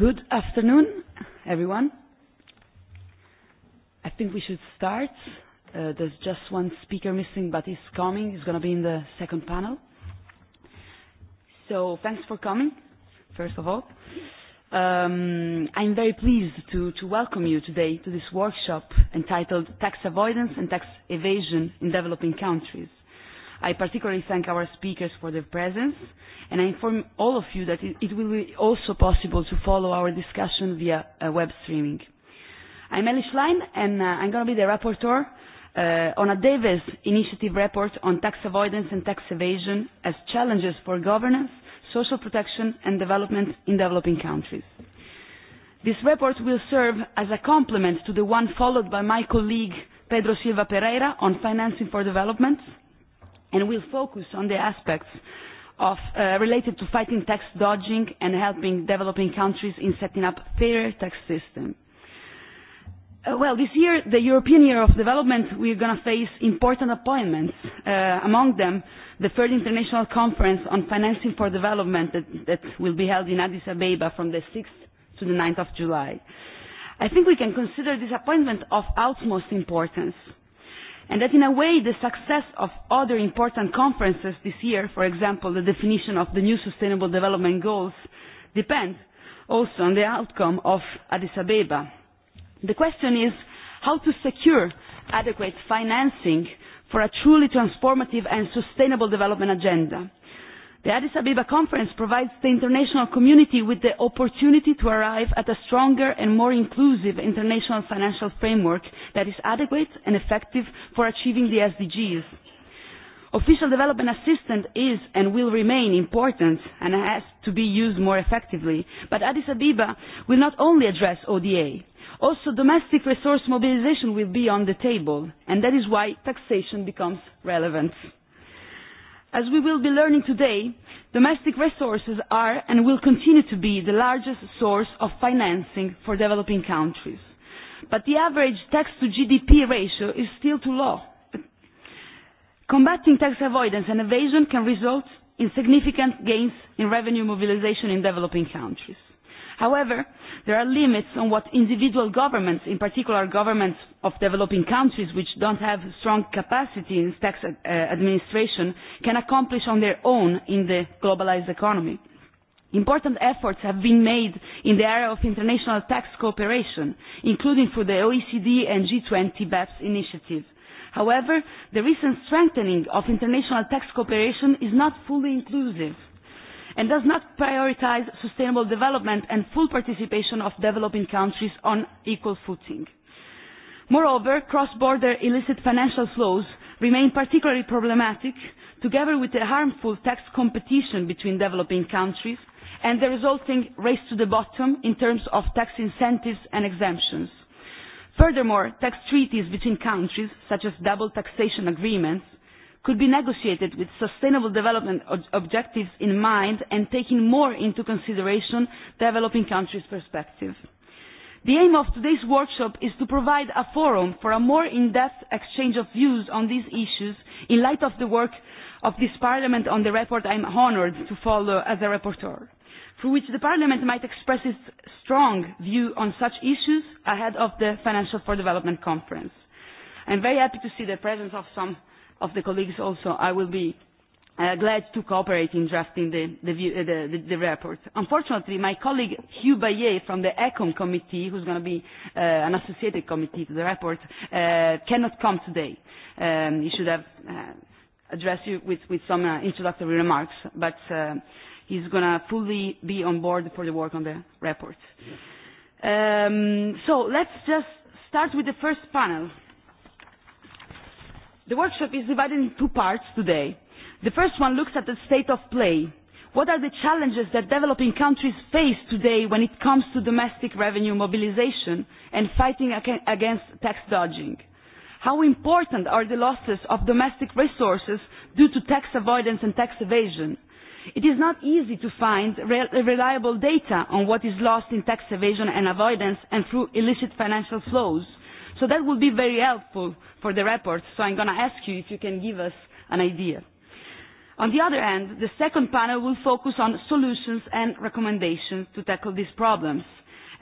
Good afternoon, everyone. I think we should start. There's just one speaker missing, but he's coming. He's going to be in the second panel. So thanks for coming, first of all. Um I'm very pleased to to welcome you today to this workshop entitled Tax Avoidance and Tax Evasion in Developing Countries. I particularly thank our speakers for their presence, and I inform all of you that it will be also possible to follow our discussion via web streaming. I'm Ellie Schlein, and I'm going to be the rapporteur on a Davis Initiative report on tax avoidance and tax evasion as challenges for governance, social protection and development in developing countries. This report will serve as a complement to the one followed by my colleague Pedro Silva Pereira on financing for development, and will focus on the aspects of related to fighting tax dodging and helping developing countries in setting up fairer tax systems. Well, this year, the European Year of Development, we're going to face important appointments. Among them, the Third International Conference on Financing for Development that will be held in Addis Ababa from the 6th to the 9th of July. I think we can consider this appointment of utmost importance and that in a way the success of other important conferences this year, for example the definition of the new sustainable development goals, depends also on the outcome of Addis Abeba. The question is how to secure adequate financing for a truly transformative and sustainable development agenda The Addis Ababa Conference provides the international community with the opportunity to arrive at a stronger and more inclusive international financial framework that is adequate and effective for achieving the SDGs. Official development assistance is and will remain important and has to be used more effectively, but Addis Ababa will not only address ODA, also domestic resource mobilization will be on the table, and that is why taxation becomes relevant. As we will be learning today, domestic resources are and will continue to be the largest source of financing for developing countries. But the average tax-to-GDP ratio is still too low. Combating tax avoidance and evasion can result in significant gains in revenue mobilization in developing countries. However, there are limits on what individual governments, in particular governments of developing countries which don't have strong capacity in tax administration, can accomplish on their own in the globalised economy. Important efforts have been made in the area of international tax cooperation, including through the OECD and G20 BEPS initiative. However, the recent strengthening of international tax cooperation is not fully inclusive and does not prioritize sustainable development and full participation of developing countries on equal footing. Moreover, cross-border illicit financial flows remain particularly problematic, together with the harmful tax competition between developing countries and the resulting race to the bottom in terms of tax incentives and exemptions. Furthermore, tax treaties between countries, such as double taxation agreements, could be negotiated with sustainable development objectives in mind and taking more into consideration developing countries' perspectives. The aim of today's workshop is to provide a forum for a more in-depth exchange of views on these issues in light of the work of this Parliament on the report I am honoured to follow as a rapporteur, through which the Parliament might express its strong view on such issues ahead of the Financial for Development Conference. I am very happy to see the presence of some of the colleagues also, I will be glad to cooperate in drafting the, the, the, the report. Unfortunately, my colleague Hugh Bayet from the ECOM committee, who's going to be an associated committee to the report, cannot come today. Um, he should have addressed you with, with some introductory remarks, but he's going to fully be on board for the work on the report. Um, so let's just start with the first panel. The workshop is divided in two parts today. The first one looks at the state of play. What are the challenges that developing countries face today when it comes to domestic revenue mobilization and fighting against tax dodging? How important are the losses of domestic resources due to tax avoidance and tax evasion? It is not easy to find reliable data on what is lost in tax evasion and avoidance and through illicit financial flows. So that will be very helpful for the report, so I'm going to ask you if you can give us an idea. On the other hand, the second panel will focus on solutions and recommendations to tackle these problems.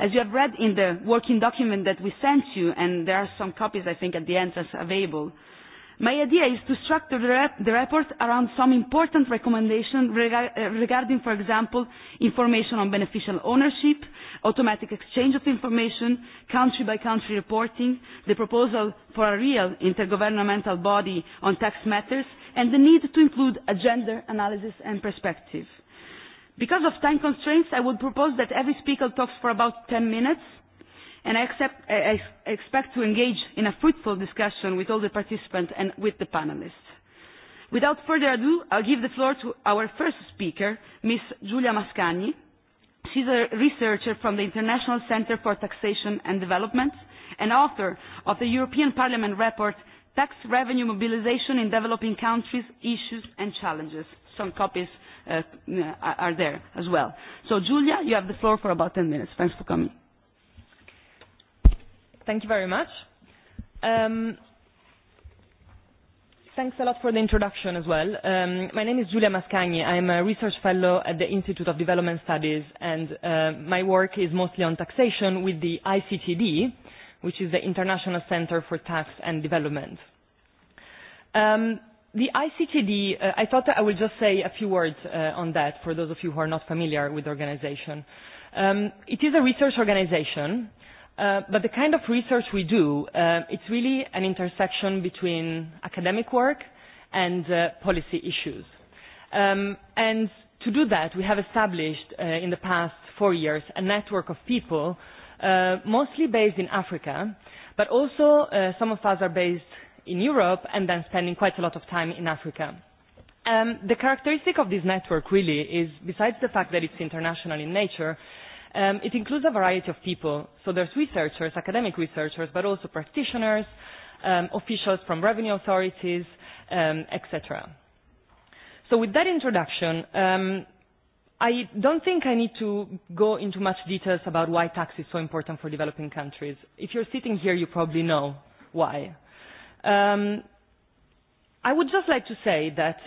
As you have read in the working document that we sent you, and there are some copies, I think, at the entrance available, My idea is to structure the report around some important recommendations regarding, for example, information on beneficial ownership, automatic exchange of information, country-by-country reporting, the proposal for a real intergovernmental body on tax matters, and the need to include a gender analysis and perspective. Because of time constraints, I would propose that every speaker talks for about 10 minutes, and I expect to engage in a fruitful discussion with all the participants and with the panelists. Without further ado, I'll give the floor to our first speaker, Ms. Giulia Mascagni. She's a researcher from the International Center for Taxation and Development and author of the European Parliament report Tax Revenue Mobilization in Developing Countries, Issues and Challenges. Some copies are there as well. So, Giulia, you have the floor for about 10 minutes. Thanks for coming. Thank you very much. Um, Thanks a lot for the introduction as well. Um, my name is Giulia Mascagni. I'm a research fellow at the Institute of Development Studies, and my work is mostly on taxation with the ICTD, which is the International Center for Tax and Development. Um, the ICTD, I thought I would just say a few words on that for those of you who are not familiar with the organization. Um, it is a research organization But the kind of research we do, it's really an intersection between academic work and policy issues. And to do that, we have established in the past four years a network of people, mostly based in Africa, but also some of us are based in Europe and then spending quite a lot of time in Africa. The characteristic of this network really is, besides the fact that it's international in nature, It includes a variety of people, so there's researchers, academic researchers, but also practitioners, officials from revenue authorities, etc. So with that introduction, I don't think I need to go into much details about why tax is so important for developing countries. If you're sitting here, you probably know why. Um, I would just like to say that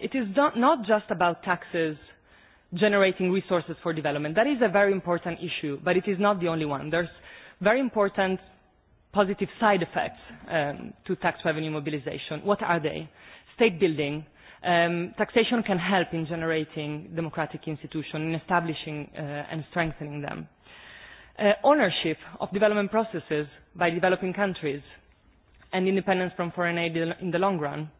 it is not just about taxes generating resources for development. That is a very important issue, but it is not the only one. There's very important positive side effects um, to tax revenue mobilization. What are they? State building. Um, taxation can help in generating democratic institutions, in establishing and strengthening them. ownership of development processes by developing countries and independence from foreign aid in the long run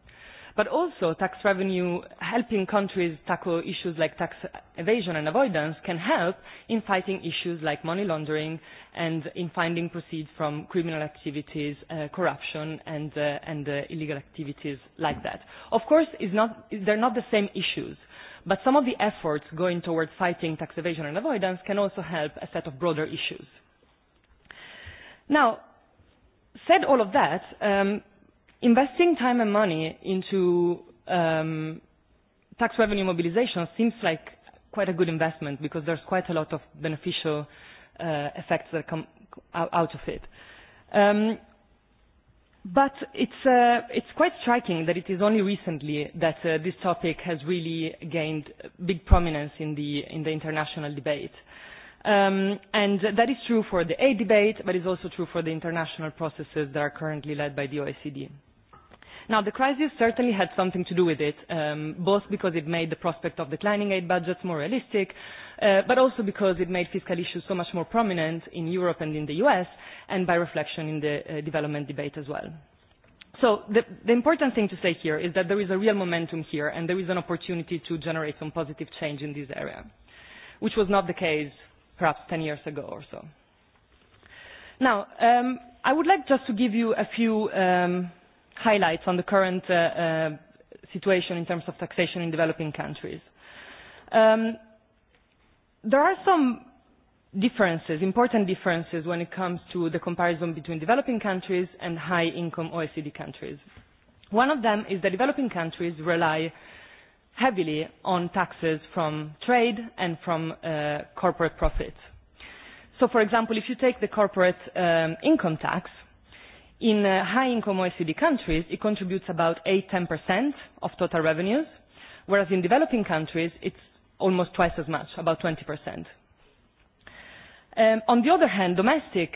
but also tax revenue helping countries tackle issues like tax evasion and avoidance can help in fighting issues like money laundering and in finding proceeds from criminal activities, corruption and and illegal activities like that. Of course, it's not they're not the same issues. But some of the efforts going towards fighting tax evasion and avoidance can also help a set of broader issues. Now, said all of that, um Investing time and money into um, tax revenue mobilization seems like quite a good investment because there's quite a lot of beneficial uh, effects that come out of it. Um, but it's, uh, it's quite striking that it is only recently that uh, this topic has really gained big prominence in the, in the international debate. Um, and that is true for the aid debate, but it's also true for the international processes that are currently led by the OECD. Now, the crisis certainly had something to do with it, both because it made the prospect of declining aid budgets more realistic, but also because it made fiscal issues so much more prominent in Europe and in the US, and by reflection in the development debate as well. So the important thing to say here is that there is a real momentum here, and there is an opportunity to generate some positive change in this area, which was not the case perhaps 10 years ago or so. Now, I would like just to give you a few highlights on the current situation in terms of taxation in developing countries. There are some differences, important differences when it comes to the comparison between developing countries and high-income OECD countries. One of them is that developing countries rely heavily on taxes from trade and from corporate profits. So, for example, if you take the corporate income tax, In high-income OECD countries, it contributes about 8-10% of total revenues, whereas in developing countries, it's almost twice as much, about 20%. On the other hand, domestic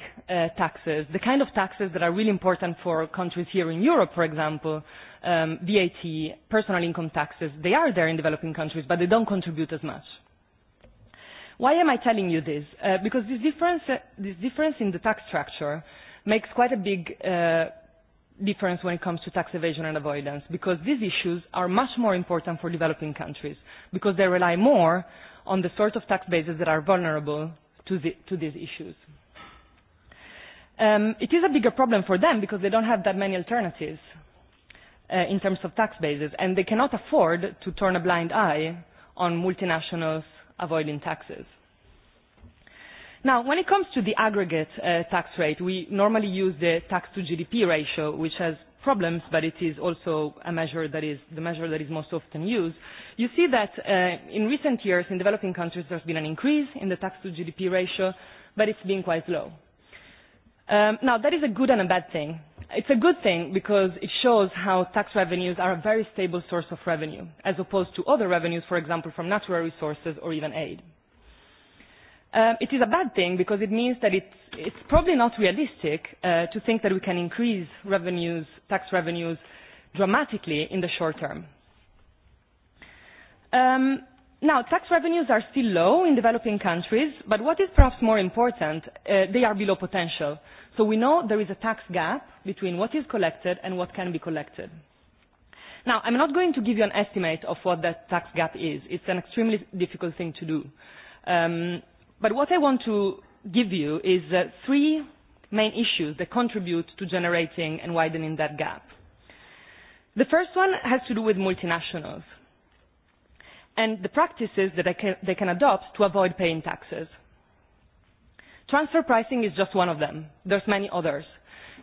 taxes, the kind of taxes that are really important for countries here in Europe, for example, VAT, personal income taxes, they are there in developing countries, but they don't contribute as much. Why am I telling you this? Because this difference in the tax structure makes quite a big difference when it comes to tax evasion and avoidance because these issues are much more important for developing countries because they rely more on the sort of tax bases that are vulnerable to to these issues. Um it is a bigger problem for them because they don't have that many alternatives in terms of tax bases and they cannot afford to turn a blind eye on multinationals avoiding taxes. Now, when it comes to the aggregate tax rate, we normally use the tax to GDP ratio, which has problems, but it is also a measure that is the measure that is most often used. You see that in recent years in developing countries there's been an increase in the tax to GDP ratio, but it's been quite low. Now, that is a good and a bad thing. It's a good thing because it shows how tax revenues are a very stable source of revenue, as opposed to other revenues, for example, from natural resources or even aid. It is a bad thing because it means that it's it's probably not realistic to think that we can increase revenues, tax revenues, dramatically in the short term. Now, tax revenues are still low in developing countries, but what is perhaps more important, they are below potential. So we know there is a tax gap between what is collected and what can be collected. Now, I'm not going to give you an estimate of what that tax gap is. It's an extremely difficult thing to do. But what I want to give you is three main issues that contribute to generating and widening that gap. The first one has to do with multinationals and the practices that they can adopt to avoid paying taxes. Transfer pricing is just one of them. There's many others.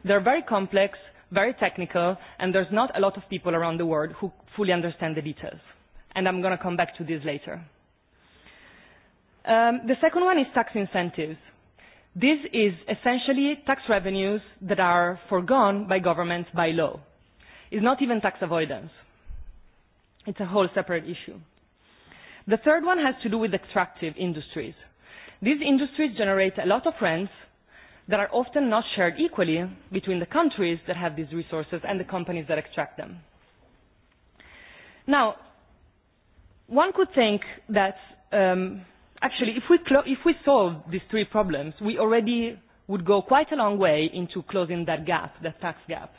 They're very complex, very technical, and there's not a lot of people around the world who fully understand the details. And I'm going to come back to this later. The second one is tax incentives. This is essentially tax revenues that are foregone by governments by law. It's not even tax avoidance. It's a whole separate issue. The third one has to do with extractive industries. These industries generate a lot of rents that are often not shared equally between the countries that have these resources and the companies that extract them. Now, one could think that Actually, if we, if we solve these three problems, we already would go quite a long way into closing that gap, that tax gap.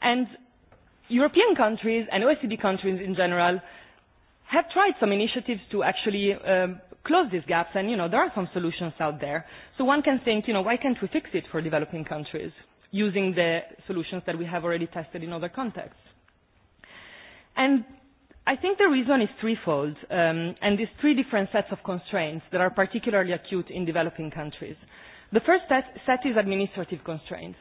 And European countries and OECD countries in general have tried some initiatives to actually close these gaps, and you know there are some solutions out there. So one can think, you know, why can't we fix it for developing countries using the solutions that we have already tested in other contexts? And I think the reason is threefold, and these three different sets of constraints that are particularly acute in developing countries. The first set is administrative constraints,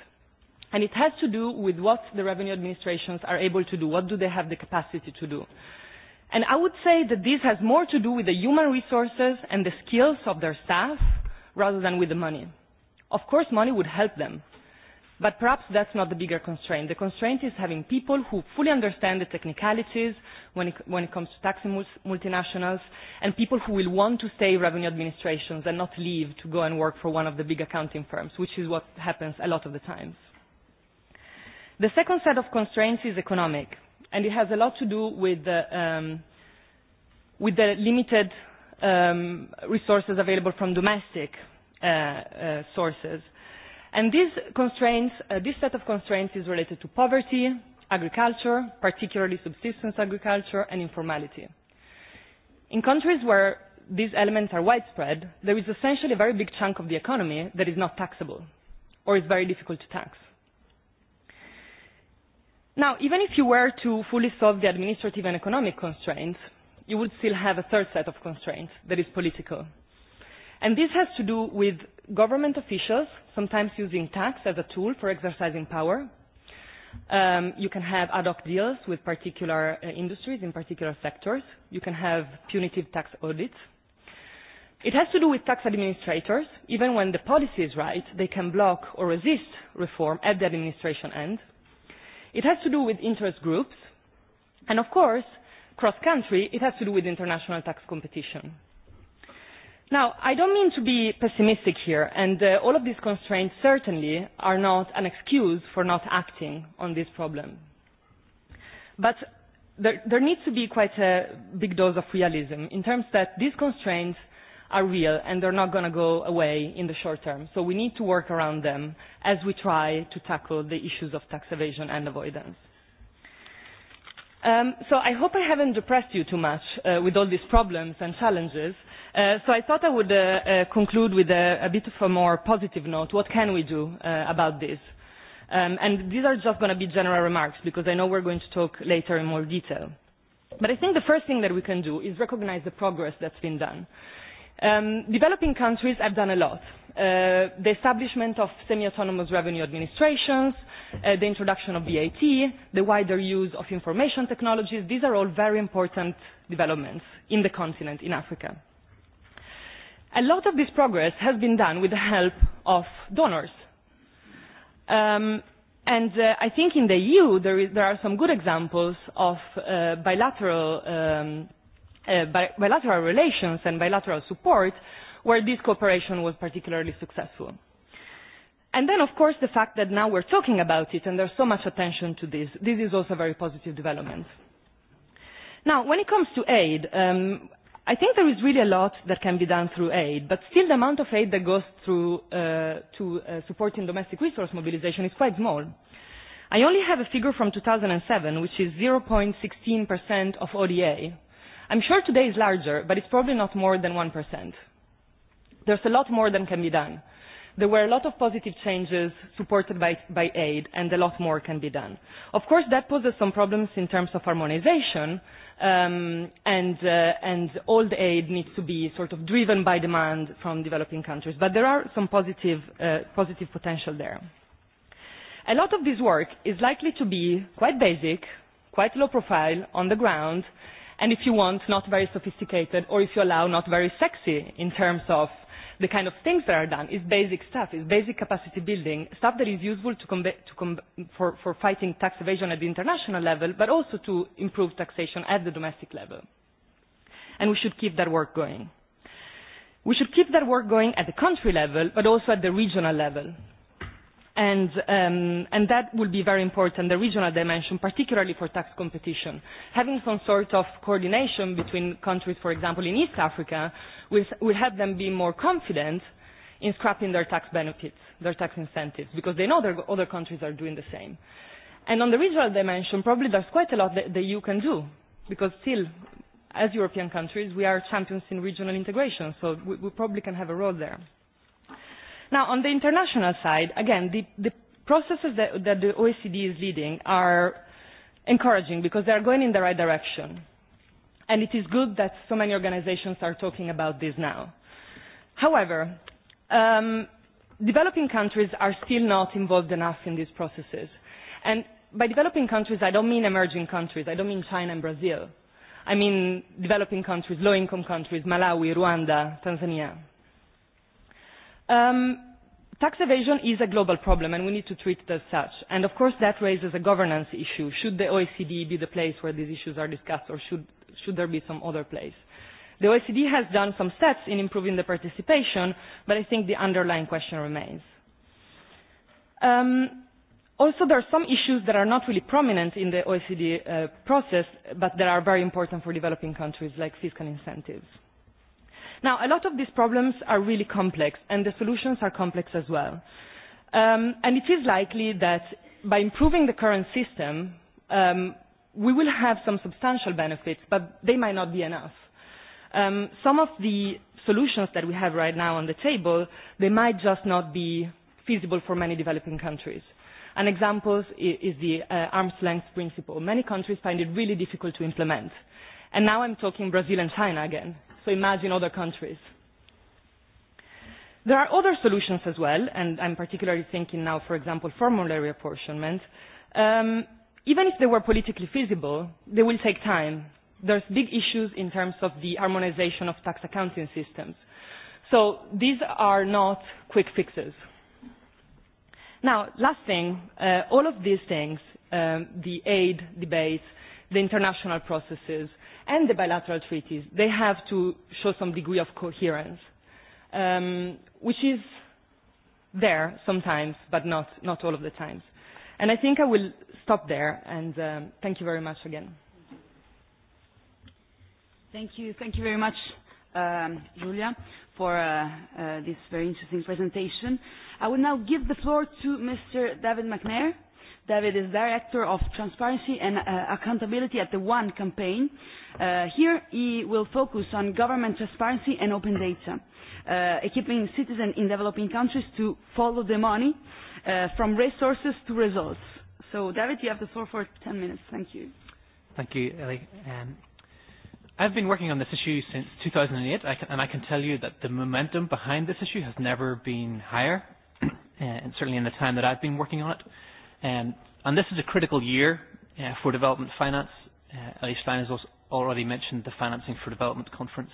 and it has to do with what the revenue administrations are able to do, what do they have the capacity to do. And I would say that this has more to do with the human resources and the skills of their staff rather than with the money. Of course, money would help them But perhaps that's not the bigger constraint. The constraint is having people who fully understand the technicalities when it comes to taxing multinationals and people who will want to stay revenue administrations and not leave to go and work for one of the big accounting firms, which is what happens a lot of the times. The second set of constraints is economic, and it has a lot to do with the um with the limited resources available from domestic uh sources. And these constraints, this set of constraints is related to poverty, agriculture, particularly subsistence agriculture, and informality. In countries where these elements are widespread, there is essentially a very big chunk of the economy that is not taxable, or is very difficult to tax. Now, even if you were to fully solve the administrative and economic constraints, you would still have a third set of constraints that is political. And this has to do with government officials sometimes using tax as a tool for exercising power. Um, you can have ad hoc deals with particular industries in particular sectors. You can have punitive tax audits. It has to do with tax administrators. Even when the policy is right, they can block or resist reform at the administration end. It has to do with interest groups. And of course, cross-country, it has to do with international tax competition. Now, I don't mean to be pessimistic here, and all of these constraints certainly are not an excuse for not acting on this problem. But there, there needs to be quite a big dose of realism in terms that these constraints are real and they're not going to go away in the short term. So we need to work around them as we try to tackle the issues of tax evasion and avoidance. Um, so I hope I haven't depressed you too much with all these problems and challenges. So I thought I would conclude with a bit of a more positive note. What can we do about this? And these are just going to be general remarks because I know we're going to talk later in more detail. But I think the first thing that we can do is recognize the progress that's been done. Developing countries have done a lot. The establishment of semi-autonomous revenue administrations, the introduction of VAT, the wider use of information technologies, these are all very important developments in the continent, in Africa. A lot of this progress has been done with the help of donors. And I think in the EU there are some good examples of bilateral bilateral relations and bilateral support where this cooperation was particularly successful. And then, of course, the fact that now we're talking about it and there's so much attention to this, this is also a very positive development. Now, when it comes to aid, I think there is really a lot that can be done through aid, but still the amount of aid that goes through to supporting domestic resource mobilization is quite small. I only have a figure from 2007, which is 0.16% of ODA. I'm sure today is larger, but it's probably not more than 1%. There's a lot more than can be done. There were a lot of positive changes supported by, by aid, and a lot more can be done. Of course, that poses some problems in terms of harmonization, um and and old aid needs to be sort of driven by demand from developing countries but there are some positive positive potential there a lot of this work is likely to be quite basic quite low profile on the ground and if you want not very sophisticated or if you allow not very sexy in terms of the kind of things that are done is basic stuff, is basic capacity building, stuff that is useful to to for for fighting tax evasion at the international level, but also to improve taxation at the domestic level. And we should keep that work going. We should keep that work going at the country level, but also at the regional level and and that will be very important the regional dimension particularly for tax competition having some sort of coordination between countries for example in east africa will will help them be more confident in scrapping their tax benefits their tax incentives because they know that other countries are doing the same and on the regional dimension probably there's quite a lot that the eu can do because still as european countries we are champions in regional integration so we probably can have a role there Now, on the international side, again, the processes that the OECD is leading are encouraging because they are going in the right direction. And it is good that so many organizations are talking about this now. However, developing countries are still not involved enough in these processes. And by developing countries, I don't mean emerging countries. I don't mean China and Brazil. I mean developing countries, low-income countries, Malawi, Rwanda, Tanzania. Um Tax evasion is a global problem and we need to treat it as such. And of course that raises a governance issue. Should the OECD be the place where these issues are discussed or should, should there be some other place? The OECD has done some steps in improving the participation, but I think the underlying question remains. Um, also there are some issues that are not really prominent in the OECD process, but that are very important for developing countries like fiscal incentives. Now, a lot of these problems are really complex, and the solutions are complex as well. And it is likely that by improving the current system, we will have some substantial benefits, but they might not be enough. Some of the solutions that we have right now on the table, they might just not be feasible for many developing countries. An example is the arm's length principle. Many countries find it really difficult to implement. And now I'm talking Brazil and China again. So imagine other countries. There are other solutions as well, and I'm particularly thinking now, for example, formulary apportionment. Um, even if they were politically feasible, they will take time. There's big issues in terms of the harmonization of tax accounting systems. So these are not quick fixes. Now, last thing, all of these things, um, the aid debates, the international processes, and the bilateral treaties, they have to show some degree of coherence, um, which is there sometimes, but not, not all of the times. And I think I will stop there, and um, thank you very much again. Thank you. Thank you very much, um, Julia, for uh, uh, this very interesting presentation. I will now give the floor to Mr. David McNair David is director of transparency and accountability at the One campaign. Here he will focus on government transparency and open data, equipping citizens in developing countries to follow the money from resources to results. So David, you have the floor for 10 minutes. Thank you. Thank you, Ellie. Um, I've been working on this issue since 2008, and I can tell you that the momentum behind this issue has never been higher, and certainly in the time that I've been working on it. And this is a critical year for development finance. Elie Stein has already mentioned the Financing for Development Conference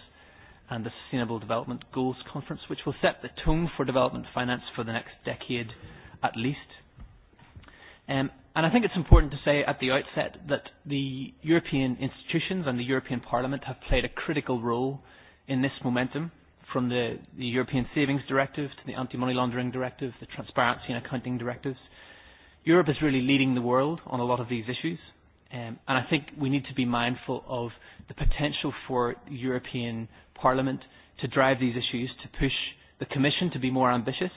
and the Sustainable Development Goals Conference, which will set the tone for development finance for the next decade at least. And I think it's important to say at the outset that the European institutions and the European Parliament have played a critical role in this momentum, from the European Savings Directive to the Anti-Money Laundering Directive, the Transparency and Accounting Directives, Europe is really leading the world on a lot of these issues, and I think we need to be mindful of the potential for European Parliament to drive these issues, to push the Commission to be more ambitious,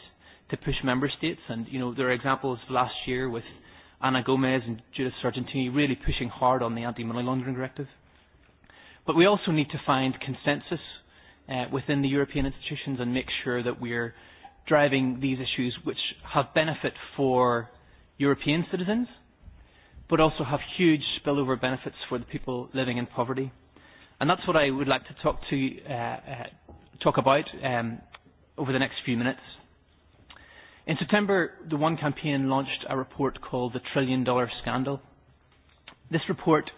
to push member states, and you know there are examples last year with Ana Gomez and Judith Sargentini really pushing hard on the anti-money laundering directive. But we also need to find consensus within the European institutions and make sure that we're driving these issues which have benefit for European citizens, but also have huge spillover benefits for the people living in poverty. And that's what I would like to talk to talk about um over the next few minutes. In September, the One campaign launched a report called The Trillion Dollar Scandal. This report,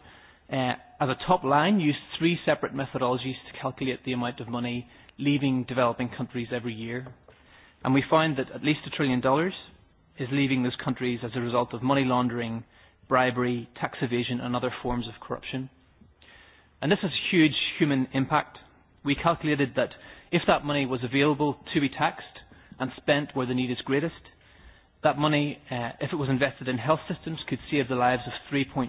as a top line, used three separate methodologies to calculate the amount of money leaving developing countries every year. And we find that at least a trillion dollars is leaving those countries as a result of money laundering, bribery, tax evasion and other forms of corruption. And this has huge human impact. We calculated that if that money was available to be taxed and spent where the need is greatest, that money, if it was invested in health systems, could save the lives of 3.6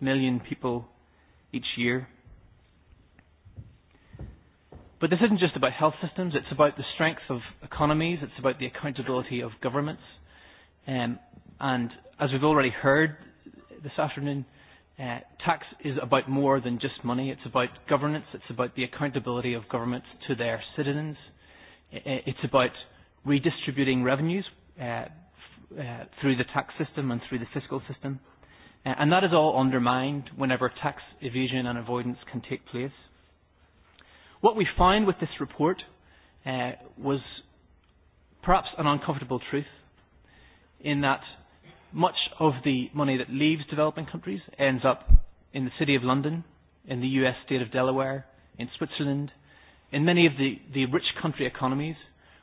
million people each year. But this isn't just about health systems, it's about the strength of economies, it's about the accountability of governments, and as we've already heard this afternoon, uh, tax is about more than just money. It's about governance. It's about the accountability of governments to their citizens. It's about redistributing revenues uh, through the tax system and through the fiscal system. And that is all undermined whenever tax evasion and avoidance can take place. What we find with this report was perhaps an uncomfortable truth in that much of the money that leaves developing countries ends up in the City of London, in the US state of Delaware, in Switzerland, in many of the, the rich country economies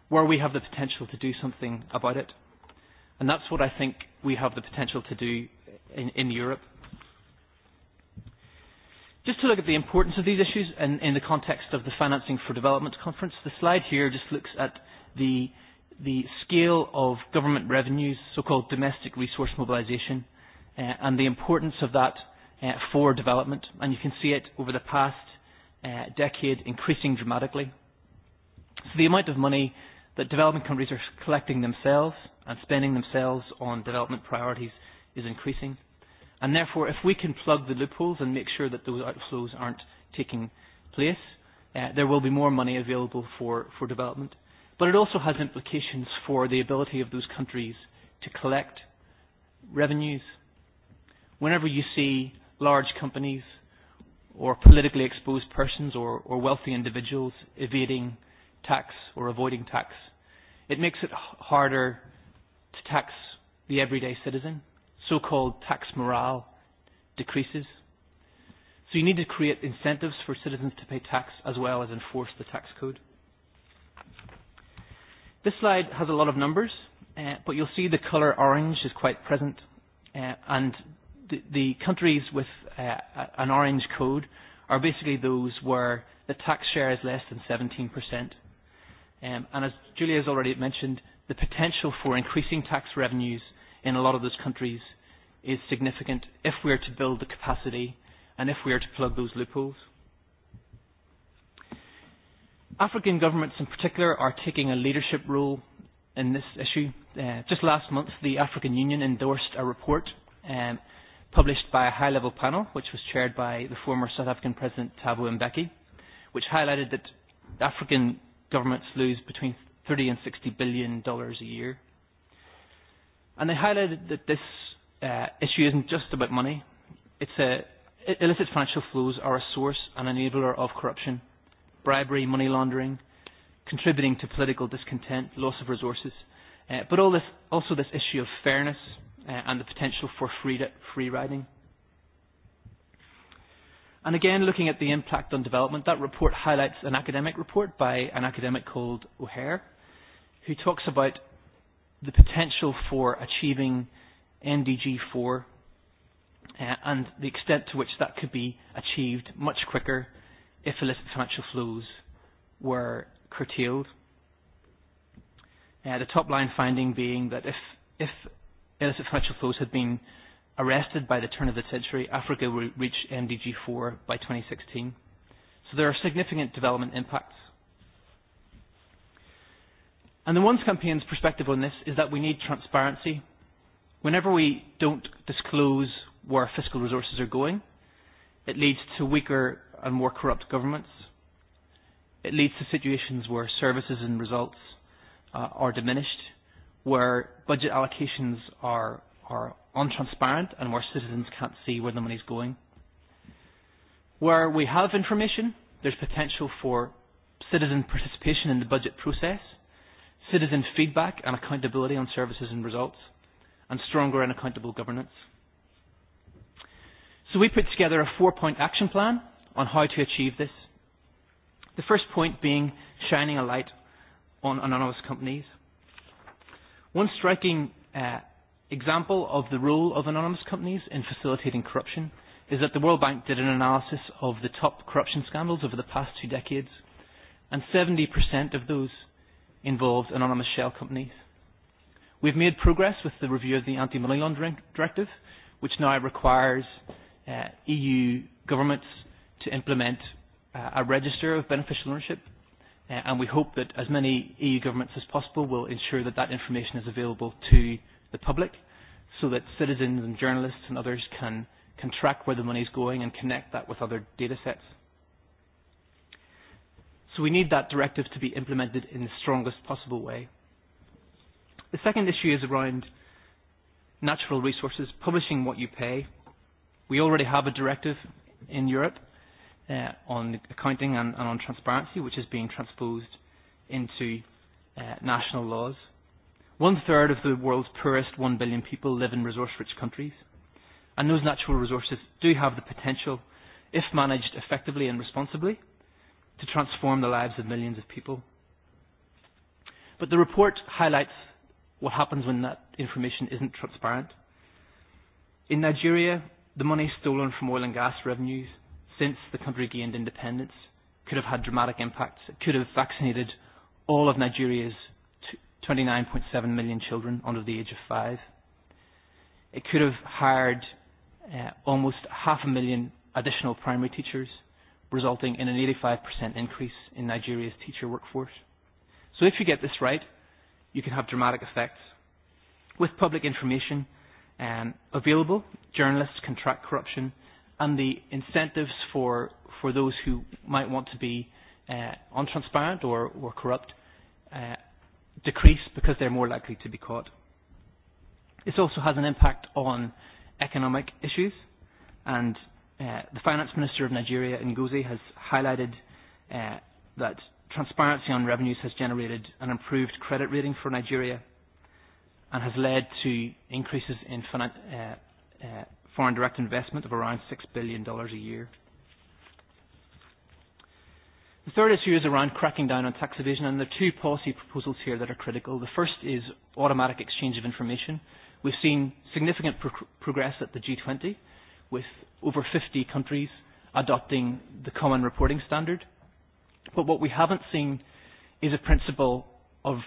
where we have the potential to do something about it. And that's what I think we have the potential to do in, in Europe. Just to look at the importance of these issues and in the context of the Financing for Development Conference, the slide here just looks at the the scale of government revenues, so-called domestic resource mobilisation, and the importance of that for development. And you can see it over the past decade increasing dramatically. So the amount of money that development countries are collecting themselves and spending themselves on development priorities is increasing. And therefore, if we can plug the loopholes and make sure that those outflows aren't taking place, there will be more money available for, for development. But it also has implications for the ability of those countries to collect revenues. Whenever you see large companies or politically exposed persons or, or wealthy individuals evading tax or avoiding tax, it makes it harder to tax the everyday citizen. So-called tax morale decreases. So you need to create incentives for citizens to pay tax as well as enforce the tax code. This slide has a lot of numbers, but you'll see the colour orange is quite present, and the countries with an orange code are basically those where the tax share is less than 17%. And as Julia has already mentioned, the potential for increasing tax revenues in a lot of those countries is significant if we are to build the capacity and if we are to plug those loopholes. African governments in particular are taking a leadership role in this issue. Just last month, the African Union endorsed a report published by a high-level panel, which was chaired by the former South African President Thabo Mbeki, which highlighted that African governments lose between 30 and 60 billion dollars a year. And they highlighted that this issue isn't just about money. It's a, illicit financial flows are a source and enabler of corruption bribery, money laundering, contributing to political discontent, loss of resources, but all this, also this issue of fairness and the potential for free, free riding. And again, looking at the impact on development, that report highlights an academic report by an academic called O'Hare, who talks about the potential for achieving NDG 4 and the extent to which that could be achieved much quicker if illicit financial flows were curtailed. The top line finding being that if if illicit financial flows had been arrested by the turn of the century, Africa would reach MDG 4 by 2016. So there are significant development impacts. And the ONES campaign's perspective on this is that we need transparency. Whenever we don't disclose where fiscal resources are going, it leads to weaker and more corrupt governments. It leads to situations where services and results are diminished, where budget allocations are are untransparent and where citizens can't see where the money is going. Where we have information, there's potential for citizen participation in the budget process, citizen feedback and accountability on services and results, and stronger and accountable governance. So we put together a four-point action plan on how to achieve this. The first point being shining a light on anonymous companies. One striking example of the role of anonymous companies in facilitating corruption is that the World Bank did an analysis of the top corruption scandals over the past two decades, and 70% of those involved anonymous shell companies. We've made progress with the review of the Anti-Money Laundering Directive, which now requires EU governments to implement a register of beneficial ownership and we hope that as many EU governments as possible will ensure that that information is available to the public so that citizens and journalists and others can track where the money is going and connect that with other data sets. So we need that directive to be implemented in the strongest possible way. The second issue is around natural resources, publishing what you pay. We already have a directive in Europe on accounting and on transparency, which is being transposed into national laws. One-third of the world's poorest 1 billion people live in resource-rich countries, and those natural resources do have the potential, if managed effectively and responsibly, to transform the lives of millions of people. But the report highlights what happens when that information isn't transparent. In Nigeria, the money stolen from oil and gas revenues since the country gained independence could have had dramatic impacts. It could have vaccinated all of Nigeria's 29.7 million children under the age of five. It could have hired almost half a million additional primary teachers, resulting in an 85% increase in Nigeria's teacher workforce. So if you get this right, you can have dramatic effects. With public information available, journalists can track corruption and the incentives for for those who might want to be untransparent or or corrupt decrease because they're more likely to be caught. This also has an impact on economic issues and the finance minister of Nigeria Ngozi has highlighted that transparency on revenues has generated an improved credit rating for Nigeria and has led to increases in foreign direct investment of around $6 billion a year. The third issue is around cracking down on tax evasion, and there are two policy proposals here that are critical. The first is automatic exchange of information. We've seen significant progress at the G20, with over 50 countries adopting the common reporting standard. But what we haven't seen is a principle of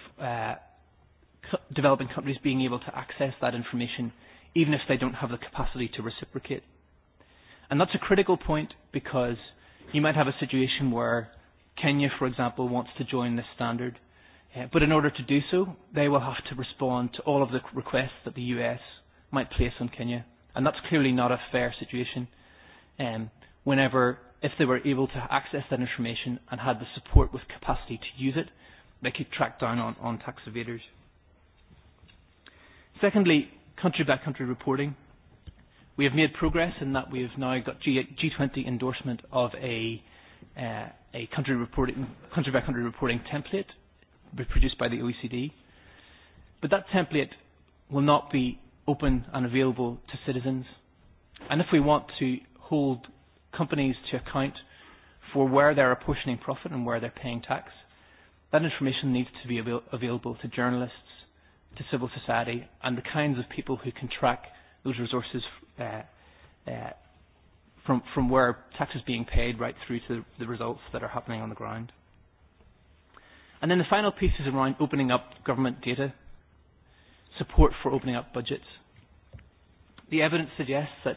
developing countries being able to access that information even if they don't have the capacity to reciprocate. And that's a critical point because you might have a situation where Kenya, for example, wants to join this standard, but in order to do so, they will have to respond to all of the requests that the US might place on Kenya, and that's clearly not a fair situation. Um, whenever, if they were able to access that information and had the support with capacity to use it, they could track down on, on tax evaders. Secondly, country-by-country reporting. We have made progress in that we have now got G20 endorsement of a a country reporting country-by-country reporting template produced by the OECD. But that template will not be open and available to citizens. And if we want to hold companies to account for where they are apportioning profit and where they're paying tax, that information needs to be available to journalists, to civil society and the kinds of people who can track those resources uh, uh, from, from where tax is being paid right through to the results that are happening on the ground. And then the final piece is around opening up government data, support for opening up budgets. The evidence suggests that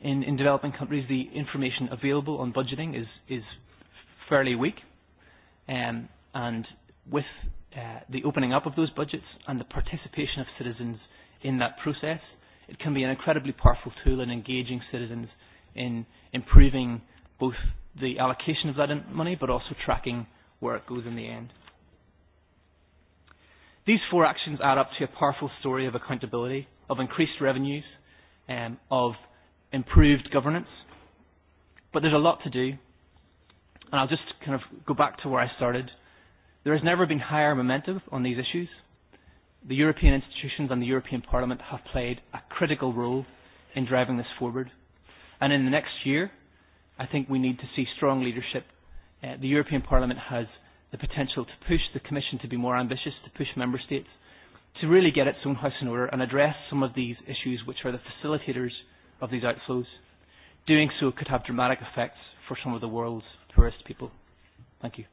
in, in developing countries the information available on budgeting is, is fairly weak um, and with the opening up of those budgets and the participation of citizens in that process. It can be an incredibly powerful tool in engaging citizens in improving both the allocation of that money but also tracking where it goes in the end. These four actions add up to a powerful story of accountability, of increased revenues, um, of improved governance. But there's a lot to do. And I'll just kind of go back to where I started There has never been higher momentum on these issues. The European institutions and the European Parliament have played a critical role in driving this forward. And in the next year, I think we need to see strong leadership. The European Parliament has the potential to push the Commission to be more ambitious, to push Member States, to really get its own house in order and address some of these issues which are the facilitators of these outflows. Doing so could have dramatic effects for some of the world's poorest people. Thank you.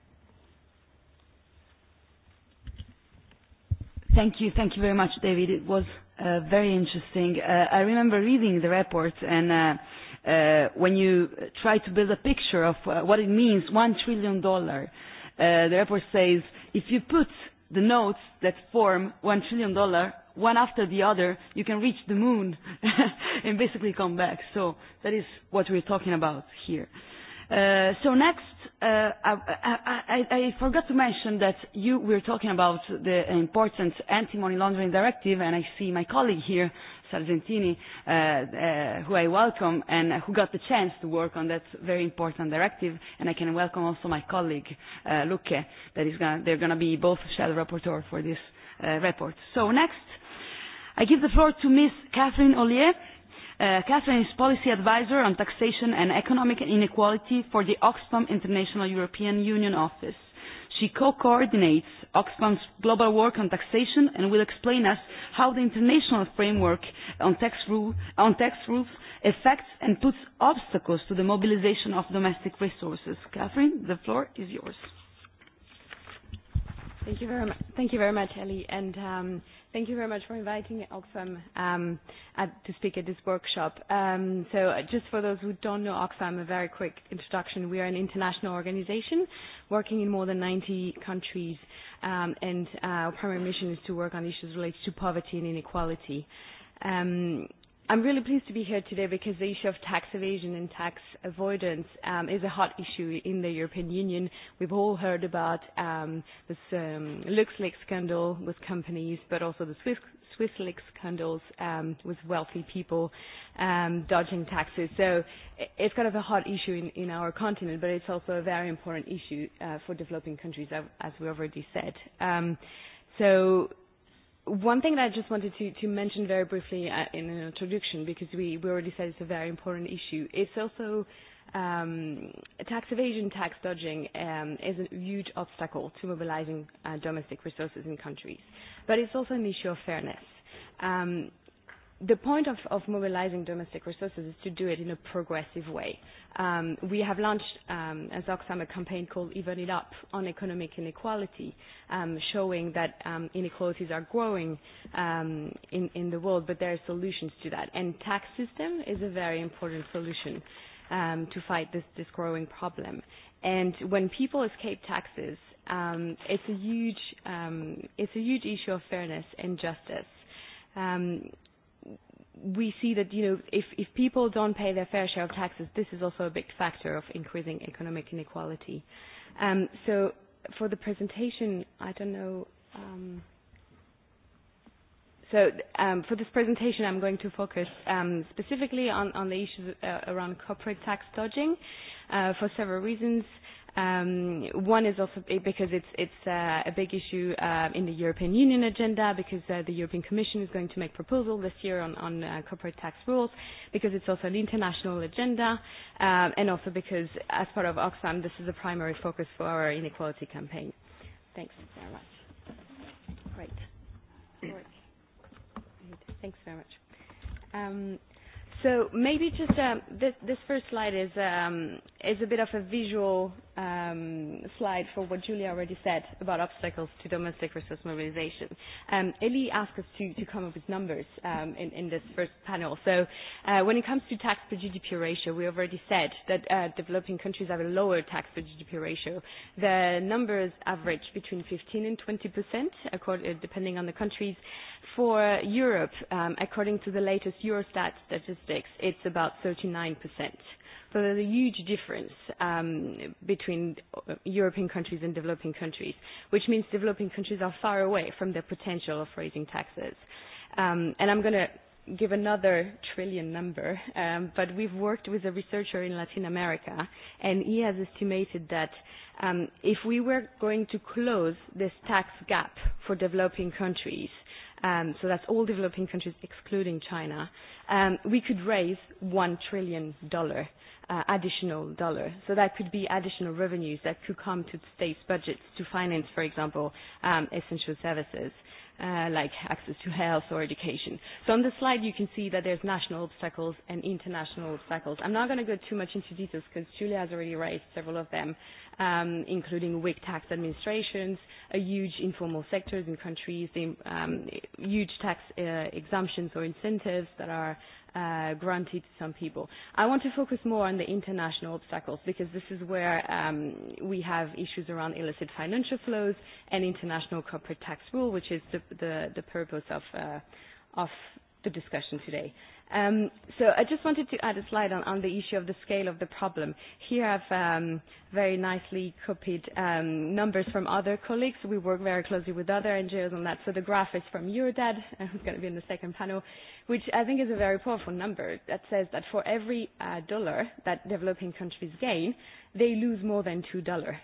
Thank you. Thank you very much, David. It was very interesting. I remember reading the report and when you try to build a picture of what it means, one trillion dollar, the report says if you put the notes that form one trillion dollar one after the other, you can reach the moon and basically come back. So that is what we're talking about here. So next, I forgot to mention that you were talking about the important anti-money laundering directive, and I see my colleague here, Sargentini, who I welcome and who got the chance to work on that very important directive, and I can welcome also my colleague, Lucke, that is gonna, they're going to be both shadow rapporteur for this report. So next, I give the floor to Ms. Catherine Ollier Catherine is policy advisor on taxation and economic inequality for the Oxfam International European Union Office. She co-coordinates Oxfam's global work on taxation and will explain us how the international framework on tax rules affects and puts obstacles to the mobilization of domestic resources. Catherine, the floor is yours. Thank you very much. Thank you very much, Ellie, and um, thank you very much for inviting Oxfam um, at, to speak at this workshop. Um, so, just for those who don't know Oxfam, a very quick introduction: we are an international organization working in more than 90 countries, um, and our primary mission is to work on issues related to poverty and inequality. Um, I'm really pleased to be here today because the issue of tax evasion and tax avoidance um, is a hot issue in the European Union. We've all heard about um, this um, LuxLeaks scandal with companies, but also the Swiss, SwissLeaks scandals um, with wealthy people um, dodging taxes. So it's kind of a hot issue in, in our continent, but it's also a very important issue for developing countries, as we already said. Um, so One thing that I just wanted to, to mention very briefly in an introduction, because we, we already said it's a very important issue, it's also um, tax evasion, tax dodging um, is a huge obstacle to mobilizing domestic resources in countries. But it's also an issue of fairness. Um, the point of, of mobilizing domestic resources is to do it in a progressive way. Um, we have launched um, as Oxfam a campaign called Even It Up on economic inequality, um, showing that um, inequalities are growing um, in, in the world, but there are solutions to that. And tax system is a very important solution um, to fight this, this growing problem. And when people escape taxes, um, it's, a huge, um, it's a huge issue of fairness and justice. Um, we see that, you know, if, if people don't pay their fair share of taxes, this is also a big factor of increasing economic inequality. Um, so for the presentation, I don't know. Um, so um, for this presentation, I'm going to focus um, specifically on, on the issues uh, around corporate tax dodging uh, for several reasons Um, one is also because it's, it's uh, a big issue uh, in the European Union agenda, because uh, the European Commission is going to make proposal this year on, on uh, corporate tax rules, because it's also an international agenda, um, and also because as part of Oxfam, this is a primary focus for our inequality campaign. Thanks very much. Great. Thanks very much. Um, so maybe just um, this, this first slide is um, is a bit of a visual um, slide for what Julia already said about obstacles to domestic resource mobilization. Um, Eli asked us to, to come up with numbers um, in, in this first panel. So uh, when it comes to tax per GDP ratio, we already said that uh, developing countries have a lower tax per GDP ratio. The numbers average between 15 and 20 percent, depending on the countries. For Europe, um, according to the latest Eurostat statistics, it's about 39 percent. So there's a huge difference um, between European countries and developing countries, which means developing countries are far away from their potential of raising taxes. Um, and I'm going to give another trillion number, um, but we've worked with a researcher in Latin America, and he has estimated that um, if we were going to close this tax gap for developing countries, um, so that's all developing countries excluding China, um, we could raise one trillion dollar uh, additional dollar. So that could be additional revenues that could come to states' budgets to finance, for example, um, essential services like access to health or education. So on the slide you can see that there's national obstacles and international obstacles. I'm not going to go too much into details because Julia has already raised several of them, um, including weak tax administrations, a huge informal sectors in countries, the, um, huge tax exemptions or incentives that are granted to some people. I want to focus more on the international obstacles because this is where um, we have issues around illicit financial flows and international corporate tax rule, which is the, the, the purpose of, uh, of the discussion today. Um, so I just wanted to add a slide on, on the issue of the scale of the problem. Here I've um, very nicely copied um, numbers from other colleagues. We work very closely with other NGOs on that. So the graph is from Eurodad, who's going to be in the second panel, which I think is a very powerful number that says that for every uh, dollar that developing countries gain, they lose more than two dollar.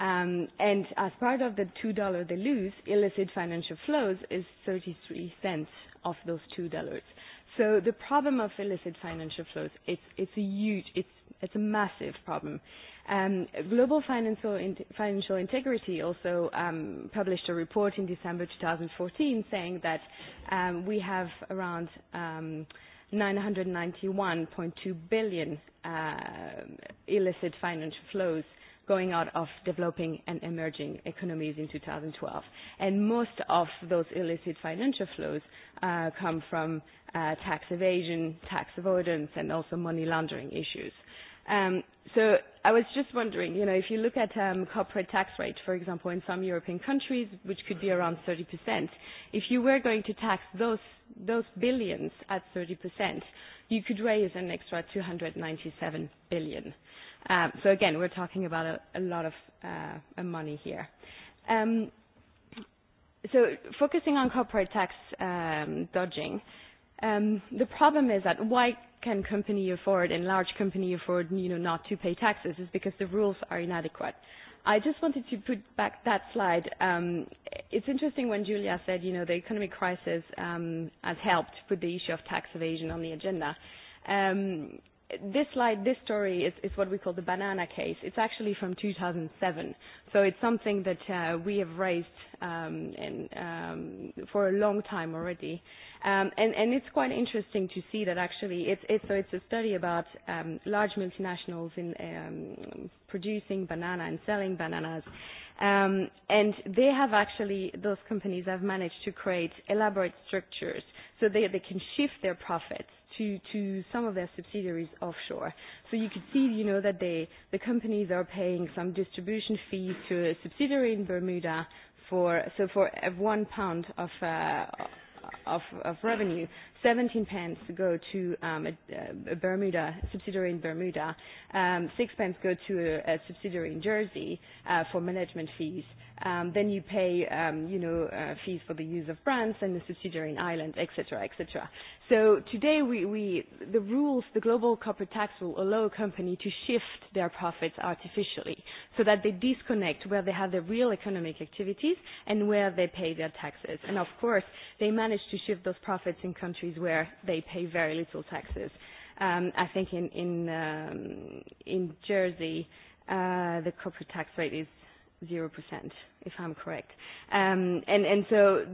Um, and as part of the two dollar they lose, illicit financial flows is 33 cents of those two dollars. So the problem of illicit financial flows, it's, it's a huge, it's, a massive problem. Global Financial, Integrity also published a report in December 2014 saying that we have around um, 991.2 billion illicit financial flows going out of developing and emerging economies in 2012. And most of those illicit financial flows come from tax evasion, tax avoidance, and also money laundering issues. Um, so I was just wondering, you know, if you look at um, corporate tax rate, for example, in some European countries, which could be around 30%, if you were going to tax those, those billions at 30%, you could raise an extra 297 billion. Um, so again, we're talking about a, a lot of uh, money here. Um, so focusing on corporate tax um, dodging, um, the problem is that why can company afford and large company afford you know, not to pay taxes is because the rules are inadequate. I just wanted to put back that slide. Um, it's interesting when Julia said, you know, the economic crisis um, has helped put the issue of tax evasion on the agenda. Um, this slide, this story is, is what we call the banana case. It's actually from 2007. So it's something that we have raised um, um, for a long time already. Um, and, and it's quite interesting to see that actually it's, it's, so it's a study about um, large multinationals in um, producing banana and selling bananas. Um, and they have actually, those companies have managed to create elaborate structures so they, they can shift their profits to some of their subsidiaries offshore. So you could see, you know, that they the companies are paying some distribution fees to a subsidiary in Bermuda for so for one pound of of of revenue. 17 pence go to um, a, a Bermuda a subsidiary in Bermuda, um, six pence go to a, subsidiary in Jersey uh, for management fees. Um, then you pay, um, you know, uh, fees for the use of brands and the subsidiary in Ireland, etc., etc. So today, we, we the rules, the global corporate tax will allow a company to shift their profits artificially, so that they disconnect where they have their real economic activities and where they pay their taxes. And of course, they manage to shift those profits in countries countries where they pay very little taxes. Um, I think in in um, in Jersey, uh, the corporate tax rate is 0% if I'm correct. Um, and, and so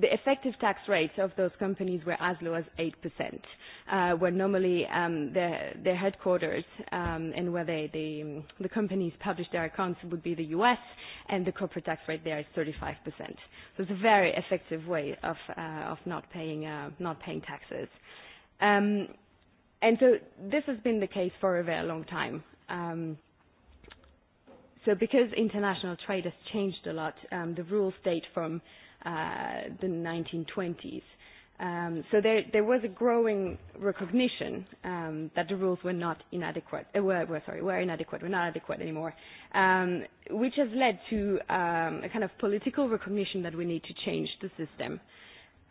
the effective tax rates of those companies were as low as 8%, uh, where normally um, their, their headquarters um, and where they, they, the companies publish their accounts would be the US, and the corporate tax rate there is 35%. So it's a very effective way of, uh, of not, paying, uh, not paying taxes. Um, and so this has been the case for a very long time. Um, So because international trade has changed a lot, um, the rules date from uh, the 1920s. Um, so there, there was a growing recognition um, that the rules were not inadequate, uh, were, sorry, were inadequate, were not adequate anymore, um, which has led to um, a kind of political recognition that we need to change the system.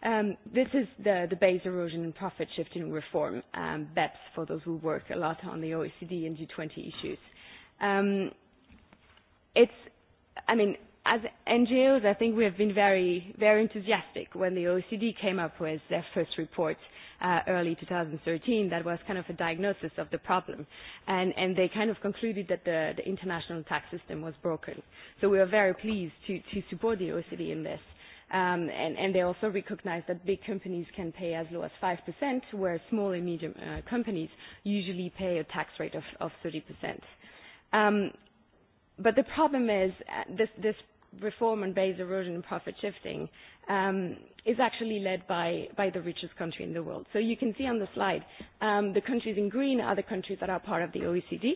Um, this is the, the base erosion and profit shifting reform, um, BEPS, for those who work a lot on the OECD and G20 issues. Um, it's, I mean, as NGOs, I think we have been very, very enthusiastic when the OECD came up with their first report uh, early 2013 that was kind of a diagnosis of the problem. And, and they kind of concluded that the, the international tax system was broken. So we are very pleased to, to support the OECD in this. Um, and, and they also recognize that big companies can pay as low as 5%, where small and medium companies usually pay a tax rate of, of 30%. Um, But the problem is this this reform on base erosion and profit shifting um, is actually led by, by the richest country in the world. So you can see on the slide, um, the countries in green are the countries that are part of the OECD,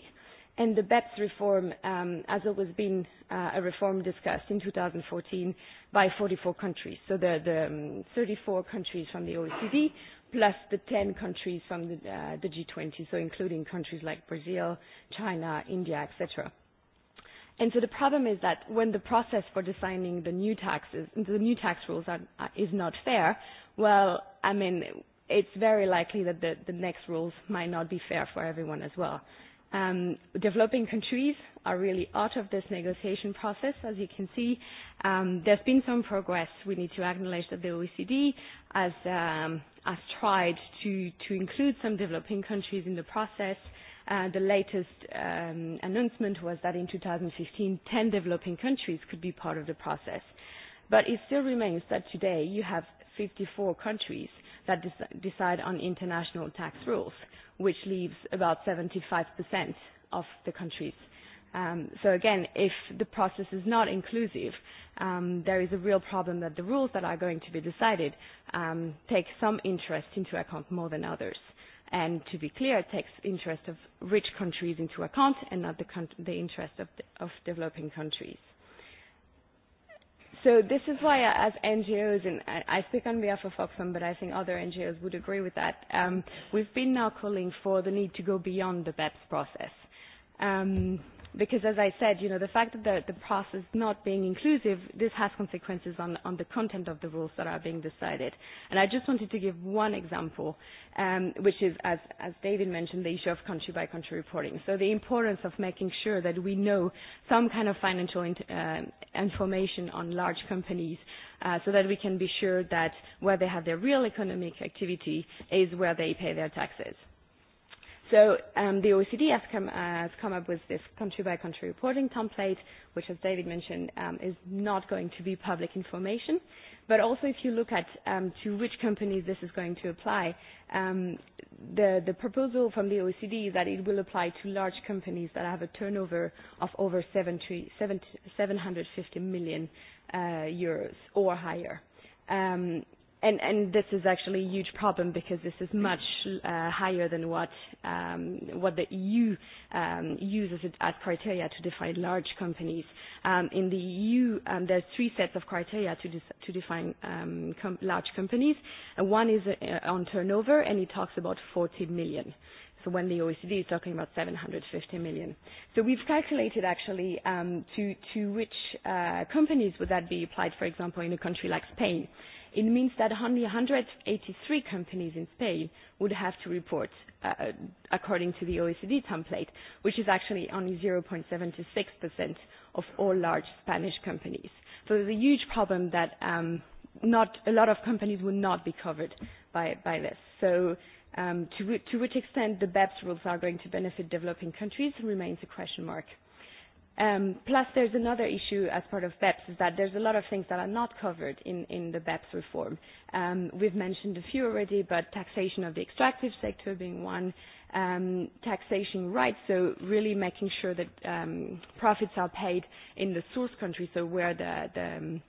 and the BEPS reform um, has always been a reform discussed in 2014 by 44 countries. So the, the 34 countries from the OECD plus the 10 countries from the, the G20, so including countries like Brazil, China, India, etc. And so the problem is that when the process for designing the new taxes, the new tax rules are, is not fair, well, I mean, it's very likely that the, the next rules might not be fair for everyone as well. Um, developing countries are really out of this negotiation process, as you can see. Um, there's been some progress. We need to acknowledge that the OECD has, um, has tried to, to include some developing countries in the process, The latest announcement was that in 2015, 10 developing countries could be part of the process. But it still remains that today you have 54 countries that decide on international tax rules, which leaves about 75% of the countries. So again, if the process is not inclusive, there is a real problem that the rules that are going to be decided take some interest into account more than others and to be clear, it takes interest of rich countries into account and not the, the interest of, of developing countries. So this is why as NGOs, and I speak on behalf of Oxfam, but I think other NGOs would agree with that, um, we've been now calling for the need to go beyond the BEPS process. Um, because as I said, you know, the fact that the, the process not being inclusive, this has consequences on, on the content of the rules that are being decided. And I just wanted to give one example, um, which is, as, as David mentioned, the issue of country-by-country reporting. So the importance of making sure that we know some kind of financial information on large companies so that we can be sure that where they have their real economic activity is where they pay their taxes. So um, the OECD has come, has come up with this country-by-country reporting template, which, as David mentioned, um, is not going to be public information. But also, if you look at um, to which companies this is going to apply, um, the, the proposal from the OECD is that it will apply to large companies that have a turnover of over 70, 750 million uh, euros or higher. Um, and and this is actually a huge problem because this is much higher than what um what the EU um uses as criteria to define large companies um in the EU um there are three sets of criteria to to define um large companies one is on turnover and it talks about 40 million so when the OECD is talking about 750 million. So we've calculated actually um, to, to which uh, companies would that be applied, for example, in a country like Spain. It means that only 183 companies in Spain would have to report according to the OECD template, which is actually only 0.76% of all large Spanish companies. So there's a huge problem that not a lot of companies would not be covered by by this. So um to to which extent the BEPS rules are going to benefit developing countries remains a question mark. Plus, there's another issue as part of BEPS is that there's a lot of things that are not covered in in the BEPS reform. We've mentioned a few already, but taxation of the extractive sector being one, taxation rights, so really making sure that profits are paid in the source country, so where the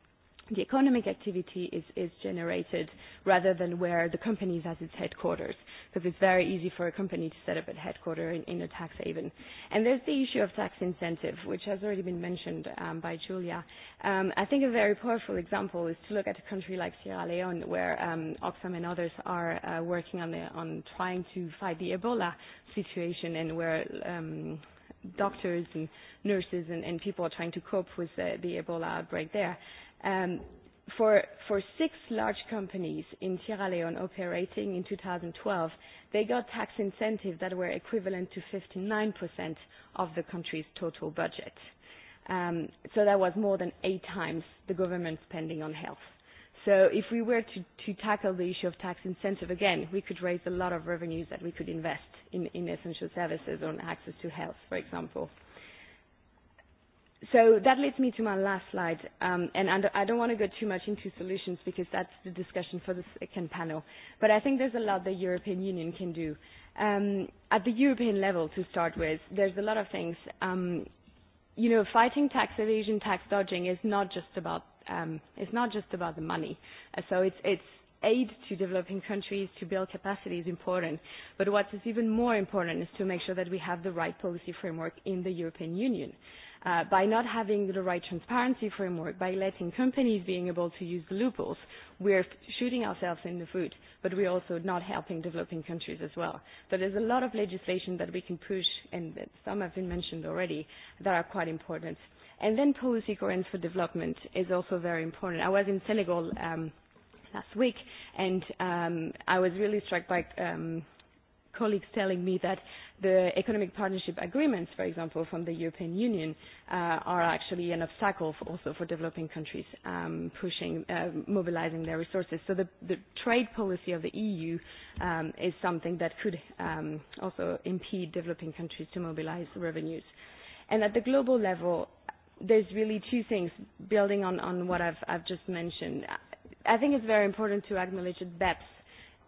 the economic activity is, is generated rather than where the company has its headquarters, because it's very easy for a company to set up a headquarter in, in a tax haven. And there's the issue of tax incentive, which has already been mentioned um, by Julia. Um, I think a very powerful example is to look at a country like Sierra Leone, where um, Oxfam and others are uh, working on, the, on trying to fight the Ebola situation and where um, doctors and nurses and, and people are trying to cope with the, the Ebola outbreak there. For for six large companies in Sierra Leone operating in 2012, they got tax incentives that were equivalent to 59% of the country's total budget. So that was more than eight times the government spending on health. So if we were to to tackle the issue of tax incentive again, we could raise a lot of revenues that we could invest in in essential services on access to health, for example. So that leads me to my last slide, um, and I don't want to go too much into solutions because that's the discussion for the second panel. But I think there's a lot the European Union can do. Um, at the European level, to start with, there's a lot of things. Um, you know, fighting tax evasion, tax dodging is not just about um, it's not just about the money. So it's it's aid to developing countries to build capacity is important. But what is even more important is to make sure that we have the right policy framework in the European Union by not having the right transparency framework, by letting companies being able to use the loopholes, we're shooting ourselves in the foot, but we we're also not helping developing countries as well. So there's a lot of legislation that we can push, and some have been mentioned already, that are quite important. And then policy coherence for development is also very important. I was in Senegal um, last week, and um, I was really struck by... Um, colleagues telling me that the economic partnership agreements, for example, from the European Union, are actually an obstacle also for developing countries pushing, mobilizing their resources. So the, the trade policy of the EU is something that could also impede developing countries to mobilize revenues. And at the global level, there's really two things, building on, on what I've, I've just mentioned. I think it's very important to acknowledge that BEPS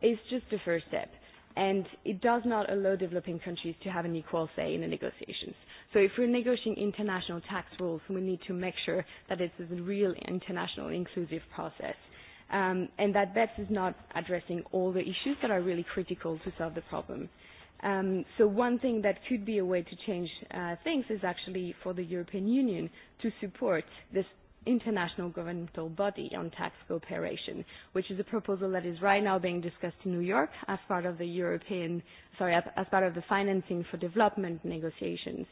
is just the first step and it does not allow developing countries to have an equal say in the negotiations. So if we're negotiating international tax rules, we need to make sure that it's a real international inclusive process um, and that BEPS is not addressing all the issues that are really critical to solve the problem. Um, so one thing that could be a way to change uh, things is actually for the European Union to support this international governmental body on tax cooperation, which is a proposal that is right now being discussed in New York as part of the European, sorry, as part of the financing for development negotiations.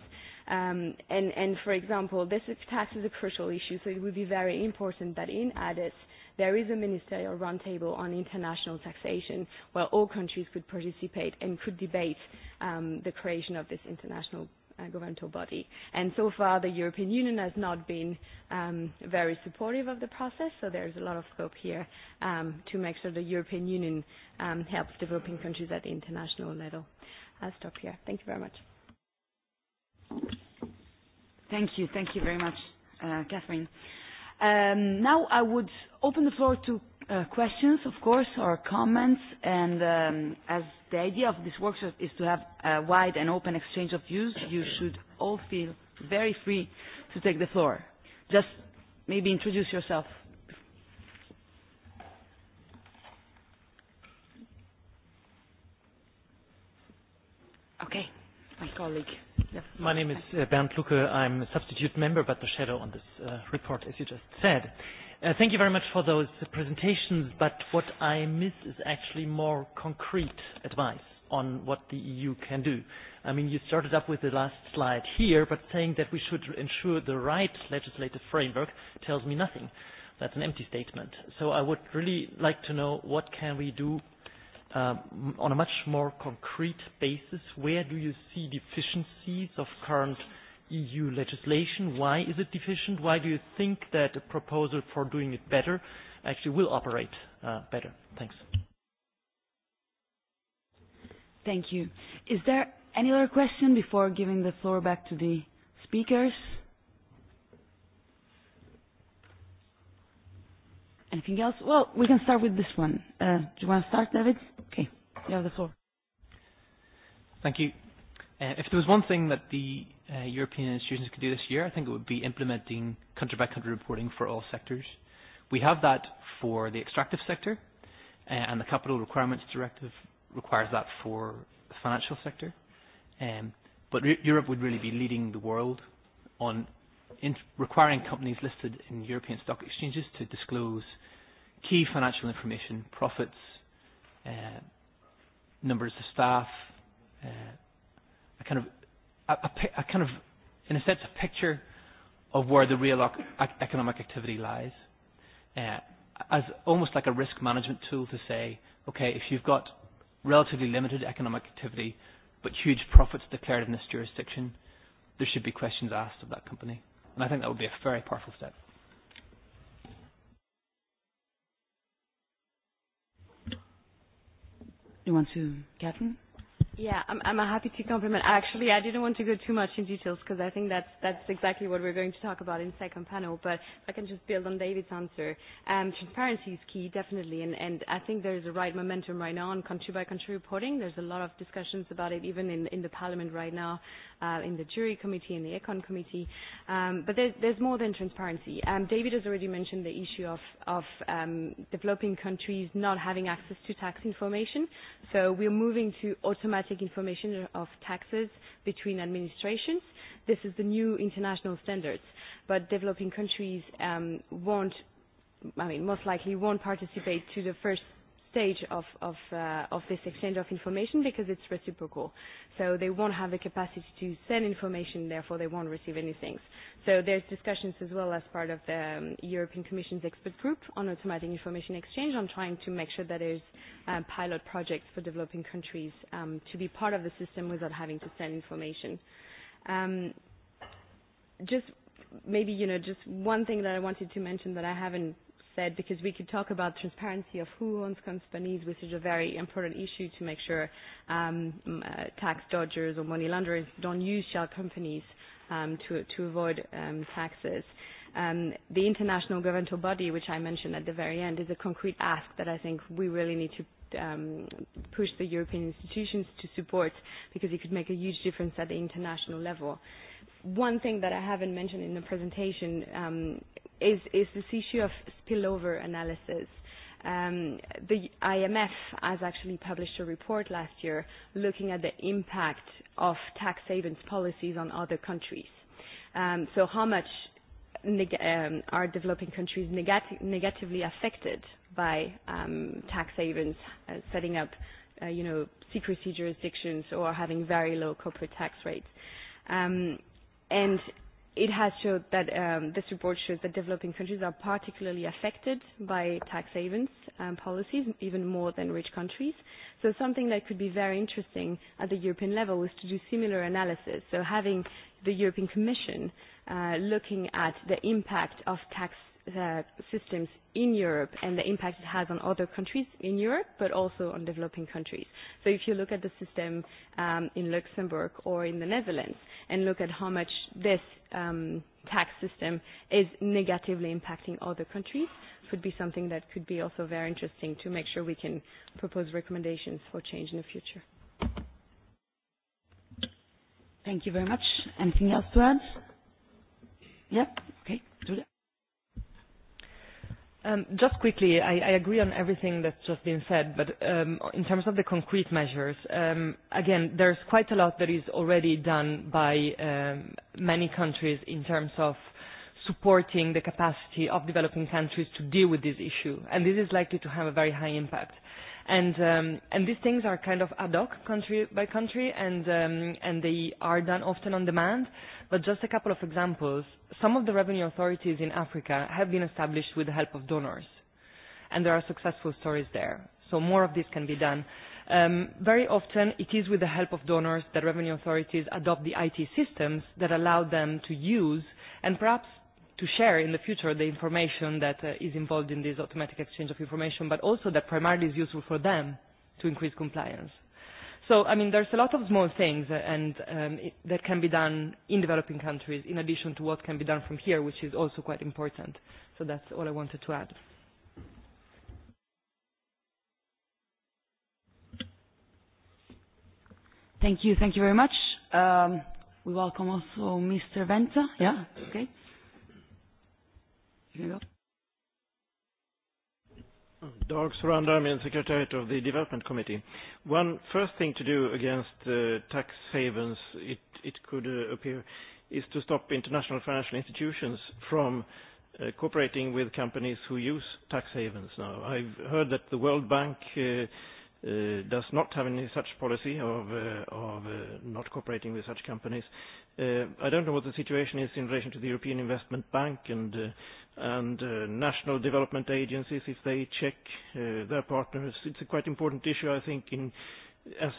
Um, and, and for example, this tax is a crucial issue, so it would be very important that in Addis there is a ministerial roundtable on international taxation where all countries could participate and could debate um, the creation of this international governmental body. And so far, the European Union has not been um, very supportive of the process, so there's a lot of scope here um, to make sure the European Union um, helps developing countries at the international level. I'll stop here. Thank you very much. Thank you. Thank you very much, uh, Catherine. Um, now I would open the floor to questions, of course, or comments, and um as the idea of this workshop is to have a wide and open exchange of views, you should all feel very free to take the floor. Just maybe introduce yourself. Okay, my colleague. My name is Bernd Lucke. I'm a substitute member, but the shadow on this report, as you just said. Thank you very much for those presentations, but what I miss is actually more concrete advice on what the EU can do. I mean, you started up with the last slide here, but saying that we should ensure the right legislative framework tells me nothing. That's an empty statement. So I would really like to know what can we do on a much more concrete basis. Where do you see deficiencies of current EU legislation. Why is it deficient? Why do you think that a proposal for doing it better actually will operate better? Thanks. Thank you. Is there any other question before giving the floor back to the speakers? Anything else? Well, we can start with this one. Uh, do you want to start, David? Okay, you have the floor. Thank you. Uh, if there was one thing that the European institutions could do this year, I think it would be implementing country-by-country reporting for all sectors. We have that for the extractive sector, and the Capital Requirements Directive requires that for the financial sector. But Europe would really be leading the world on requiring companies listed in European stock exchanges to disclose key financial information, profits, numbers of staff, a kind of a, a kind of, in a sense, a picture of where the real economic activity lies, uh, as almost like a risk management tool to say, okay, if you've got relatively limited economic activity but huge profits declared in this jurisdiction, there should be questions asked of that company. And I think that would be a very powerful step. You want to, Catherine? Yeah, I'm, I'm happy to compliment. Actually, I didn't want to go too much in details because I think that's, that's exactly what we're going to talk about in the second panel. But if I can just build on David's answer, um, transparency is key, definitely. And, and I think there's a right momentum right now on country by country reporting. There's a lot of discussions about it even in, in the parliament right now in the jury committee and the econ committee. Um, but there's, there's more than transparency. Um, David has already mentioned the issue of, of um, developing countries not having access to tax information. So we're moving to automatic information of taxes between administrations. This is the new international standards. But developing countries um, won't I mean, most likely won't participate to the first stage of of of this exchange of information because it's reciprocal. So they won't have the capacity to send information, therefore they won't receive anything. So there's discussions as well as part of the European Commission's expert group on automatic information exchange on trying to make sure that there's pilot projects for developing countries um to be part of the system without having to send information. Um just maybe you know just one thing that I wanted to mention that I haven't said, because we could talk about transparency of who owns companies, which is a very important issue to make sure um, tax dodgers or money launderers don't use shell companies um, to, to avoid um, taxes. Um, the international governmental body, which I mentioned at the very end, is a concrete ask that I think we really need to um, push the European institutions to support because it could make a huge difference at the international level. One thing that I haven't mentioned in the presentation um, is, is this issue of spillover analysis. Um, the IMF has actually published a report last year looking at the impact of tax havens policies on other countries. Um, so how much um, are developing countries negatively affected by um, tax havens setting up, you know, secrecy jurisdictions or having very low corporate tax rates. Um, and it has showed that this report shows that developing countries are particularly affected by tax havens policies, even more than rich countries. So something that could be very interesting at the European level is to do similar analysis. So having the European Commission looking at the impact of tax systems in Europe and the impact it has on other countries in Europe, but also on developing countries. So if you look at the system um in Luxembourg or in the Netherlands and look at how much this um tax system is negatively impacting other countries, would be something that could be also very interesting to make sure we can propose recommendations for change in the future. Thank you very much. Anything else to add? Yep, Okay. Just quickly, I agree on everything that's just been said, but in terms of the concrete measures, again, there's quite a lot that is already done by many countries in terms of supporting the capacity of developing countries to deal with this issue, and this is likely to have a very high impact. And um and these things are kind of ad hoc country by country and um and they are done often on demand. But just a couple of examples. Some of the revenue authorities in Africa have been established with the help of donors and there are successful stories there. So more of this can be done. Um very often it is with the help of donors that revenue authorities adopt the IT systems that allow them to use and perhaps to share in the future the information that is involved in this automatic exchange of information, but also that primarily is useful for them to increase compliance. So, I mean, there's a lot of small things and that can be done in developing countries in addition to what can be done from here, which is also quite important. So that's all I wanted to add. Thank you. Thank you very much. Um, we welcome also Mr. Venta. Yeah? Okay. Hello. Dag Sorander, I'm in Secretariat of the Development Committee. One first thing to do against uh, tax havens, it, it could uh, appear, is to stop international financial institutions from uh, cooperating with companies who use tax havens now. I've heard that the World Bank uh, uh, does not have any such policy of, uh, of uh, not cooperating with such companies. Uh, I don't know what the situation is in relation to the European Investment Bank and uh, and national development agencies if they check their partners. It's a quite important issue, I think, in as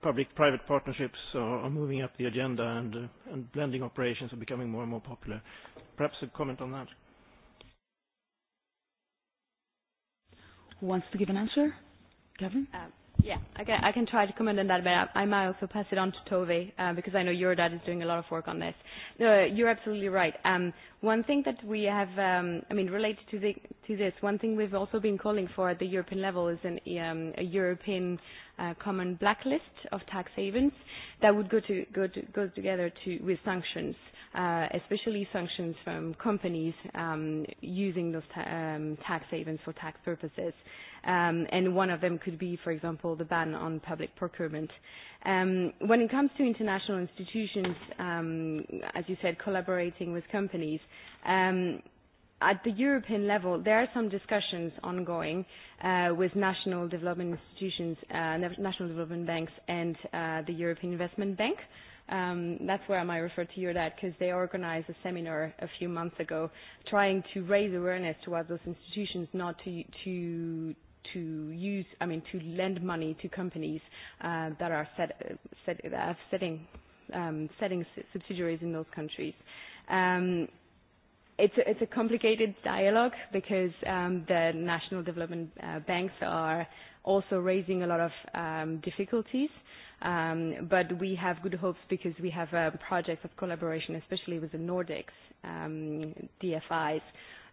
public-private partnerships are moving up the agenda and and blending operations are becoming more and more popular. Perhaps a comment on that. Who wants to give an answer? Kevin? Yeah, I can, I can try to comment on that, but I might also pass it on to Tove, uh, because I know your dad is doing a lot of work on this. No, you're absolutely right. Um, one thing that we have, um, I mean, related to, the, to this, one thing we've also been calling for at the European level is an, um, a European uh, common blacklist of tax havens that would go, to, go, to, go together to, with sanctions especially sanctions from companies using those tax havens for tax purposes. And one of them could be, for example, the ban on public procurement. When it comes to international institutions, as you said, collaborating with companies, at the European level, there are some discussions ongoing with national development institutions, national development banks, and the European Investment Bank um, that's where I might refer to your dad because they organized a seminar a few months ago trying to raise awareness towards those institutions not to, to to use, I mean, to lend money to companies uh, that are set, set, uh, setting, um, setting subsidiaries in those countries. Um, it's a, it's a complicated dialogue because um, the national development uh, banks are also raising a lot of um, difficulties. Um, but we have good hopes because we have projects of collaboration, especially with the Nordics, um, DFIs,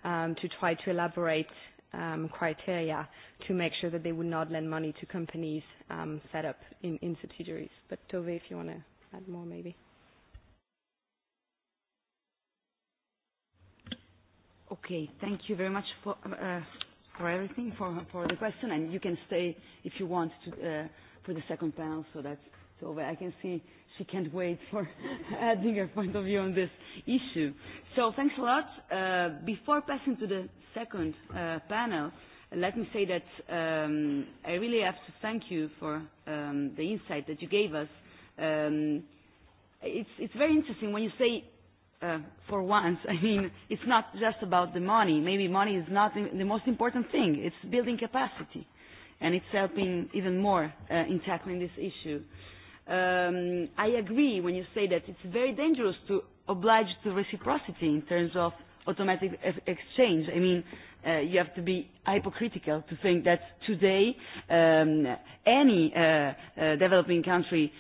um, to try to elaborate um, criteria to make sure that they would not lend money to companies um, set up in, in subsidiaries. But Tove, if you want to add more, maybe. Okay, thank you very much for, for everything, for, for the question, and you can stay if you want to. Uh, for the second panel, so that's so I can see she can't wait for adding her point of view on this issue. So thanks a lot. Uh Before passing to the second panel, let me say that um, I really have to thank you for um, the insight that you gave us. Um, it's, it's very interesting when you say for once, I mean, it's not just about the money. Maybe money is not the most important thing. It's building capacity and it's helping even more in tackling this issue. I agree when you say that it's very dangerous to oblige to reciprocity in terms of automatic exchange. I mean, you have to be hypocritical to think that today any developing country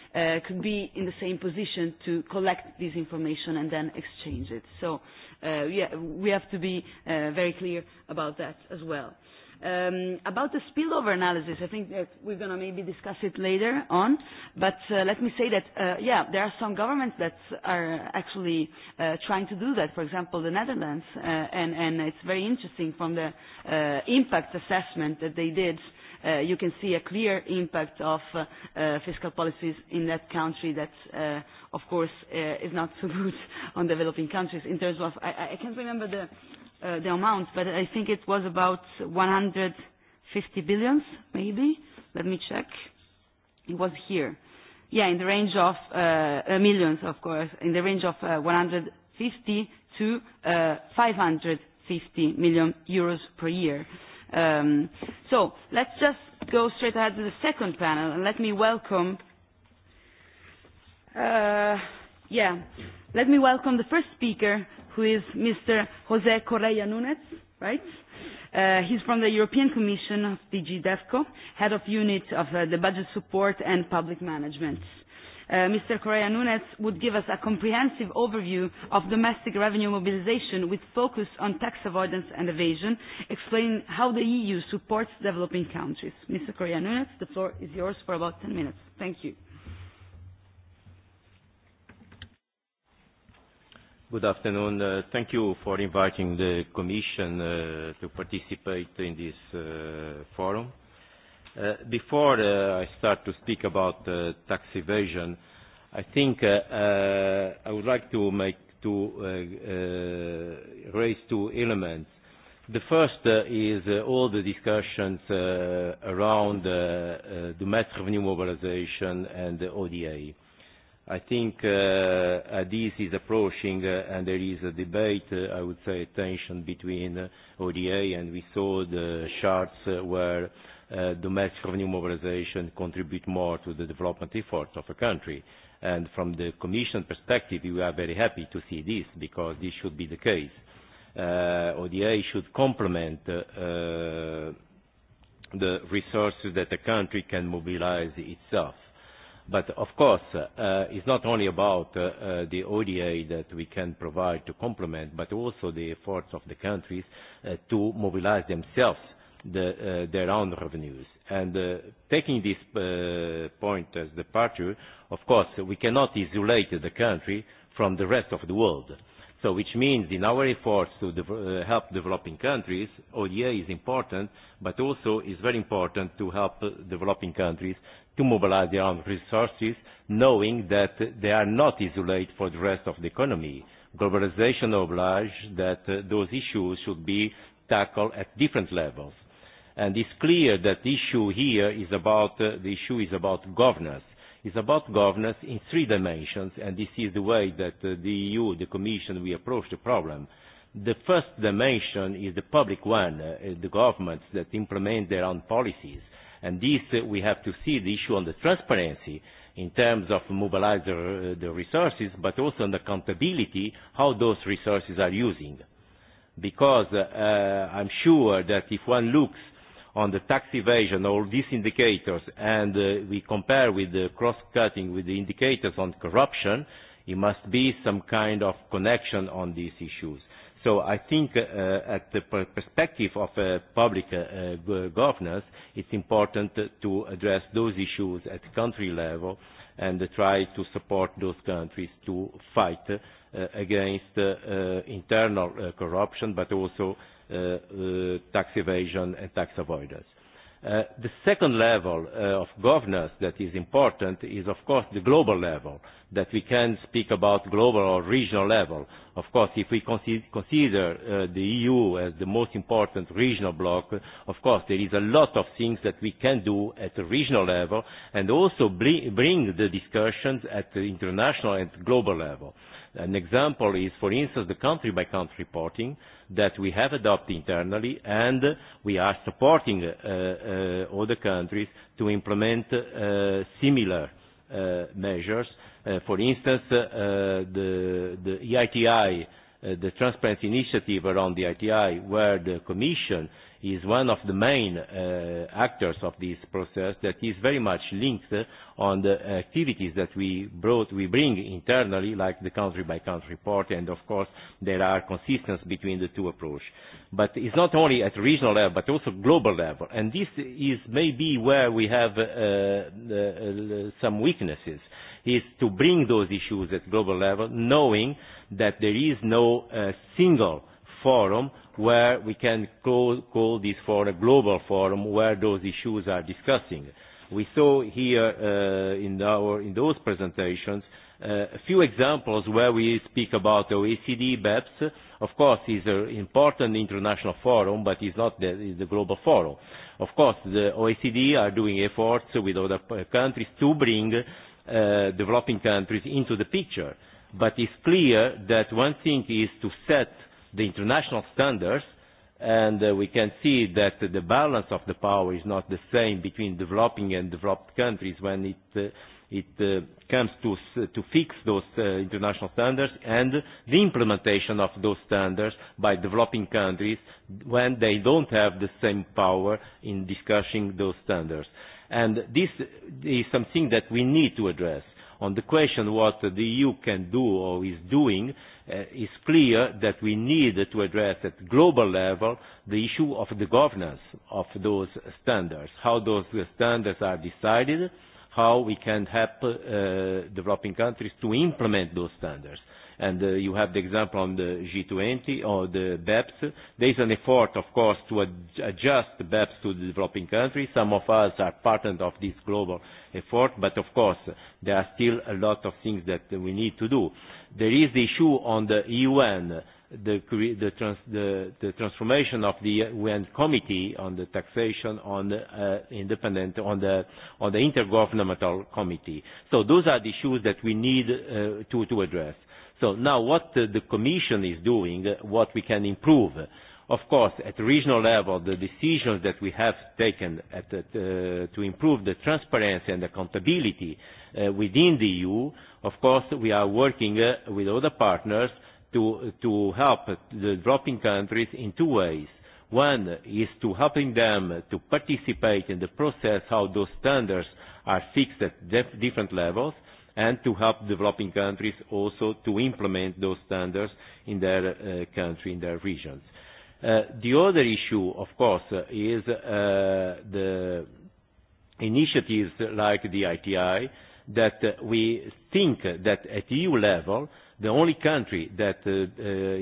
could be in the same position to collect this information and then exchange it. So yeah, we have to be very clear about that as well. About the spillover analysis, I think that we're going to maybe discuss it later on, but let me say that, yeah, there are some governments that are actually trying to do that. For example, the Netherlands, and and it's very interesting from the impact assessment that they did you can see a clear impact of fiscal policies in that country that, of course, is not so good on developing countries in terms of, I can't remember the the amount, but I think it was about 150 billions, maybe. Let me check. It was here. Yeah, in the range of millions, of course, in the range of 150 to 550 million euros per year. So let's just go straight ahead to the second panel, and let me welcome uh Yeah. Let me welcome the first speaker, who is Mr. José Correa Nunes, right? he's from the European Commission of DG DEFCO, head of unit of the budget support and public management. Mr. Correa Nunes would give us a comprehensive overview of domestic revenue mobilization with focus on tax avoidance and evasion, explaining how the EU supports developing countries. Mr. Correa Nunes, the floor is yours for about 10 minutes. Thank you. Good afternoon. Thank you for inviting the Commission to participate in this forum. Before I start to speak about tax evasion, I think I would like to make two raise two elements. The first is all the discussions around the mass revenue mobilization and the ODA. I think this is approaching and there is a debate, I would say, tension between ODA and we saw the charts where domestic revenue mobilization contribute more to the development efforts of a country. And from the Commission perspective, we are very happy to see this because this should be the case. ODA should complement the resources that a country can mobilize itself. But of course, it's not only about the ODA that we can provide to complement, but also the efforts of the countries to mobilize themselves their own revenues. And taking this point as departure, of course, we cannot isolate the country from the rest of the world. So which means in our efforts to help developing countries, ODA is important, but also is very important to help developing countries to mobilize their own resources, knowing that they are not isolated for the rest of the economy. Globalization obliges that those issues should be tackled at different levels. And it's clear that the issue here is about, the issue is about governance. It's about governance in three dimensions, and this is the way that the EU, the Commission, we approach the problem. The first dimension is the public one, the governments that implement their own policies And this we have to see the issue on the transparency in terms of mobilizing the resources, but also on the accountability, how those resources are using. Because I'm sure that if one looks on the tax evasion all these indicators and we compare with the cross-cutting with the indicators on corruption, it must be some kind of connection on these issues. So I think at the perspective of public governance, it's important to address those issues at country level and try to support those countries to fight against internal corruption, but also tax evasion and tax avoidance. The second level of governance that is important is, of course, the global level, that we can speak about global or regional level. Of course, if we consider the EU as the most important regional bloc, of course, there is a lot of things that we can do at the regional level and also bring the discussions at the international and global level. An example is, for instance, the country-by-country reporting that we have adopted internally, and we are supporting other countries to implement similar measures. For instance, the EITI, the Transparency Initiative around the ITI, where the Commission is one of the main actors of this process that is very much linked on the activities that we brought we bring internally like the country by country report and of course there are consistency between the two approaches. But it's not only at regional level but also global level and this is maybe where we have some weaknesses is to bring those issues at global level knowing that there is no single forum where we can call this for a global forum where those issues are discussing. We saw here in our in those presentations a few examples where we speak about OECD, BEPS. Of course, is an important international forum, but is not the, the global forum. Of course, the OECD are doing efforts with other countries to bring developing countries into the picture. But it's clear that one thing is to set the international standards, and we can see that the balance of the power is not the same between developing and developed countries when it it comes to to fix those international standards and the implementation of those standards by developing countries when they don't have the same power in discussing those standards. And this is something that we need to address. On the question what the EU can do or is doing, it is clear that we need to address at global level the issue of the governance of those standards, how those standards are decided, how we can help developing countries to implement those standards and you have the example on the G20 or the BEPS. There is an effort, of course, to adjust the BEPS to the developing countries. Some of us are part of this global effort, but of course, there are still a lot of things that we need to do. There is the issue on the UN the transformation of the UN committee on the taxation on the independent on the intergovernmental committee so those are the issues that we need to address So now what the Commission is doing, what we can improve, of course, at regional level, the decisions that we have taken to improve the transparency and accountability within the EU, of course, we are working with other partners to to help the dropping countries in two ways. One is to helping them to participate in the process how those standards are fixed at different levels, and to help developing countries also to implement those standards in their country, in their regions. The other issue, of course, is the initiatives like the ITI that we think that at EU level the only country that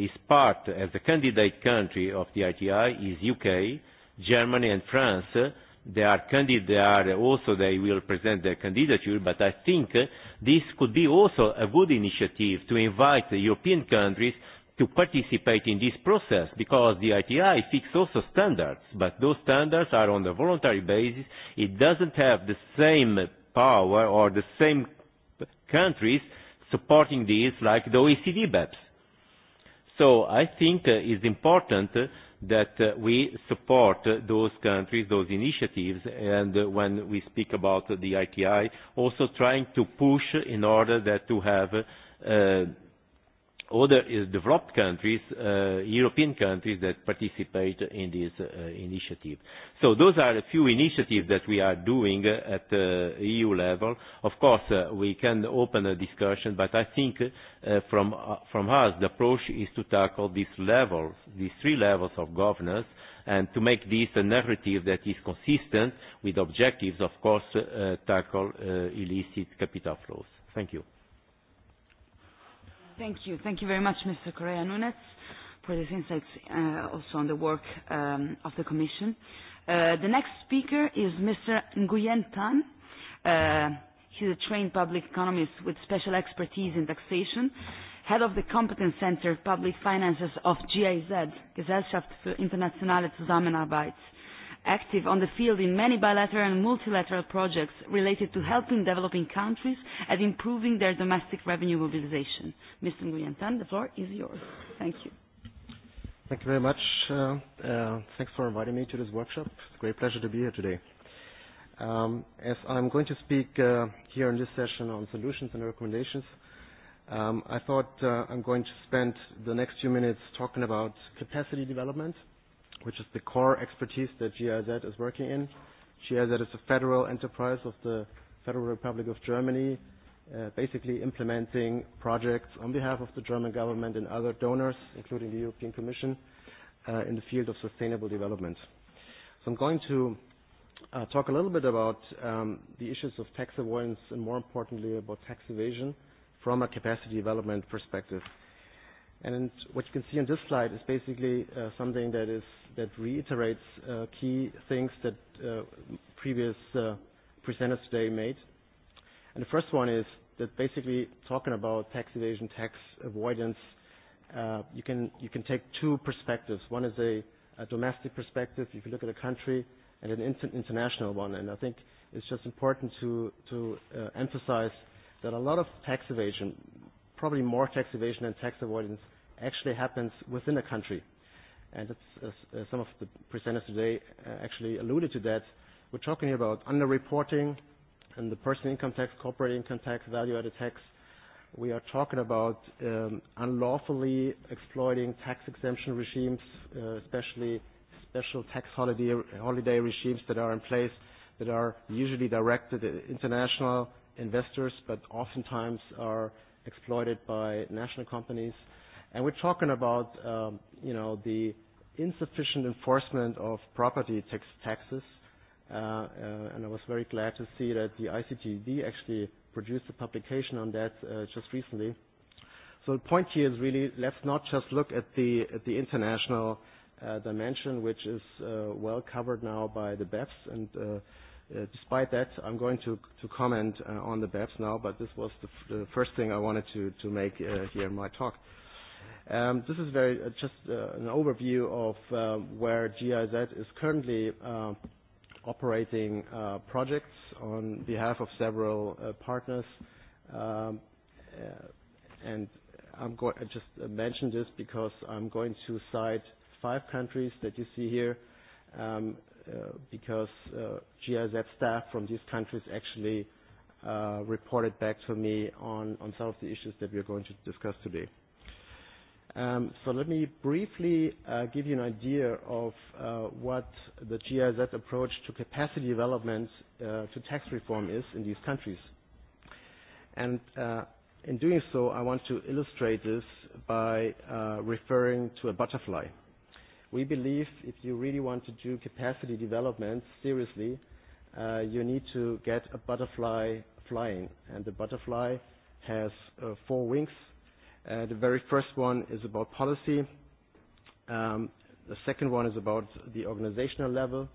is part as a candidate country of the ITI is UK, Germany and France They are candid, they are also, they will present their candidature, but I think this could be also a good initiative to invite the European countries to participate in this process because the ITI fixes also standards, but those standards are on a voluntary basis. It doesn't have the same power or the same countries supporting these like the OECD BEPS. So I think it's important that we support those countries, those initiatives, and when we speak about the ITI, also trying to push in order that to have other developed countries, European countries that participate in this initiative. So those are a few initiatives that we are doing at EU level. Of course, we can open a discussion, but I think from us the approach is to tackle these levels, these three levels of governance, and to make this a narrative that is consistent with objectives, of course, tackle illicit capital flows. Thank you. Thank you. Thank you very much, Mr. Correa Nunes, for these insights also on the work of the Commission. The next speaker is Mr. Nguyen Tan. He's a trained public economist with special expertise in taxation, head of the Competence Center Public Finances of GIZ, Gesellschaft für internationale Zusammenarbeit active on the field in many bilateral and multilateral projects related to helping developing countries and improving their domestic revenue mobilization. Mr. Nguyen-Tan, the floor is yours. Thank you. Thank you very much. thanks for inviting me to this workshop. It's a great pleasure to be here today. Um, as I'm going to speak here in this session on solutions and recommendations, um, I thought I'm going to spend the next few minutes talking about capacity development, which is the core expertise that GIZ is working in. GIZ is a federal enterprise of the Federal Republic of Germany, basically implementing projects on behalf of the German government and other donors, including the European Commission, in the field of sustainable development. So I'm going to talk a little bit about the issues of tax avoidance and more importantly about tax evasion from a capacity development perspective. And what you can see on this slide is basically something that is that reiterates key things that previous presenters today made. And the first one is that basically talking about tax evasion, tax avoidance, you can you can take two perspectives. One is a, domestic perspective, if you look at a country, and an international one. And I think it's just important to to emphasize that a lot of tax evasion probably more tax evasion and tax avoidance actually happens within a country. And it's, some of the presenters today actually alluded to that. We're talking about underreporting and the personal income tax, corporate income tax, value-added tax. We are talking about unlawfully exploiting tax exemption regimes, especially special tax holiday, holiday regimes that are in place that are usually directed at international investors but oftentimes are exploited by national companies. And we're talking about, um, you know, the insufficient enforcement of property tax taxes. Uh, uh, and I was very glad to see that the ICTD actually produced a publication on that uh, just recently. So the point here is really let's not just look at the at the international uh, dimension, which is uh, well covered now by the BEPS and uh, Despite that, I'm going to to comment on the BEPS now, but this was the first thing I wanted to to make here in my talk. Um This is very just an overview of where GIZ is currently operating projects on behalf of several partners. Um And I'm going I just mentioned this because I'm going to cite five countries that you see here. Um because GIZ staff from these countries actually reported back to me on on some of the issues that we are going to discuss today. Um so let me briefly give you an idea of what the GIZ approach to capacity development to tax reform is in these countries. And in doing so I want to illustrate this by referring to a butterfly. We believe if you really want to do capacity development seriously, you need to get a butterfly flying. And the butterfly has four wings. The very first one is about policy. The second one is about the organizational level.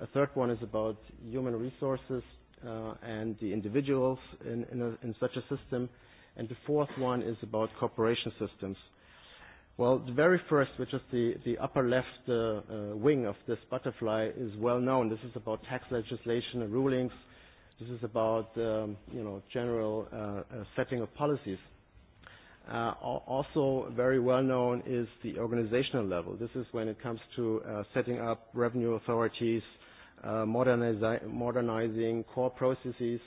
A third one is about human resources and the individuals in such a system. And the fourth one is about cooperation systems. Well, the very first, which is the, the upper left uh, wing of this butterfly, is well known. This is about tax legislation and rulings. This is about um, you know general uh, setting of policies. Uh, also very well known is the organizational level. This is when it comes to uh, setting up revenue authorities, uh, modernizing core processes,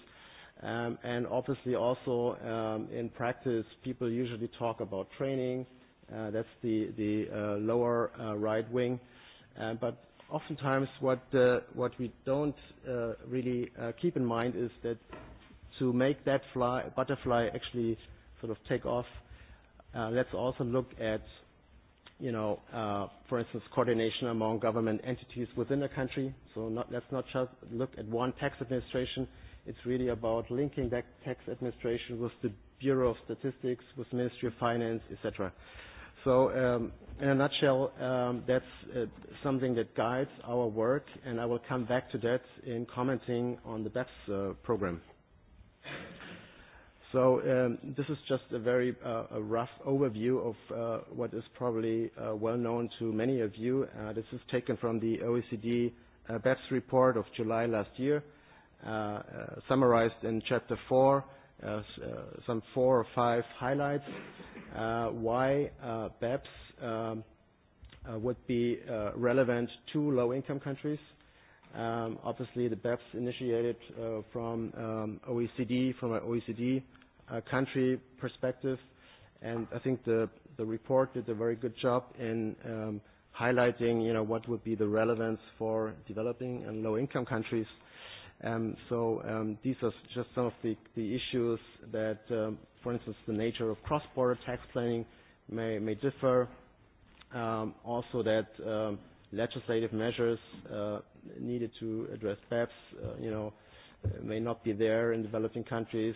um, and obviously also um, in practice people usually talk about training, That's the lower right wing. But oftentimes what we don't really keep in mind is that to make that butterfly actually sort of take off, let's also look at you know, for instance, coordination among government entities within a country. So let's not just look at one tax administration. It's really about linking that tax administration with the Bureau of Statistics, with Ministry of Finance, etc. So um, in a nutshell, um, that's something that guides our work, and I will come back to that in commenting on the BEPS program. So um, this is just a very rough overview of what is probably well known to many of you. this is taken from the OECD uh, BEPS report of July last year, summarized in Chapter 4, some four or five highlights why BEPS would be relevant to low-income countries. Obviously, the BEPS initiated from OECD, from an OECD country perspective, and I think the the report did a very good job in highlighting, you know, what would be the relevance for developing and low-income countries So these are just some of the issues that, for instance, the nature of cross-border tax planning may differ. Also that legislative measures needed to address BEPS, you know, may not be there in developing countries.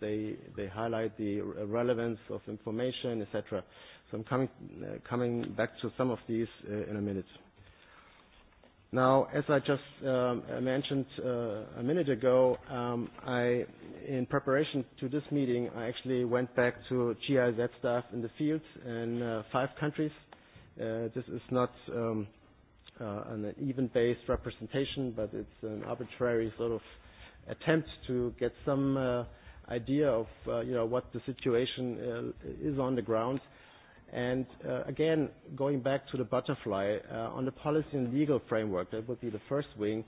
They they highlight the relevance of information, etc. So I'm coming coming back to some of these in a minute. Now, as I just mentioned a minute ago, I, in preparation to this meeting, I actually went back to GIZ staff in the field in five countries. This is not an even-based representation, but it's an arbitrary sort of attempt to get some idea of, you know, what the situation is on the ground. And again, going back to the butterfly, on the policy and legal framework, that would be the first wing,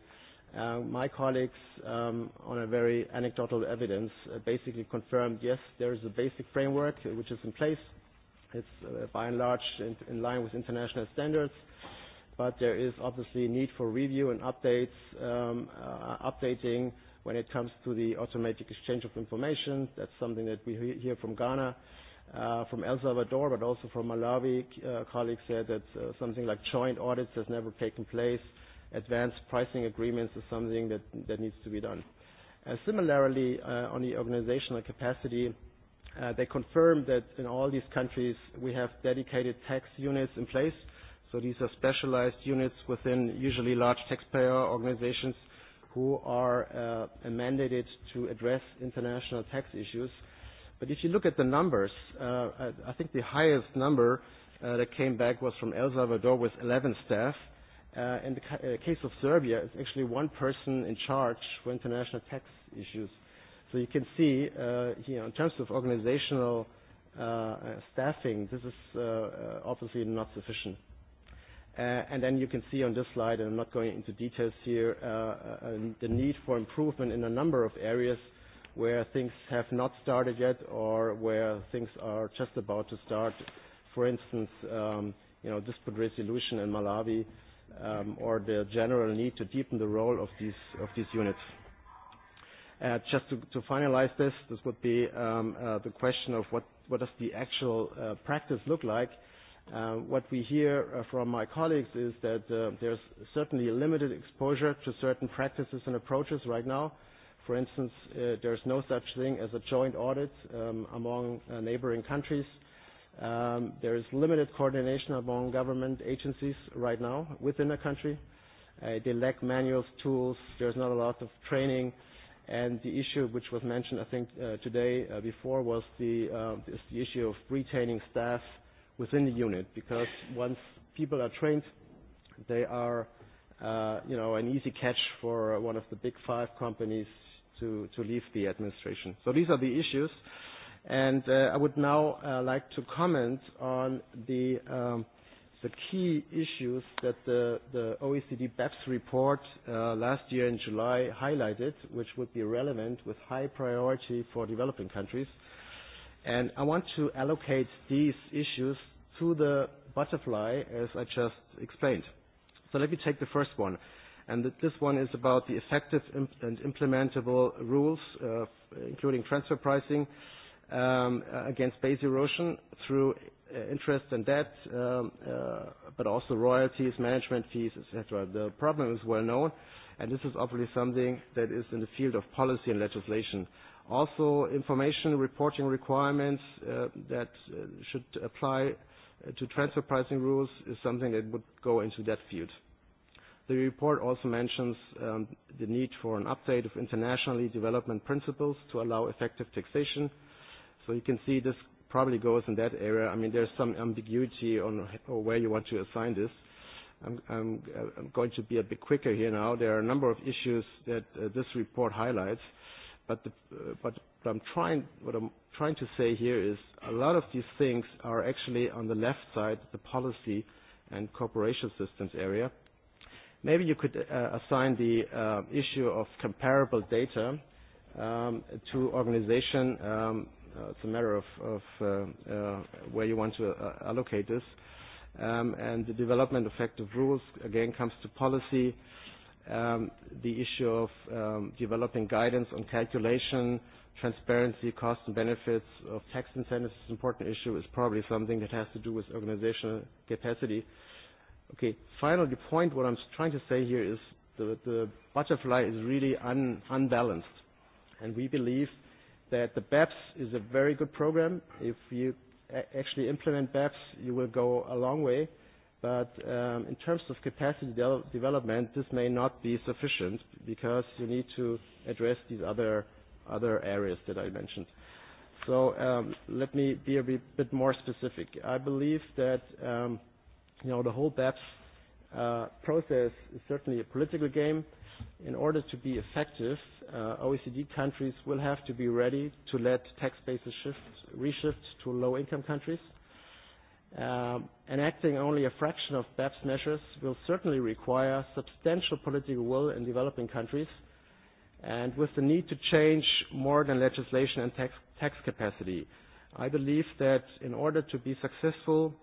my colleagues, on a very anecdotal evidence, basically confirmed, yes, there is a basic framework which is in place. It's by and large in line with international standards, but there is obviously a need for review and updates, updating when it comes to the automatic exchange of information. That's something that we hear from Ghana from El Salvador, but also from Malawi, colleagues said that something like joint audits has never taken place. Advanced pricing agreements is something that, that needs to be done. similarly, on the organizational capacity, they confirmed that in all these countries we have dedicated tax units in place. So these are specialized units within usually large taxpayer organizations who are mandated to address international tax issues. But if you look at the numbers, I think the highest number that came back was from El Salvador with 11 staff. In the case of Serbia, it's actually one person in charge for international tax issues. So you can see, you in terms of organizational staffing, this is obviously not sufficient. And then you can see on this slide, and I'm not going into details here, the need for improvement in a number of areas where things have not started yet or where things are just about to start. For instance, um, you know, dispute resolution in Malawi um, or the general need to deepen the role of these, of these units. just to, to finalize this, this would be um, uh, the question of what, what does the actual uh, practice look like. what we hear from my colleagues is that uh, there's certainly limited exposure to certain practices and approaches right now, For instance, there's no such thing as a joint audit among neighboring countries. There is limited coordination among government agencies right now within a country. They lack manuals, tools. There's not a lot of training. And the issue which was mentioned, I think, today before was the the issue of retaining staff within the unit because once people are trained, they are, you know, an easy catch for one of the big five companies, to to leave the administration. So these are the issues, and I would now like to comment on the the key issues that the the OECD BEPS report last year in July highlighted, which would be relevant with high priority for developing countries. And I want to allocate these issues to the butterfly, as I just explained. So let me take the first one and this one is about the effective and implementable rules, including transfer pricing against base erosion through interest and debt, but also royalties, management fees, etc. The problem is well known, and this is obviously something that is in the field of policy and legislation. Also, information reporting requirements that should apply to transfer pricing rules is something that would go into that field. The report also mentions the need for an update of internationally development principles to allow effective taxation. So you can see this probably goes in that area. I mean, there's some ambiguity on where you want to assign this. I'm going to be a bit quicker here now. There are a number of issues that this report highlights, but what I'm trying to say here is a lot of these things are actually on the left side, the policy and cooperation systems area. Maybe you could assign the issue of comparable data to organization. It's a matter of of where you want to allocate this. And the development of effective rules, again, comes to policy. The issue of developing guidance on calculation, transparency, cost and benefits of tax incentives is an important issue. It's probably something that has to do with organizational capacity. Okay, finally, the point what I'm trying to say here is the, the butterfly is really un, unbalanced. And we believe that the BEPS is a very good program. If you actually implement BEPS, you will go a long way. But um, in terms of capacity development, this may not be sufficient because you need to address these other, other areas that I mentioned. So um, let me be a bit more specific. I believe that um, you know, the whole BEPS uh, process is certainly a political game. In order to be effective, uh, OECD countries will have to be ready to let tax bases shift, reshift to low-income countries. Um, enacting only a fraction of BEPS measures will certainly require substantial political will in developing countries, and with the need to change more than legislation and tax, tax capacity. I believe that in order to be successful,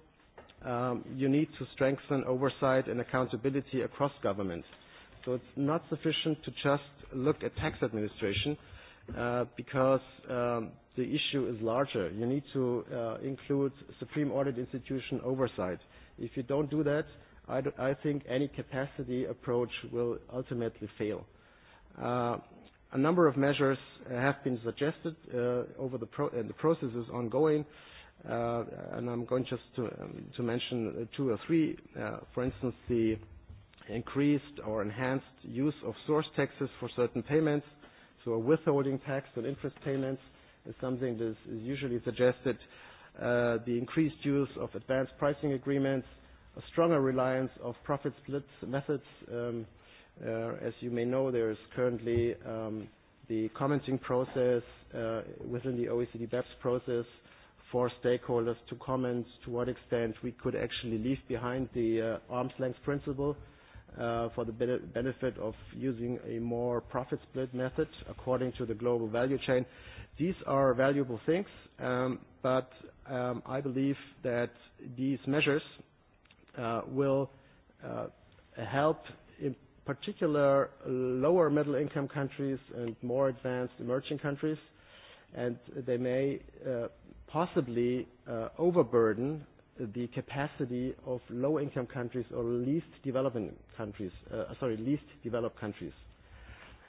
you need to strengthen oversight and accountability across governments. So it's not sufficient to just look at tax administration because the issue is larger. You need to include Supreme Audit Institution oversight. If you don't do that, I, I think any capacity approach will ultimately fail. a number of measures have been suggested over the, pro the process is ongoing and I'm going just to, mention two or three. for instance, the increased or enhanced use of source taxes for certain payments. So a withholding tax on interest payments is something that is usually suggested. The increased use of advanced pricing agreements, a stronger reliance of profit split methods. As you may know, there is currently the commenting process within the OECD BEPS process for stakeholders to comment to what extent we could actually leave behind the arm's length principle for the benefit of using a more profit split method according to the global value chain. These are valuable things, but I believe that these measures will help in particular lower middle income countries and more advanced emerging countries and they may possibly overburden the capacity of low-income countries or least developing countries, sorry, least developed countries.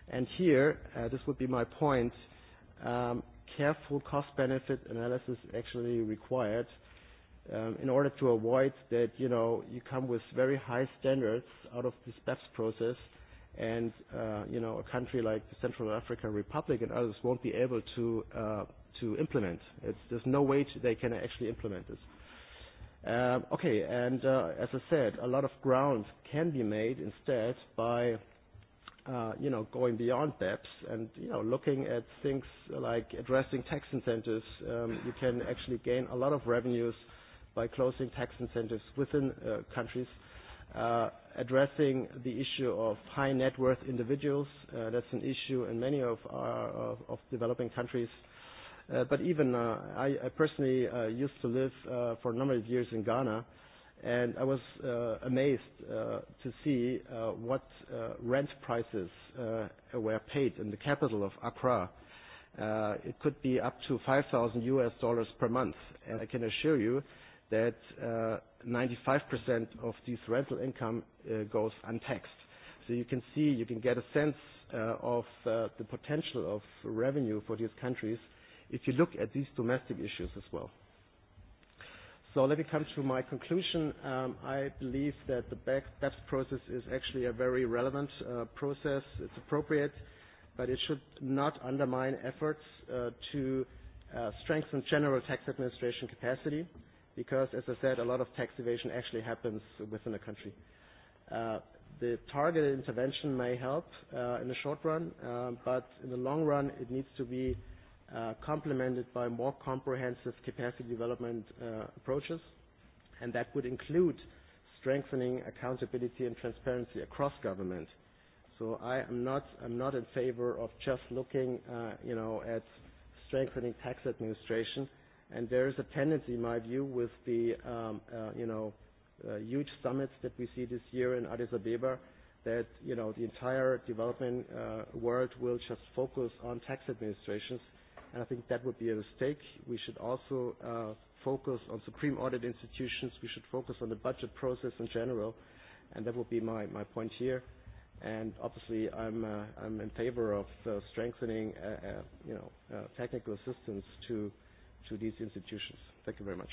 And here, this would be my point, careful cost-benefit analysis actually required in order to avoid that, you know, you come with very high standards out of this BEPS process and you know a country like the Central African Republic and others won't be able to to implement. It's, there's no way they can actually implement this. Um, okay, and as I said, a lot of ground can be made instead by uh, you know, going beyond BEPS and, you know, looking at things like addressing tax incentives, um, you can actually gain a lot of revenues by closing tax incentives within countries addressing the issue of high net worth individuals. That's an issue in many of our of developing countries. But even I personally used to live for a number of years in Ghana, and I was amazed to see what rent prices were paid in the capital of Accra. It could be up to 5,000 US dollars per month, and I can assure you that 95% of this rental income goes untaxed. So you can see, you can get a sense of the potential of revenue for these countries if you look at these domestic issues as well. So let me come to my conclusion. I believe that the BEPS process is actually a very relevant process. It's appropriate, but it should not undermine efforts to strengthen general tax administration capacity because, as I said, a lot of tax evasion actually happens within a country. The targeted intervention may help in the short run, but in the long run, it needs to be complemented by more comprehensive capacity development approaches, and that would include strengthening accountability and transparency across government. So I am not I'm not in favor of just looking, you know, at strengthening tax administration and there is a tendency, in my view, with the you know huge summits that we see this year in Addis Ababa, that you know the entire development world will just focus on tax administrations, and I think that would be a mistake. We should also focus on supreme audit institutions. We should focus on the budget process in general, and that would be my my point here. And obviously, I'm I'm in favor of strengthening, you know, technical assistance to to these institutions. Thank you very much.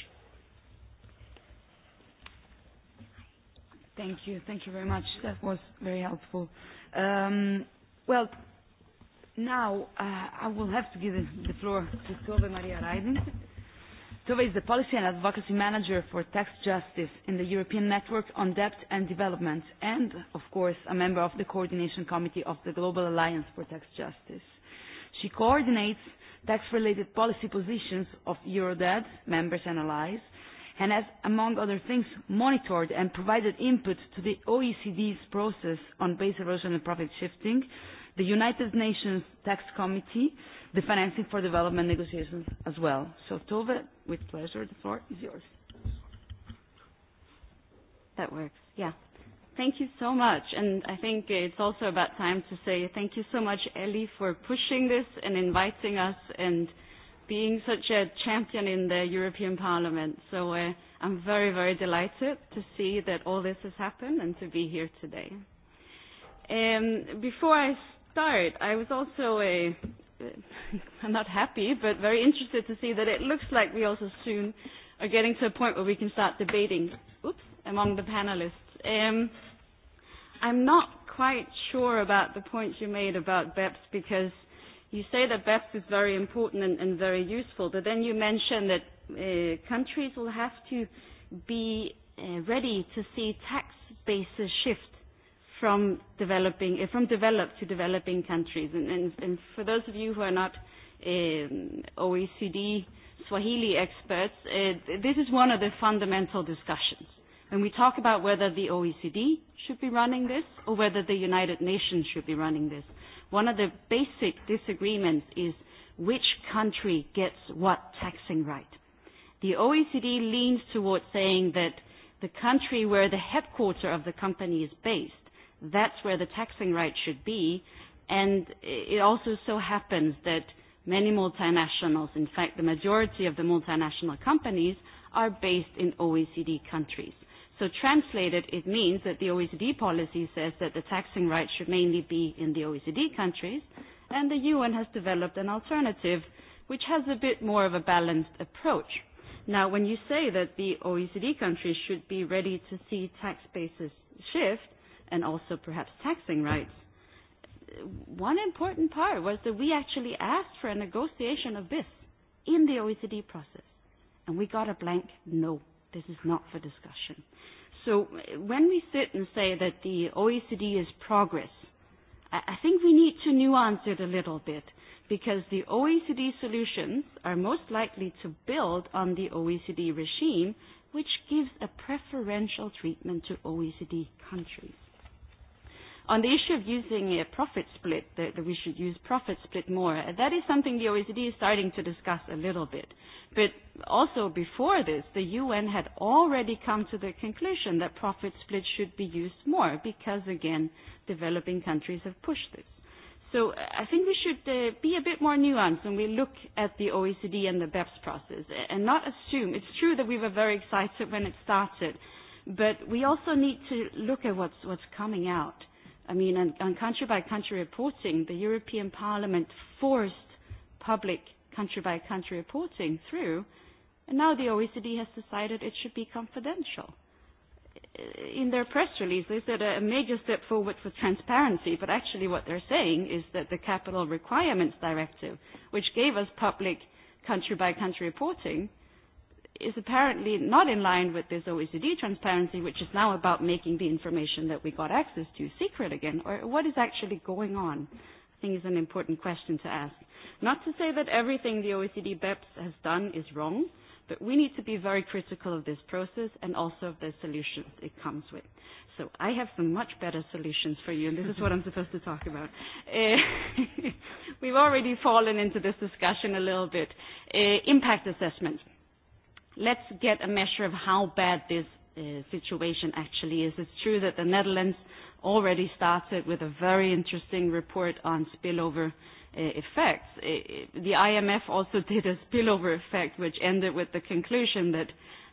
Thank you. Thank you very much. That was very helpful. Um, well, now I will have to give the floor to Tove Maria Raiden Tove is the Policy and Advocacy Manager for Tax Justice in the European Network on Debt and Development and, of course, a member of the Coordination Committee of the Global Alliance for Tax Justice. She coordinates tax-related policy positions of Eurodad members and allies, and has, among other things, monitored and provided input to the OECD's process on base erosion and profit shifting, the United Nations Tax Committee, the Financing for Development negotiations as well. So, Tove, with pleasure, the floor is yours. That works, yeah. Thank you so much. And I think it's also about time to say thank you so much, Ellie, for pushing this and inviting us and being such a champion in the European Parliament. So uh, I'm very, very delighted to see that all this has happened and to be here today. Um, before I start, I was also a, I'm not happy, but very interested to see that it looks like we also soon are getting to a point where we can start debating oops, among the panelists Um, I'm not quite sure about the points you made about BEPS because you say that BEPS is very important and, and very useful, but then you mention that countries will have to be ready to see tax bases shift from developing from developed to developing countries and and, and for those of you who are not um, OECD Swahili experts this is one of the fundamental discussions When we talk about whether the OECD should be running this or whether the United Nations should be running this, one of the basic disagreements is which country gets what taxing right. The OECD leans towards saying that the country where the headquarter of the company is based, that's where the taxing right should be, and it also so happens that many multinationals, in fact the majority of the multinational companies, are based in OECD countries. So translated, it means that the OECD policy says that the taxing rights should mainly be in the OECD countries, and the UN has developed an alternative which has a bit more of a balanced approach. Now, when you say that the OECD countries should be ready to see tax bases shift, and also perhaps taxing rights, one important part was that we actually asked for a negotiation of this in the OECD process, and we got a blank no. This is not for discussion. So when we sit and say that the OECD is progress, I think we need to nuance it a little bit because the OECD solutions are most likely to build on the OECD regime, which gives a preferential treatment to OECD countries. On the issue of using a profit split, that we should use profit split more, that is something the OECD is starting to discuss a little bit. But also before this, the UN had already come to the conclusion that profit split should be used more because, again, developing countries have pushed this. So I think we should be a bit more nuanced when we look at the OECD and the BEPS process and not assume. It's true that we were very excited when it started, but we also need to look at what's, what's coming out. I mean, on country-by-country reporting, the European Parliament forced public country-by-country reporting through, and now the OECD has decided it should be confidential. In their press release, they said a major step forward for transparency, but actually what they're saying is that the Capital Requirements Directive, which gave us public country-by-country reporting, is apparently not in line with this OECD transparency, which is now about making the information that we got access to secret again, or what is actually going on? I think is an important question to ask. Not to say that everything the OECD BEPS has done is wrong, but we need to be very critical of this process and also of the solutions it comes with. So I have some much better solutions for you, and this is what I'm supposed to talk about. We've already fallen into this discussion a little bit. Impact assessment. Let's get a measure of how bad this situation actually is. It's true that the Netherlands already started with a very interesting report on spillover effects. The IMF also did a spillover effect which ended with the conclusion that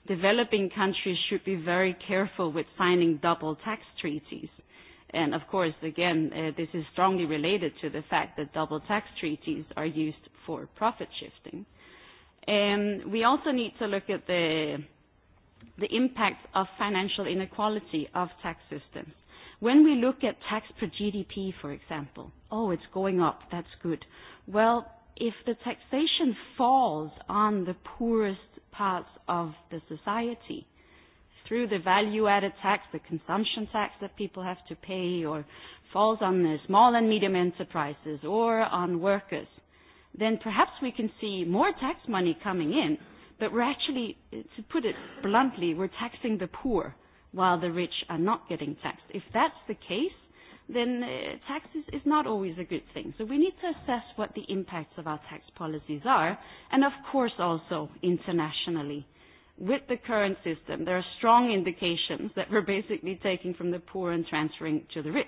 developing countries should be very careful with signing double tax treaties. And of course, again, this is strongly related to the fact that double tax treaties are used for profit shifting. And we also need to look at the the impact of financial inequality of tax systems. When we look at tax per GDP, for example, oh, it's going up, that's good. Well, if the taxation falls on the poorest parts of the society through the value-added tax, the consumption tax that people have to pay, or falls on the small and medium enterprises or on workers, then perhaps we can see more tax money coming in, but we're actually, to put it bluntly, we're taxing the poor while the rich are not getting taxed. If that's the case, then taxes is not always a good thing. So we need to assess what the impacts of our tax policies are, and of course also internationally. With the current system, there are strong indications that we're basically taking from the poor and transferring to the rich.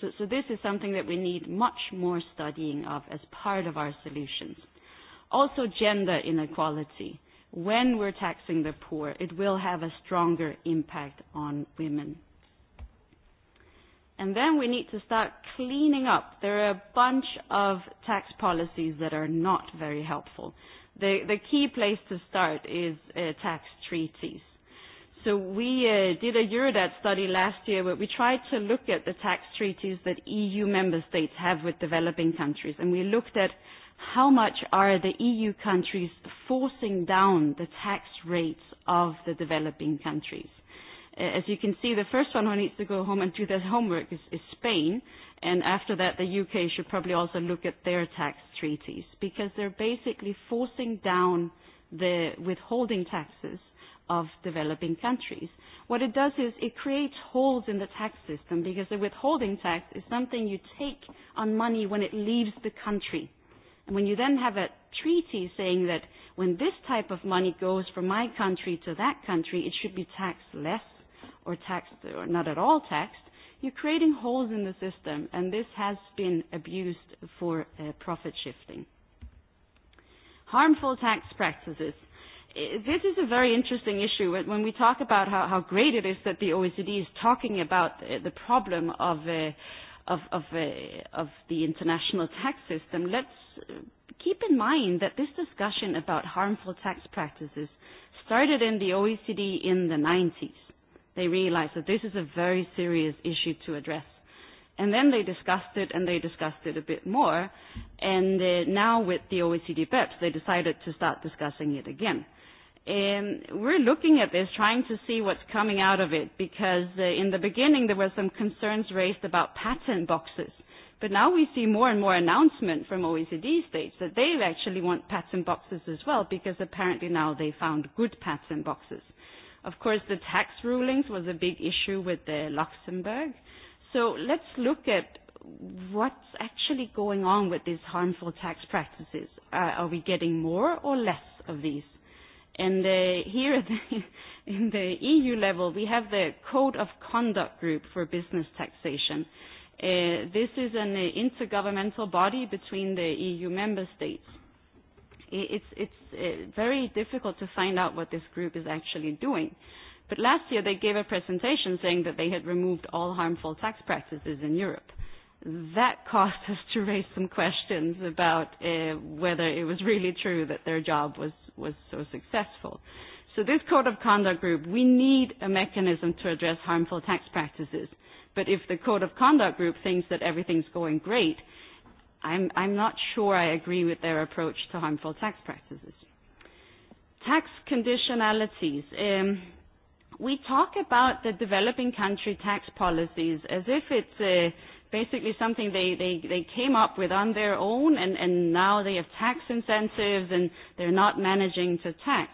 So, so this is something that we need much more studying of as part of our solutions. Also gender inequality when we're taxing the poor, it will have a stronger impact on women. And then we need to start cleaning up. There are a bunch of tax policies that are not very helpful. The, the key place to start is tax treaties. So we did a Eurodat study last year where we tried to look at the tax treaties that EU member states have with developing countries. And we looked at how much are the EU countries forcing down the tax rates of the developing countries? As you can see, the first one who needs to go home and do their homework is, is Spain, and after that the UK should probably also look at their tax treaties, because they're basically forcing down the withholding taxes of developing countries. What it does is it creates holes in the tax system, because the withholding tax is something you take on money when it leaves the country when you then have a treaty saying that when this type of money goes from my country to that country, it should be taxed less or taxed or not at all taxed, you're creating holes in the system, and this has been abused for profit shifting. Harmful tax practices. This is a very interesting issue. When we talk about how, how great it is that the OECD is talking about the problem of, of, of, of the international tax system, let's keep in mind that this discussion about harmful tax practices started in the OECD in the 90s. They realized that this is a very serious issue to address. And then they discussed it and they discussed it a bit more. And now with the OECD BEPS, they decided to start discussing it again. And we're looking at this, trying to see what's coming out of it, because in the beginning there were some concerns raised about patent boxes But now we see more and more announcement from OECD states that they actually want patent boxes as well because apparently now they found good patent boxes. Of course, the tax rulings was a big issue with the Luxembourg. So let's look at what's actually going on with these harmful tax practices. Are we getting more or less of these? And here in the EU level, we have the Code of Conduct Group for Business Taxation. This is an intergovernmental body between the EU member states. It's it's very difficult to find out what this group is actually doing. But last year they gave a presentation saying that they had removed all harmful tax practices in Europe. That caused us to raise some questions about whether it was really true that their job was was so successful. So this code of conduct group, we need a mechanism to address harmful tax practices But if the code of conduct group thinks that everything's going great, I'm, I'm not sure I agree with their approach to harmful tax practices. Tax conditionalities. Um, we talk about the developing country tax policies as if it's basically something they, they, they came up with on their own and, and now they have tax incentives and they're not managing to tax.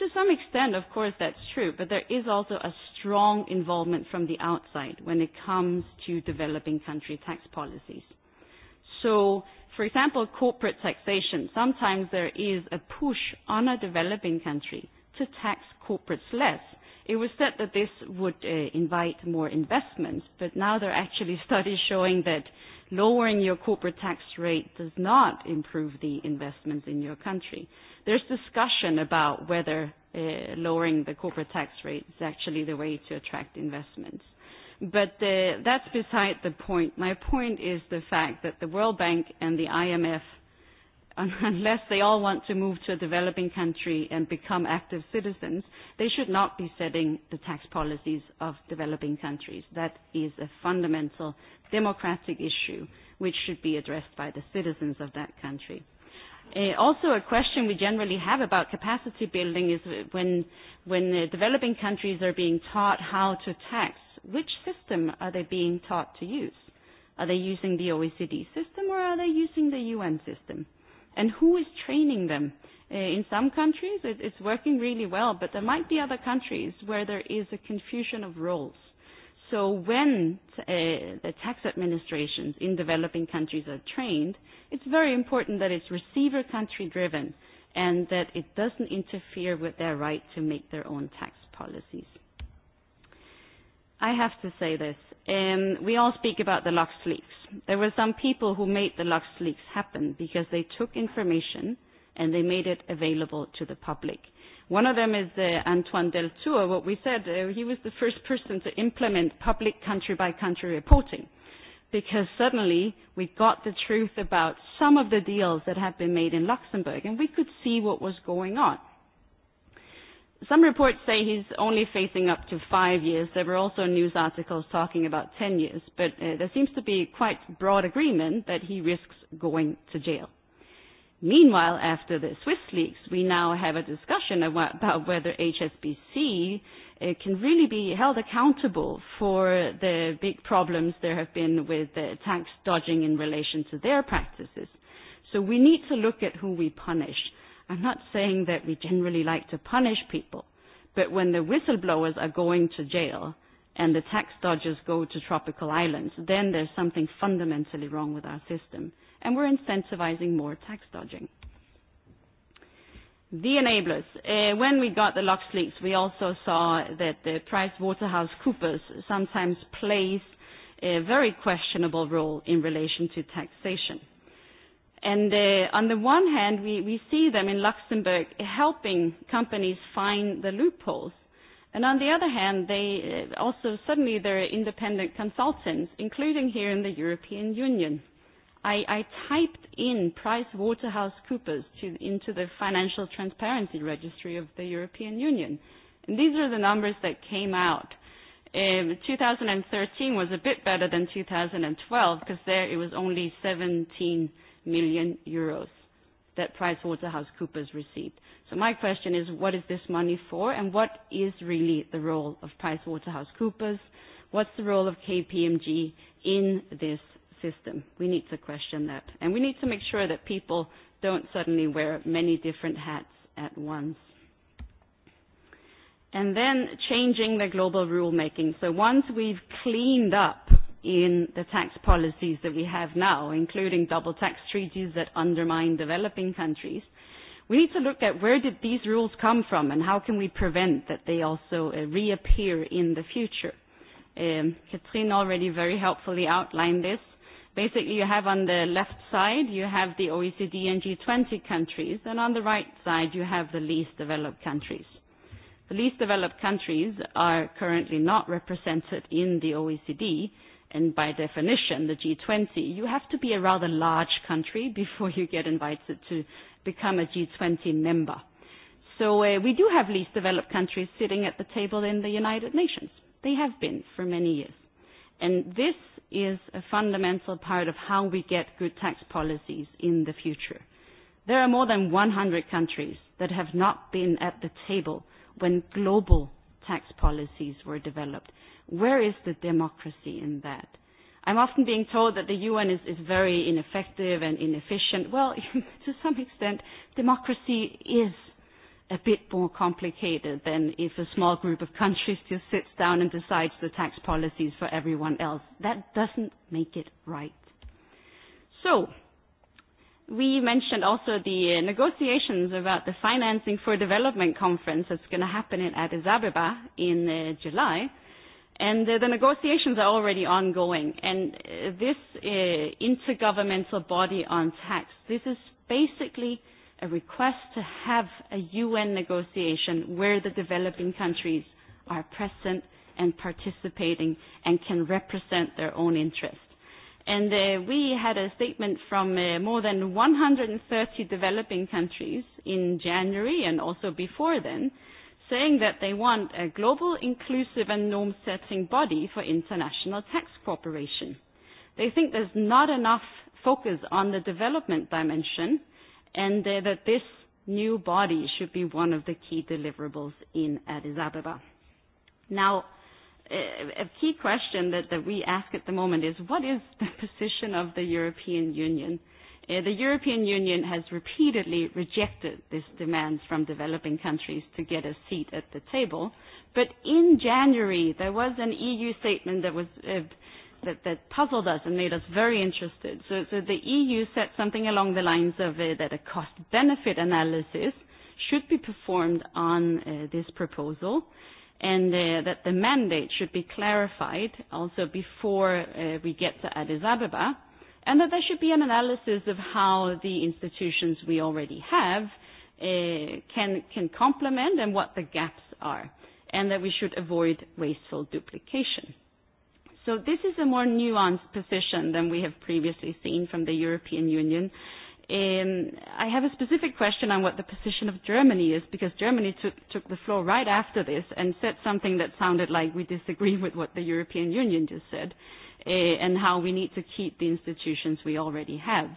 To some extent, of course, that's true, but there is also a strong involvement from the outside when it comes to developing country tax policies. So, for example, corporate taxation. Sometimes there is a push on a developing country to tax corporates less It was said that this would invite more investments, but now there are actually studies showing that lowering your corporate tax rate does not improve the investments in your country. There's discussion about whether lowering the corporate tax rate is actually the way to attract investments. But that's beside the point. My point is the fact that the World Bank and the IMF unless they all want to move to a developing country and become active citizens, they should not be setting the tax policies of developing countries. That is a fundamental democratic issue which should be addressed by the citizens of that country. Also a question we generally have about capacity building is when when developing countries are being taught how to tax, which system are they being taught to use? Are they using the OECD system or are they using the UN system? and who is training them? In some countries, it's working really well, but there might be other countries where there is a confusion of roles. So when the tax administrations in developing countries are trained, it's very important that it's receiver country driven and that it doesn't interfere with their right to make their own tax policies. I have to say this, we all speak about the LuxLeaks. There were some people who made the LuxLeaks happen because they took information and they made it available to the public. One of them is Antoine Del Tour. What we said, he was the first person to implement public country-by-country reporting because suddenly we got the truth about some of the deals that had been made in Luxembourg and we could see what was going on. Some reports say he's only facing up to five years. There were also news articles talking about 10 years, but there seems to be quite broad agreement that he risks going to jail. Meanwhile, after the Swiss leaks, we now have a discussion about whether HSBC can really be held accountable for the big problems there have been with tax dodging in relation to their practices. So we need to look at who we punish I'm not saying that we generally like to punish people, but when the whistleblowers are going to jail and the tax dodgers go to tropical islands, then there's something fundamentally wrong with our system, and we're incentivizing more tax dodging. The enablers. Uh, when we got the lock we also saw that the Price Waterhouse Coopers sometimes plays a very questionable role in relation to taxation. And on the one hand, we we see them in Luxembourg helping companies find the loopholes. And on the other hand, they also suddenly they're independent consultants, including here in the European Union. I I typed in PricewaterhouseCoopers into the Financial Transparency Registry of the European Union. And these are the numbers that came out. 2013 was a bit better than 2012 because there it was only 17 million euros that PricewaterhouseCoopers received. So my question is, what is this money for, and what is really the role of PricewaterhouseCoopers? What's the role of KPMG in this system? We need to question that. And we need to make sure that people don't suddenly wear many different hats at once and then changing the global rulemaking. So once we've cleaned up in the tax policies that we have now, including double tax treaties that undermine developing countries, we need to look at where did these rules come from and how can we prevent that they also reappear in the future. Um, already very helpfully outlined this. Basically, you have on the left side, you have the OECD and G20 countries, and on the right side, you have the least developed countries least developed countries are currently not represented in the OECD, and by definition, the G20, you have to be a rather large country before you get invited to become a G20 member. So we do have least developed countries sitting at the table in the United Nations. They have been for many years. And this is a fundamental part of how we get good tax policies in the future. There are more than 100 countries that have not been at the table when global tax policies were developed. Where is the democracy in that? I'm often being told that the UN is, is very ineffective and inefficient. Well, to some extent, democracy is a bit more complicated than if a small group of countries just sits down and decides the tax policies for everyone else. That doesn't make it right. So, We mentioned also the negotiations about the Financing for Development Conference that's going to happen in Addis Ababa in July. And the negotiations are already ongoing. And this intergovernmental body on tax, this is basically a request to have a UN negotiation where the developing countries are present and participating and can represent their own interests. And we had a statement from more than 130 developing countries in January and also before then, saying that they want a global, inclusive and norm-setting body for international tax cooperation. They think there's not enough focus on the development dimension and that this new body should be one of the key deliverables in Addis Ababa. Now, a key question that that we ask at the moment is what is the position of the European Union? The European Union has repeatedly rejected these demands from developing countries to get a seat at the table, but in January there was an EU statement that was that that puzzled us and made us very interested. So so the EU said something along the lines of that a cost benefit analysis should be performed on this proposal and that the mandate should be clarified also before we get to Addis Ababa, and that there should be an analysis of how the institutions we already have can can complement and what the gaps are, and that we should avoid wasteful duplication. So this is a more nuanced position than we have previously seen from the European Union I have a specific question on what the position of Germany is, because Germany took took the floor right after this and said something that sounded like we disagree with what the European Union just said, and how we need to keep the institutions we already have.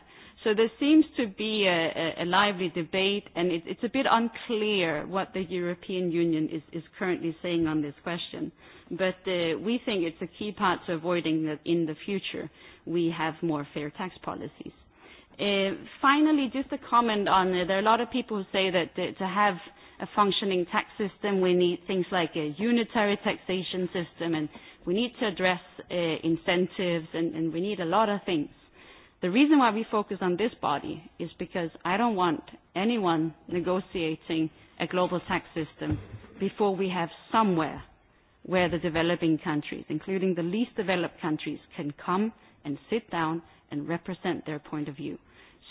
So there seems to be a lively debate, and it's a bit unclear what the European Union is currently saying on this question. But we think it's a key part to avoiding that in the future we have more fair tax policies. Finally, just a comment on there are a lot of people who say that to have a functioning tax system we need things like a unitary taxation system and we need to address incentives and and we need a lot of things. The reason why we focus on this body is because I don't want anyone negotiating a global tax system before we have somewhere where the developing countries, including the least developed countries, can come and sit down and represent their point of view.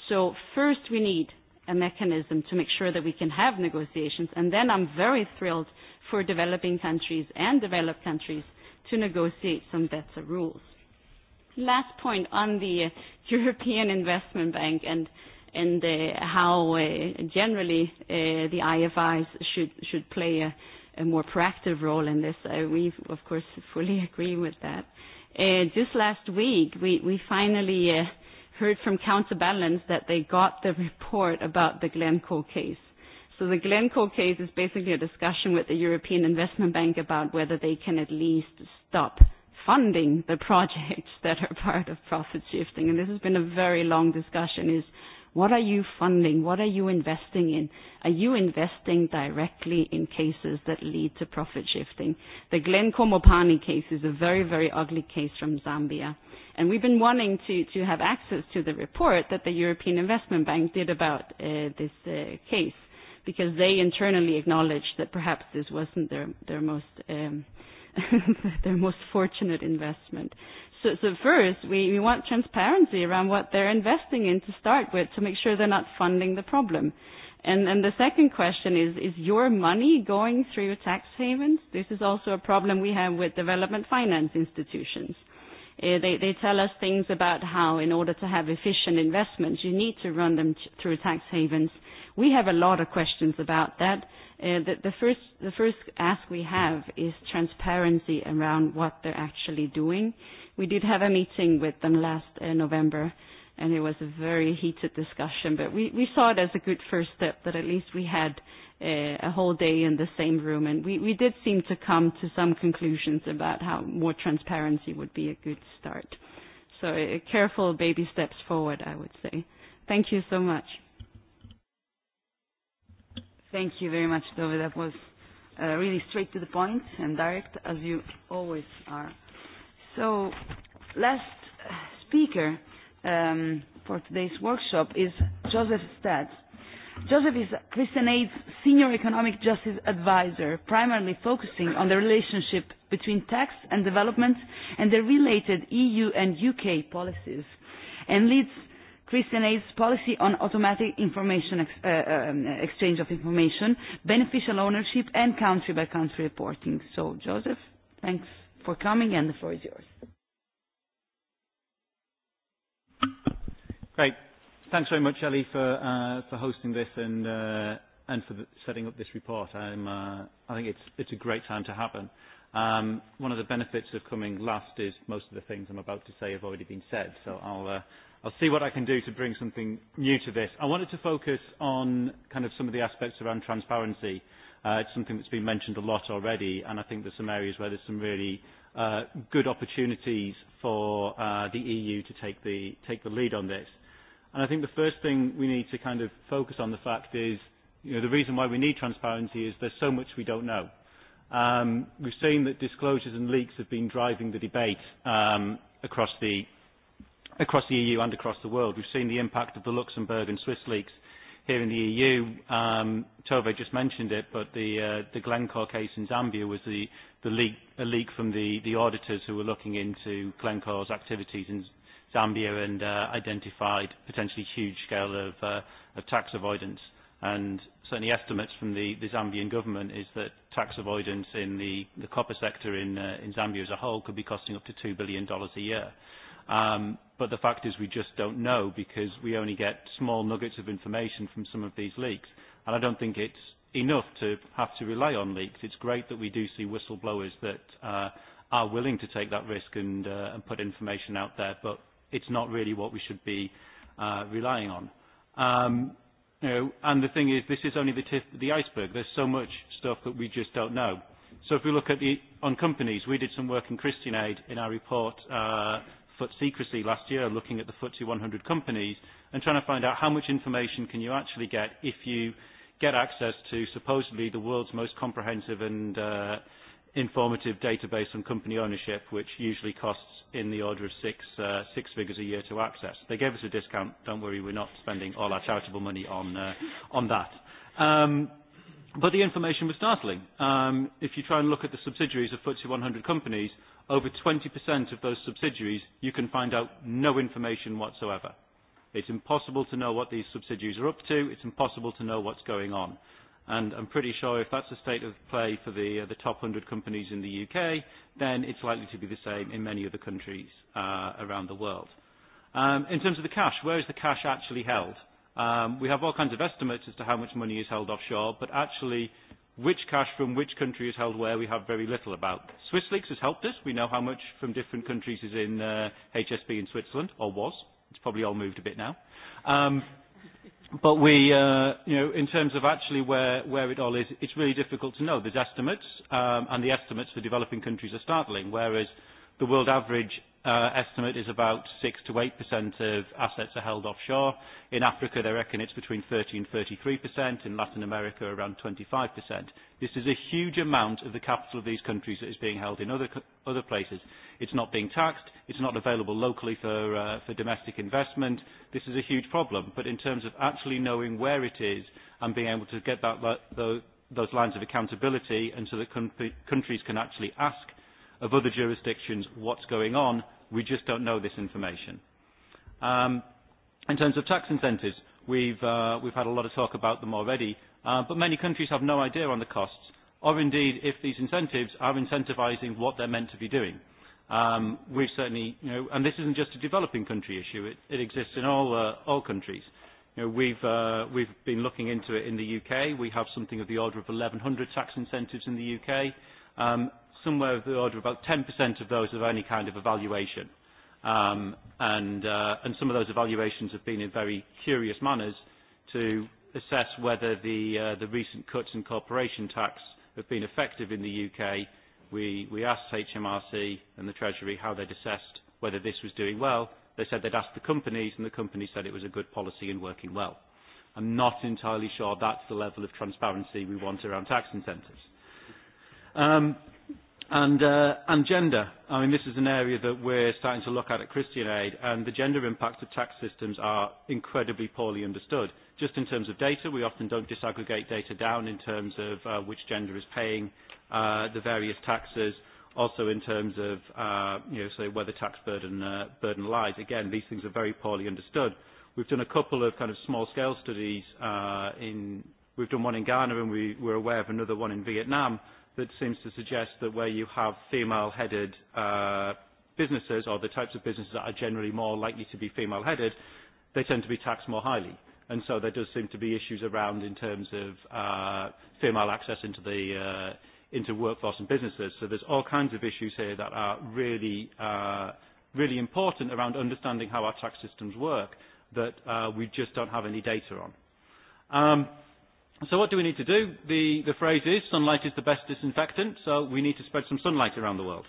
So first we need a mechanism to make sure that we can have negotiations, and then I'm very thrilled for developing countries and developed countries to negotiate some better rules. Last point on the European Investment Bank and and how generally the IFIs should should play a a more proactive role in this. We, of course, fully agree with that. Just last week, we we finally heard from Counterbalance that they got the report about the Glencoe case. So the Glencoe case is basically a discussion with the European Investment Bank about whether they can at least stop funding the projects that are part of profit shifting. And this has been a very long discussion. Is What are you funding? What are you investing in? Are you investing directly in cases that lead to profit shifting? The Glen Komopani case is a very, very ugly case from Zambia. And we've been wanting to, to have access to the report that the European Investment Bank did about this case because they internally acknowledged that perhaps this wasn't their, their most um, their most fortunate investment. So, so first, we, we want transparency around what they're investing in to start with to make sure they're not funding the problem. And, and the second question is, is your money going through tax havens? This is also a problem we have with development finance institutions. they, they tell us things about how in order to have efficient investments, you need to run them through tax havens. We have a lot of questions about that. the, the, first, the first ask we have is transparency around what they're actually doing. We did have a meeting with them last November, and it was a very heated discussion, but we we saw it as a good first step that at least we had a whole day in the same room, and we we did seem to come to some conclusions about how more transparency would be a good start. So careful baby steps forward, I would say. Thank you so much. Thank you very much, Dove. That was really straight to the point and direct, as you always are. So, last speaker um, for today's workshop is Joseph Stad. Joseph is Christian Aid's senior economic justice advisor, primarily focusing on the relationship between tax and development and the related EU and UK policies, and leads Christian Aid's policy on automatic information exchange of information, beneficial ownership, and country-by-country reporting. So, Joseph, thanks for coming, and the floor is yours. Great. Thanks very much, Ellie, for, uh, for hosting this and, uh, and for setting up this report. I'm, uh, I think it's, it's a great time to happen. Um, one of the benefits of coming last is most of the things I'm about to say have already been said, so I'll, uh, I'll see what I can do to bring something new to this. I wanted to focus on kind of some of the aspects around transparency It's something that's been mentioned a lot already, and I think there's some areas where there's some really good opportunities for the EU to take the take the lead on this. And I think the first thing we need to kind of focus on the fact is, you know, the reason why we need transparency is there's so much we don't know. Um, we've seen that disclosures and leaks have been driving the debate um, across the across the EU and across the world. We've seen the impact of the Luxembourg and Swiss leaks here in the EU. Um, Tove just mentioned it, but the, uh, the Glencore case in Zambia was the, the leak, a leak from the, the auditors who were looking into Glencore's activities in Zambia and uh, identified potentially huge scale of, uh, of tax avoidance. And certainly estimates from the, the Zambian government is that tax avoidance in the, the copper sector in, uh, in Zambia as a whole could be costing up to $2 billion a year. Um, But the fact is we just don't know because we only get small nuggets of information from some of these leaks. And I don't think it's enough to have to rely on leaks. It's great that we do see whistleblowers that are willing to take that risk and and put information out there, but it's not really what we should be relying on. Um, you know, and the thing is, this is only the tip of the iceberg. There's so much stuff that we just don't know. So if we look at the, on companies, we did some work in Christian Aid in our report foot secrecy last year, looking at the FTSE 100 companies and trying to find out how much information can you actually get if you get access to supposedly the world's most comprehensive and informative database on company ownership, which usually costs in the order of six, six figures a year to access. They gave us a discount. Don't worry, we're not spending all our charitable money on, on that. Um, but the information was startling. Um, if you try and look at the subsidiaries of FTSE 100 companies, over 20% of those subsidiaries, you can find out no information whatsoever. It's impossible to know what these subsidiaries are up to. It's impossible to know what's going on. And I'm pretty sure if that's the state of play for the, the top 100 companies in the UK, then it's likely to be the same in many other countries uh, around the world. Um, in terms of the cash, where is the cash actually held? Um, we have all kinds of estimates as to how much money is held offshore, but actually which cash from which country is held where we have very little about. SwissLeaks has helped us. We know how much from different countries is in HSB in Switzerland, or was. It's probably all moved a bit now. Um, but we, you know, in terms of actually where, where it all is, it's really difficult to know. There's estimates, um, and the estimates for developing countries are startling, whereas the world average estimate is about 6 to 8% of assets are held offshore. In Africa, they reckon it's between 30 and 33%. In Latin America, around 25%. This is a huge amount of the capital of these countries that is being held in other, other places. It's not being taxed. It's not available locally for, for domestic investment. This is a huge problem. But in terms of actually knowing where it is and being able to get that, those lines of accountability and so that countries can actually ask of other jurisdictions what's going on. We just don't know this information. Um, in terms of tax incentives, we've, uh, we've had a lot of talk about them already, uh, but many countries have no idea on the costs, or indeed if these incentives are incentivizing what they're meant to be doing. Um, we've certainly, you know, and this isn't just a developing country issue, it, it exists in all, uh, all countries. You know, we've, uh, we've been looking into it in the UK. We have something of the order of 1,100 tax incentives in the UK. Um, somewhere of the order of about 10% of those of any kind of evaluation. Um, and, and some of those evaluations have been in very curious manners to assess whether the, the recent cuts in corporation tax have been effective in the UK. We, we asked HMRC and the Treasury how they'd assessed whether this was doing well. They said they'd asked the companies, and the companies said it was a good policy and working well. I'm not entirely sure that's the level of transparency we want around tax incentives. Um, And, uh, and gender. I mean, this is an area that we're starting to look at at Christian Aid, and the gender impacts of tax systems are incredibly poorly understood. Just in terms of data, we often don't disaggregate data down in terms of uh, which gender is paying uh, the various taxes, also in terms of, uh, you know, say where the tax burden, uh, burden lies. Again, these things are very poorly understood. We've done a couple of kind of small-scale studies. Uh, in, we've done one in Ghana, and we were aware of another one in Vietnam, that seems to suggest that where you have female-headed uh businesses or the types of businesses that are generally more likely to be female-headed, they tend to be taxed more highly. And so there does seem to be issues around in terms of uh female access into the uh into workforce and businesses. So there's all kinds of issues here that are really, uh really important around understanding how our tax systems work that uh we just don't have any data on. Um, So what do we need to do? The, the phrase is sunlight is the best disinfectant, so we need to spread some sunlight around the world.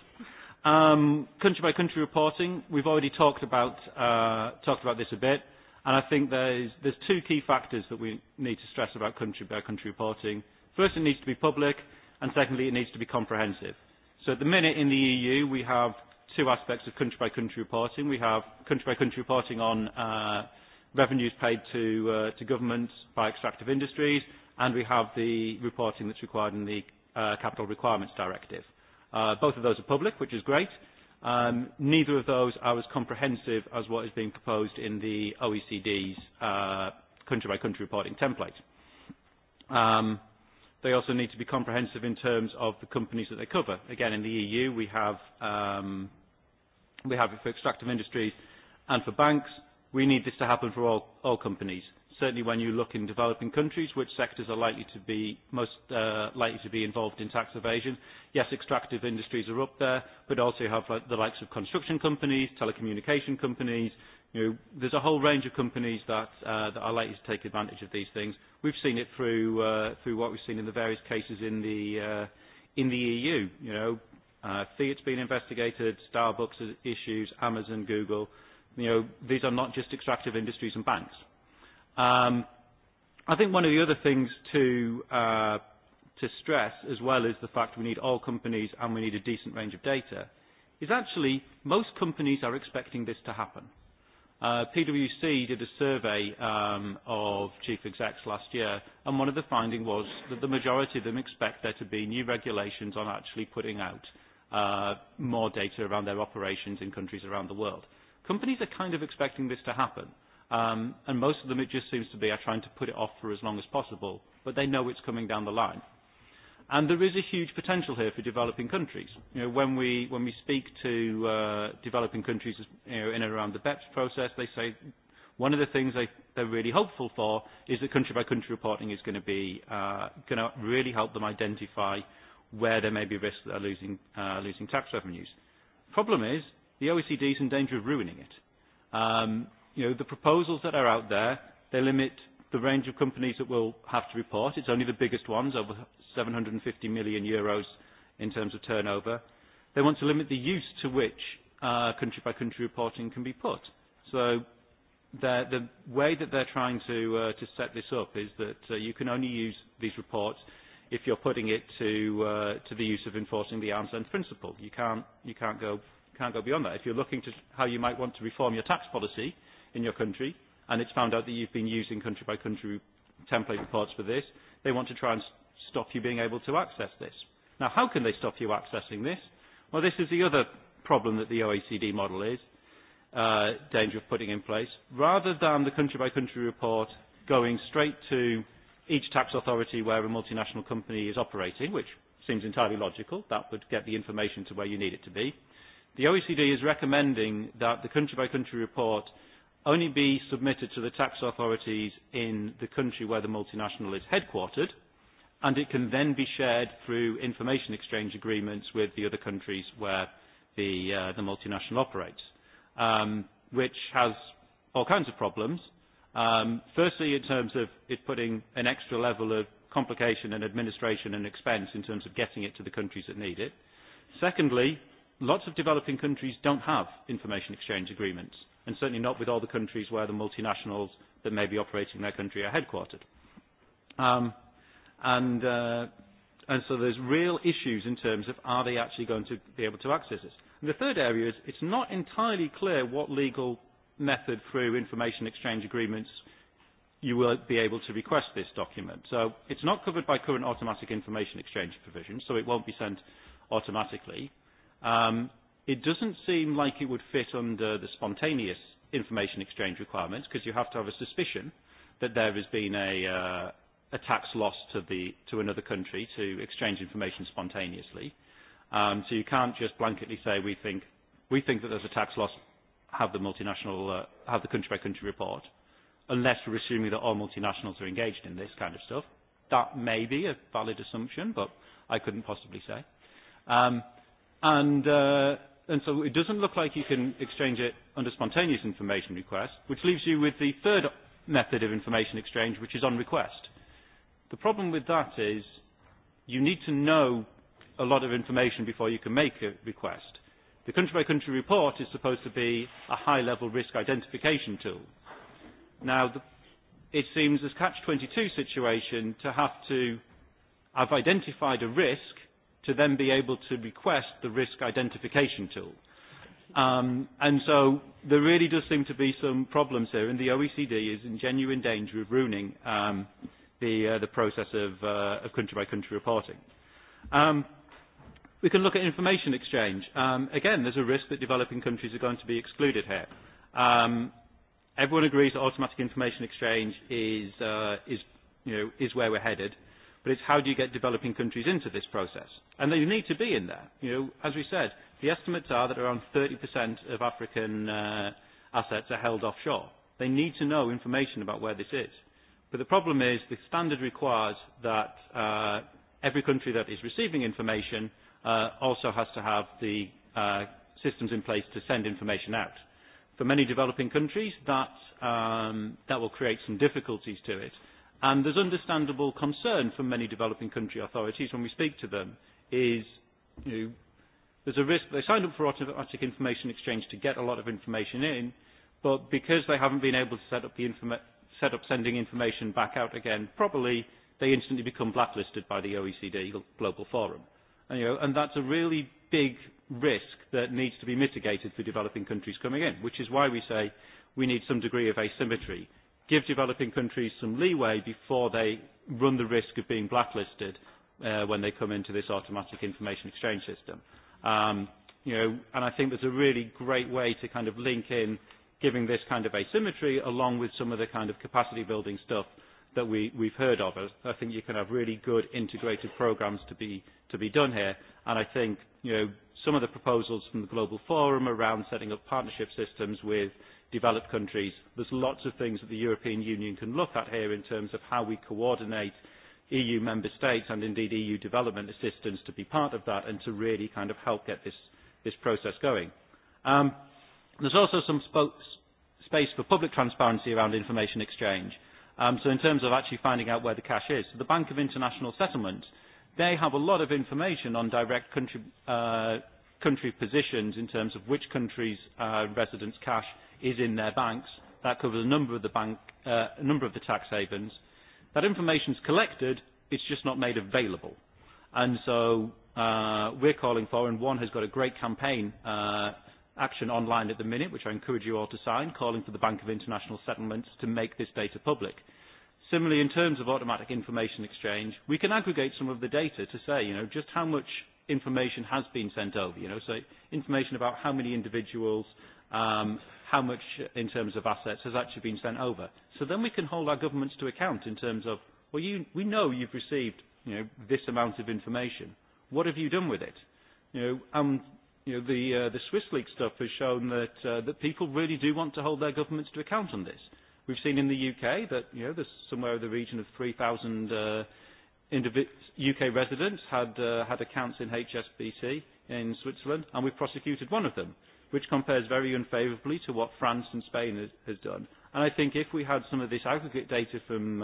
Um, country by country reporting, we've already talked about, uh, talked about this a bit, and I think there's, there's two key factors that we need to stress about country by country reporting. First, it needs to be public, and secondly, it needs to be comprehensive. So at the minute in the EU, we have two aspects of country by country reporting. We have country by country reporting on uh, revenues paid to, uh, to governments by extractive industries, and we have the reporting that's required in the Capital Requirements Directive. Both of those are public, which is great. Neither of those are as comprehensive as what is being proposed in the OECD's country-by-country reporting template. They also need to be comprehensive in terms of the companies that they cover. Again, in the EU, we have um we have it for extractive industries and for banks. We need this to happen for all companies certainly when you look in developing countries, which sectors are likely to be most likely to be involved in tax evasion. Yes, extractive industries are up there, but also you have the likes of construction companies, telecommunication companies. You know, there's a whole range of companies that, that are likely to take advantage of these things. We've seen it through, through what we've seen in the various cases in the, in the EU. You know, Fiat's been investigated, Starbucks issues, Amazon, Google. You know, these are not just extractive industries and banks Um, I think one of the other things to, uh, to stress as well as the fact we need all companies and we need a decent range of data is actually most companies are expecting this to happen. Uh, PwC did a survey um, of chief execs last year, and one of the findings was that the majority of them expect there to be new regulations on actually putting out uh, more data around their operations in countries around the world. Companies are kind of expecting this to happen. Um, and most of them, it just seems to be, are trying to put it off for as long as possible, but they know it's coming down the line. And there is a huge potential here for developing countries. You know, when we when we speak to uh, developing countries you know, in and around the BEPS process, they say one of the things they they're really hopeful for is that country by country reporting is going to be uh, going to really help them identify where there may be risks that are losing uh, losing tax revenues. Problem is the OECD is in danger of ruining it. Um, You know, the proposals that are out there, they limit the range of companies that will have to report. It's only the biggest ones, over 750 million euros in terms of turnover. They want to limit the use to which country-by-country reporting can be put. So the way that they're trying to to set this up is that you can only use these reports if you're putting it to uh to the use of enforcing the arm's length principle. You can't you can't go can't go beyond that. If you're looking to how you might want to reform your tax policy, in your country, and it's found out that you've been using country-by-country template reports for this, they want to try and stop you being able to access this. Now, how can they stop you accessing this? Well, this is the other problem that the OECD model is, uh, danger of putting in place. Rather than the country-by-country report going straight to each tax authority where a multinational company is operating, which seems entirely logical, that would get the information to where you need it to be, the OECD is recommending that the country-by-country report only be submitted to the tax authorities in the country where the multinational is headquartered, and it can then be shared through information exchange agreements with the other countries where the the multinational operates, um, which has all kinds of problems. Um, firstly, in terms of it putting an extra level of complication and administration and expense in terms of getting it to the countries that need it. Secondly, lots of developing countries don't have information exchange agreements and certainly not with all the countries where the multinationals that may be operating their country are headquartered. Um, and, uh, and so there's real issues in terms of are they actually going to be able to access this. And the third area is it's not entirely clear what legal method through information exchange agreements you will be able to request this document. So it's not covered by current automatic information exchange provisions, so it won't be sent automatically. Um, It doesn't seem like it would fit under the spontaneous information exchange requirements because you have to have a suspicion that there has been a, a tax loss to, the, to another country to exchange information spontaneously. Um, so you can't just blanketly say we think, we think that there's a tax loss, have the multinational, have the country by country report, unless we're assuming that all multinationals are engaged in this kind of stuff. That may be a valid assumption, but I couldn't possibly say. Um, and And so it doesn't look like you can exchange it under spontaneous information request, which leaves you with the third method of information exchange, which is on request. The problem with that is you need to know a lot of information before you can make a request. The country-by-country report is supposed to be a high-level risk identification tool. Now, it seems as catch-22 situation to have to have identified a risk to then be able to request the risk identification tool. Um, and so there really does seem to be some problems here, and the OECD is in genuine danger of ruining um, the, the process of, country-by-country reporting. Um, we can look at information exchange. Um, again, there's a risk that developing countries are going to be excluded here. Um, everyone agrees that automatic information exchange is, is, you know, is where we're headed, but it's how do you get developing countries into this process? And they need to be in there. You know, as we said, the estimates are that around 30% of African assets are held offshore. They need to know information about where this is. But the problem is the standard requires that every country that is receiving information also has to have the systems in place to send information out. For many developing countries, that, that will create some difficulties to it. And there's understandable concern from many developing country authorities when we speak to them is you there's a risk they signed up for automatic information exchange to get a lot of information in, but because they haven't been able to set up the set up sending information back out again properly, they instantly become blacklisted by the OECD Global Forum. And, you know, and that's a really big risk that needs to be mitigated for developing countries coming in, which is why we say we need some degree of asymmetry. Give developing countries some leeway before they run the risk of being blacklisted when they come into this automatic information exchange system. Um, you know, and I think there's a really great way to kind of link in giving this kind of asymmetry along with some of the kind of capacity building stuff that we, we've heard of. I think you can have really good integrated programs to be, to be done here. And I think, you know, some of the proposals from the Global Forum around setting up partnership systems with developed countries, there's lots of things that the European Union can look at here in terms of how we coordinate EU member states and indeed EU development assistance to be part of that and to really kind of help get this, this process going. Um, there's also some space for public transparency around information exchange. Um, so in terms of actually finding out where the cash is, so the Bank of International Settlements, they have a lot of information on direct country, uh, country positions in terms of which country's uh, residents' cash is in their banks. That covers a number of the, bank, a number of the tax havens That information is collected, it's just not made available. And so we're calling for, and one has got a great campaign action online at the minute, which I encourage you all to sign, calling for the Bank of International Settlements to make this data public. Similarly, in terms of automatic information exchange, we can aggregate some of the data to say, you know, just how much information has been sent over, you know, so information about how many individuals, um, how much in terms of assets has actually been sent over. So then we can hold our governments to account in terms of, well, you, we know you've received you know, this amount of information. What have you done with it? You know, um, you know, the, uh, the Swiss League stuff has shown that, uh, that people really do want to hold their governments to account on this. We've seen in the UK that you know, there's somewhere in the region of 3,000 uh, UK residents had, uh, had accounts in HSBC in Switzerland, and we've prosecuted one of them which compares very unfavourably to what France and Spain has done. And I think if we had some of this aggregate data from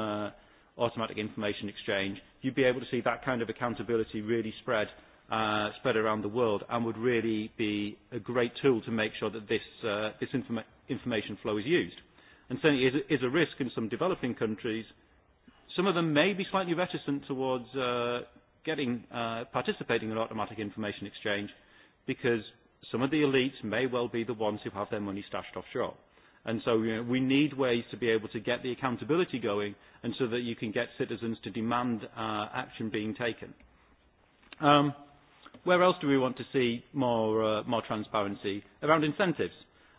automatic information exchange, you'd be able to see that kind of accountability really spread spread around the world and would really be a great tool to make sure that this this information flow is used. And certainly is a risk in some developing countries. Some of them may be slightly reticent towards getting participating in automatic information exchange because Some of the elites may well be the ones who have their money stashed offshore. And so we need ways to be able to get the accountability going and so that you can get citizens to demand action being taken. Um, where else do we want to see more, more transparency? Around incentives.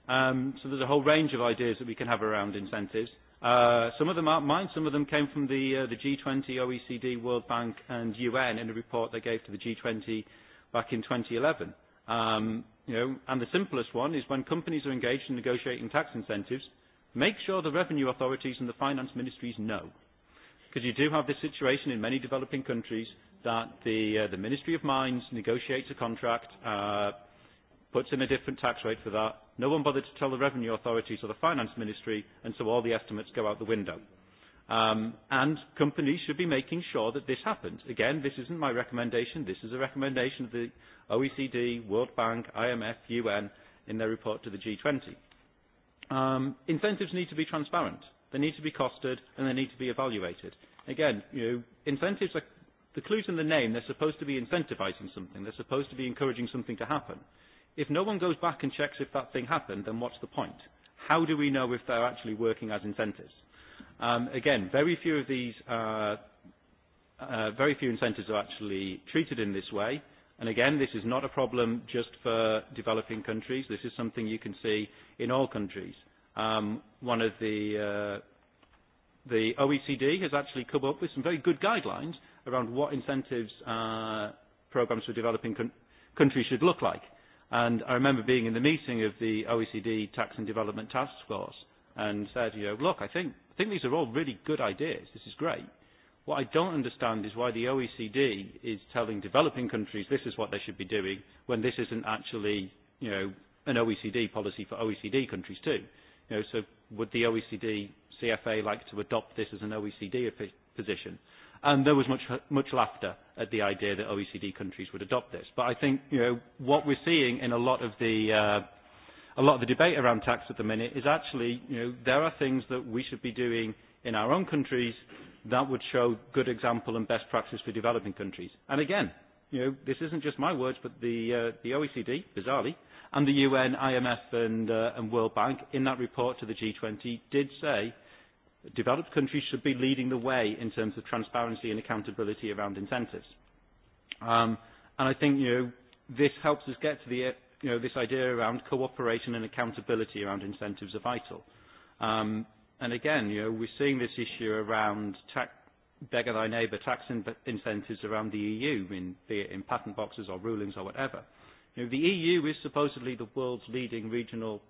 Um, so there's a whole range of ideas that we can have around incentives. Uh, some of them aren't mine. Some of them came from the, the G20, OECD, World Bank and UN in a report they gave to the G20 back in 2011. Um, and the simplest one is when companies are engaged in negotiating tax incentives, make sure the revenue authorities and the finance ministries know. Because you do have this situation in many developing countries that the, the Ministry of Mines negotiates a contract, uh, puts in a different tax rate for that. No one bothered to tell the revenue authorities or the finance ministry, and so all the estimates go out the window. Um And companies should be making sure that this happens. Again, this isn't my recommendation. This is a recommendation of the OECD, World Bank, IMF, UN in their report to the G20. Incentives need to be transparent. They need to be costed and they need to be evaluated. Again, you know incentives are the clues in the name. They're supposed to be incentivizing something. They're supposed to be encouraging something to happen. If no one goes back and checks if that thing happened, then what's the point? How do we know if they're actually working as incentives? Um, again, very few of these, uh, uh, very few incentives are actually treated in this way. And again, this is not a problem just for developing countries. This is something you can see in all countries. Um, one of the, uh, the OECD has actually come up with some very good guidelines around what incentives uh, programs for developing countries should look like. And I remember being in the meeting of the OECD Tax and Development Task Force and said, you know, look, I think think these are all really good ideas. This is great. What I don't understand is why the OECD is telling developing countries this is what they should be doing when this isn't actually, you know, an OECD policy for OECD countries too. You know, so would the OECD CFA like to adopt this as an OECD position? And there was much, much laughter at the idea that OECD countries would adopt this. But I think, you know, what we're seeing in a lot of the uh, a lot of the debate around tax at the minute is actually, you know, there are things that we should be doing in our own countries that would show good example and best practice for developing countries. And again, you know, this isn't just my words, but the, the OECD, bizarrely, and the UN, IMF and, and World Bank in that report to the G20 did say developed countries should be leading the way in terms of transparency and accountability around incentives. Um, and I think, you know, this helps us get to the you know, this idea around cooperation and accountability around incentives are vital. Um, and again, you know, we're seeing this issue around tax, beggar thy neighbour tax incentives around the EU, in, be it in patent boxes or rulings or whatever. You know, the EU is supposedly the world's leading regional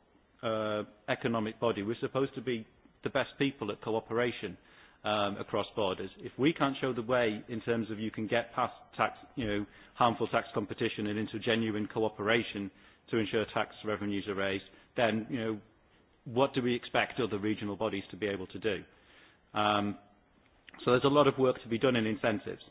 uh, economic body. We're supposed to be the best people at cooperation um, across borders. If we can't show the way in terms of you can get past tax, you know, harmful tax competition and into genuine cooperation to ensure tax revenues are raised, then you know, what do we expect other regional bodies to be able to do? Um, so there's a lot of work to be done in incentives.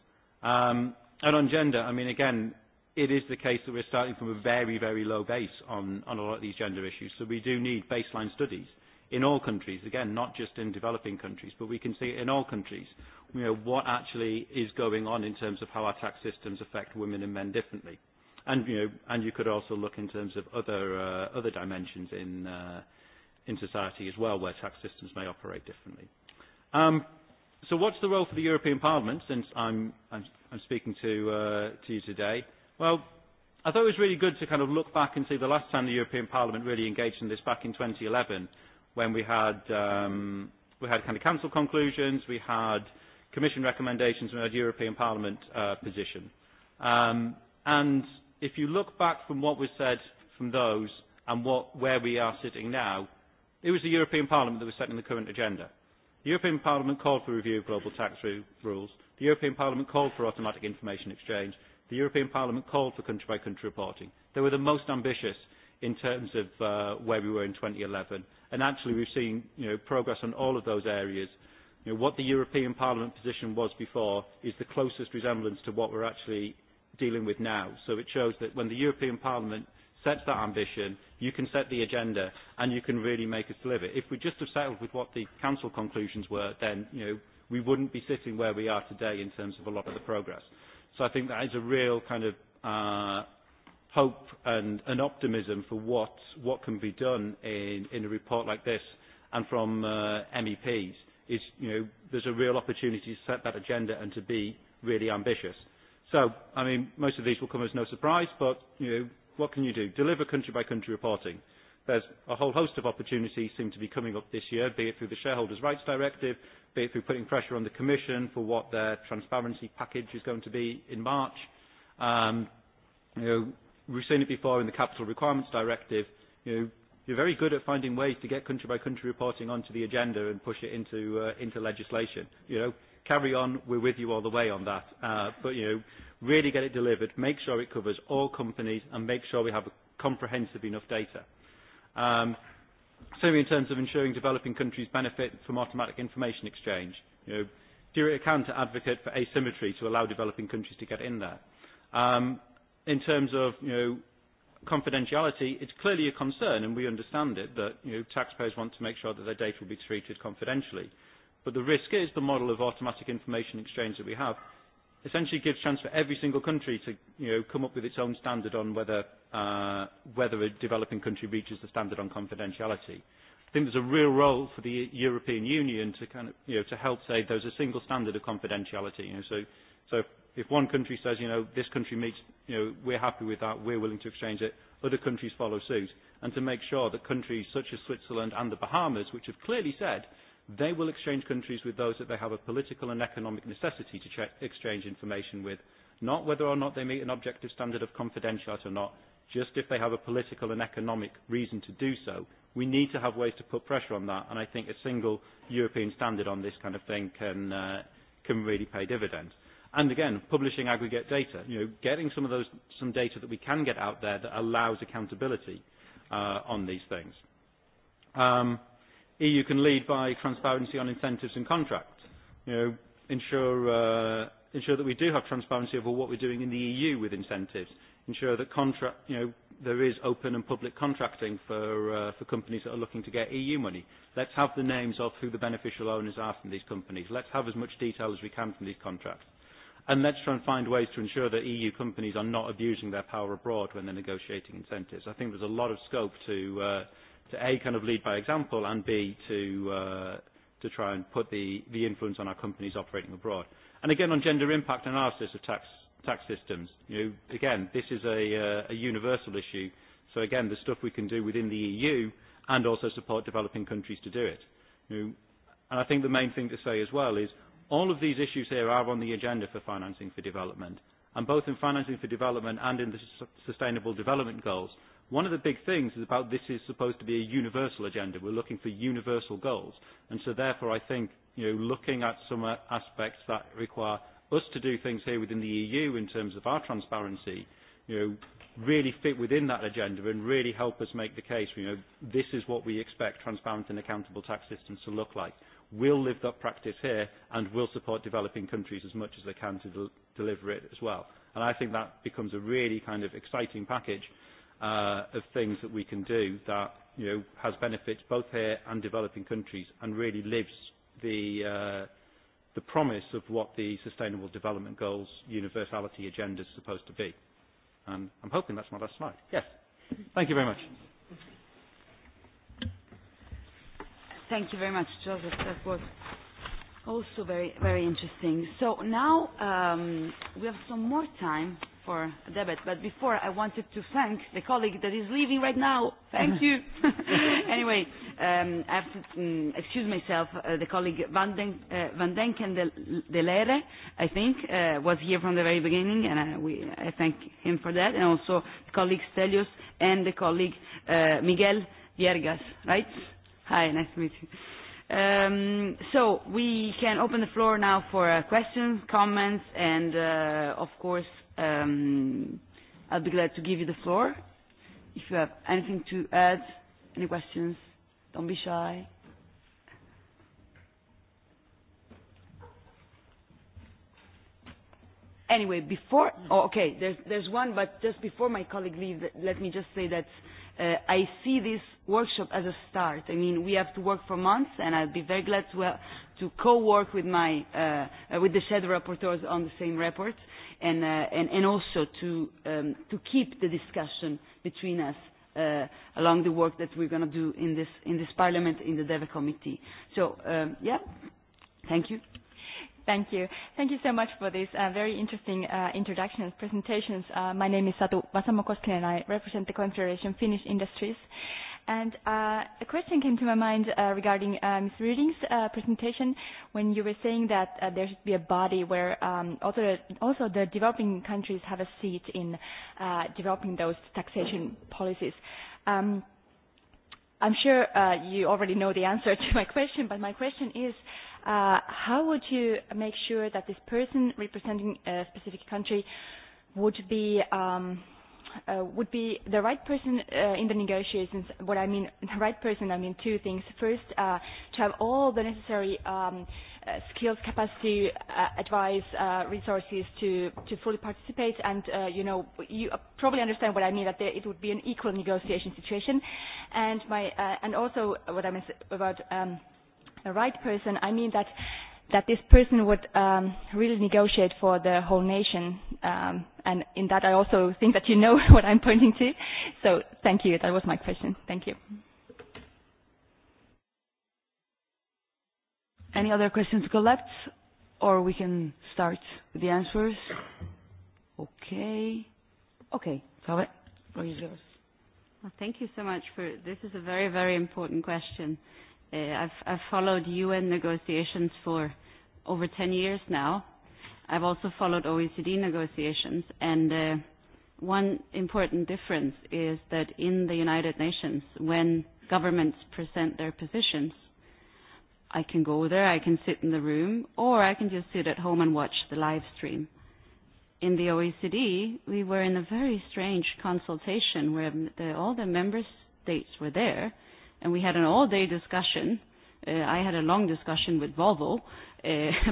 Um, and on gender, I mean, again, it is the case that we're starting from a very, very low base on, on a lot of these gender issues. So we do need baseline studies in all countries, again, not just in developing countries, but we can see in all countries you know, what actually is going on in terms of how our tax systems affect women and men differently. And, you know, and you could also look in terms of other, uh, other dimensions in, uh, in society as well where tax systems may operate differently. Um, so what's the role for the European Parliament since I'm, I'm, I'm speaking to, uh, to you today? Well, I thought it was really good to kind of look back and see the last time the European Parliament really engaged in this back in 2011 when we had um, we had kind of council conclusions, we had commission recommendations and had European Parliament uh, position. Um, and if you look back from what was said from those and what, where we are sitting now, it was the European Parliament that was setting the current agenda. The European Parliament called for review of global tax rules. The European Parliament called for automatic information exchange. The European Parliament called for country-by-country reporting. They were the most ambitious in terms of uh, where we were in 2011 and actually we've seen you know, progress on all of those areas. You know, what the European Parliament position was before is the closest resemblance to what we're actually dealing with now. So it shows that when the European Parliament sets that ambition, you can set the agenda and you can really make us deliver. If we just have settled with what the Council conclusions were, then you know, we wouldn't be sitting where we are today in terms of a lot of the progress. So I think that is a real kind of uh, hope and and optimism for what what can be done in in a report like this and from MEPs is you know there's a real opportunity to set that agenda and to be really ambitious. So I mean most of these will come as no surprise, but you know what can you do? Deliver country by country reporting. There's a whole host of opportunities seem to be coming up this year, be it through the Shareholders' Rights Directive, be it through putting pressure on the Commission for what their transparency package is going to be in March. Um, you know, We've seen it before in the Capital Requirements Directive. You know, you're very good at finding ways to get country by country reporting onto the agenda and push it into uh, into legislation. You know, carry on. We're with you all the way on that. Uh, but you know, really get it delivered. Make sure it covers all companies and make sure we have comprehensive enough data. Um, in terms of ensuring developing countries benefit from automatic information exchange, you know, do it account to advocate for asymmetry to allow developing countries to get in there. Um, in terms of you know confidentiality it's clearly a concern and we understand it that you know taxpayers want to make sure that their data will be treated confidentially but the risk is the model of automatic information exchange that we have essentially gives chance for every single country to you know come up with its own standard on whether uh, whether a developing country reaches the standard on confidentiality I think there's a real role for the European Union to kind of you know to help say there's a single standard of confidentiality you know so So if one country says, you know, this country meets, you know, we're happy with that, we're willing to exchange it, other countries follow suit. And to make sure that countries such as Switzerland and the Bahamas, which have clearly said they will exchange countries with those that they have a political and economic necessity to exchange information with, not whether or not they meet an objective standard of confidentiality or not, just if they have a political and economic reason to do so. We need to have ways to put pressure on that, and I think a single European standard on this kind of thing can, uh, can really pay dividends. And again, publishing aggregate data, you know, getting some of those, some data that we can get out there that allows accountability uh, on these things. Um, EU can lead by transparency on incentives and contracts. You know, ensure, uh, ensure that we do have transparency over what we're doing in the EU with incentives. Ensure that contract, you know, there is open and public contracting for, uh, for companies that are looking to get EU money. Let's have the names of who the beneficial owners are from these companies. Let's have as much detail as we can from these contracts And let's try and find ways to ensure that EU companies are not abusing their power abroad when they're negotiating incentives. I think there's a lot of scope to, to A, kind of lead by example, and B, to, to try and put the, the influence on our companies operating abroad. And again, on gender impact analysis of tax, systems, you know, again, this is a, a universal issue. So again, the stuff we can do within the EU and also support developing countries to do it. You know, and I think the main thing to say as well is All of these issues here are on the agenda for financing for development. And both in financing for development and in the sustainable development goals, one of the big things is about this is supposed to be a universal agenda. We're looking for universal goals. And so therefore I think you know, looking at some aspects that require us to do things here within the EU in terms of our transparency, you know, really fit within that agenda and really help us make the case, you know, this is what we expect transparent and accountable tax systems to look like will live that practice here and will support developing countries as much as they can to deliver it as well. And I think that becomes a really kind of exciting package of things that we can do that you know, has benefits both here and developing countries and really lives the, the promise of what the Sustainable Development Goals universality agenda is supposed to be. And I'm hoping that's my last slide. Yes. Thank you very much. Thank you very much, Joseph. That was also very, very interesting. So now um, we have some more time for a debate, but before I wanted to thank the colleague that is leaving right now. Thank you. anyway, um, I have to um, excuse myself. Uh, the colleague Van, Den, uh, Van Denken de Lere, I think, uh, was here from the very beginning, and I, we, I thank him for that, and also the colleague Stelios and the colleague uh, Miguel Viergas, right? Hi, nice to meet you. Um, so we can open the floor now for questions, comments, and of course, um, I'll be glad to give you the floor. If you have anything to add, any questions, don't be shy. Anyway, before, oh, okay, there's, there's one, but just before my colleague leaves, let me just say that I see this workshop as a start. I mean, we have to work for months, and I'd be very glad to, to co-work with my, uh, with the shadow rapporteurs on the same report, and, uh, and, and also to, um, to keep the discussion between us uh, along the work that we're going to do in this, in this parliament, in the DEVA committee. So, um, yeah, thank you. Thank you. Thank you so much for this uh, very interesting uh, introduction and presentations. Uh, my name is Satu Vasamo and I represent the Confederation Finnish Industries. And a question came to my mind regarding Ms. Ruding's presentation when you were saying that there should be a body where also the developing countries have a seat in developing those taxation policies. Um, I'm sure you already know the answer to my question, but my question is, how would you make sure that this person representing a specific country would be would be the right person in the negotiations. What I mean, the right person, I mean two things. First, to have all the necessary skills, capacity, advice, resources to to fully participate. And you know, you probably understand what I mean that it would be an equal negotiation situation. And my and also what I mean about the right person, I mean that that this person would um, really negotiate for the whole nation. Um, and in that, I also think that you know what I'm pointing to. So thank you. That was my question. Thank you. Any other questions collect? Or we can start with the answers. Okay. Okay. Sorry. is yours? Well, thank you so much for, this is a very, very important question. I've I've followed UN negotiations for over 10 years now. I've also followed OECD negotiations and one important difference is that in the United Nations when governments present their positions I can go there, I can sit in the room or I can just sit at home and watch the live stream. In the OECD we were in a very strange consultation where all the member states were there and we had an all-day discussion. I had a long discussion with Volvo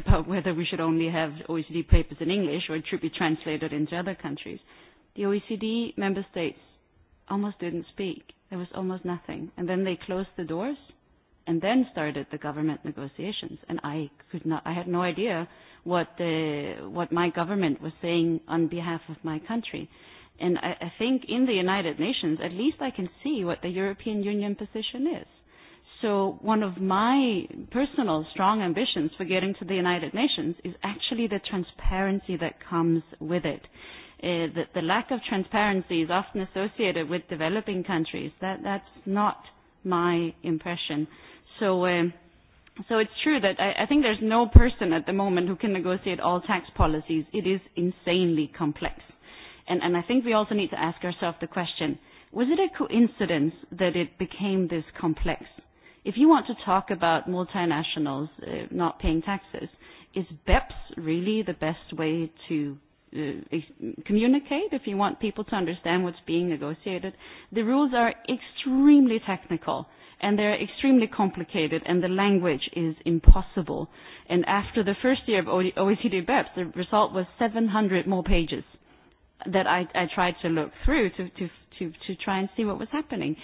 about whether we should only have OECD papers in English or it should be translated into other countries. The OECD member states almost didn't speak. There was almost nothing. And then they closed the doors and then started the government negotiations. And I could not, I had no idea what, what my government was saying on behalf of my country. And I, I think in the United Nations, at least I can see what the European Union position is. So one of my personal strong ambitions for getting to the United Nations is actually the transparency that comes with it. The, the lack of transparency is often associated with developing countries. That, that's not my impression. So, so it's true that I, I think there's no person at the moment who can negotiate all tax policies. It is insanely complex. And, and I think we also need to ask ourselves the question, was it a coincidence that it became this complex? If you want to talk about multinationals not paying taxes, is BEPS really the best way to communicate if you want people to understand what's being negotiated? The rules are extremely technical and they're extremely complicated and the language is impossible. And after the first year of OECD BEPS, the result was 700 more pages that I, I tried to look through to, to, to, to try and see what was happening.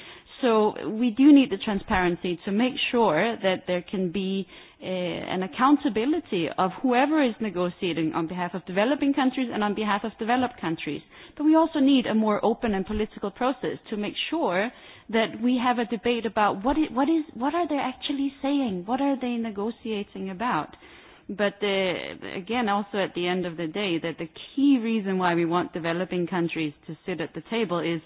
So we do need the transparency to make sure that there can be an accountability of whoever is negotiating on behalf of developing countries and on behalf of developed countries. But we also need a more open and political process to make sure that we have a debate about what, what, is, what are they actually saying, what are they negotiating about But again, also at the end of the day, that the key reason why we want developing countries to sit at the table is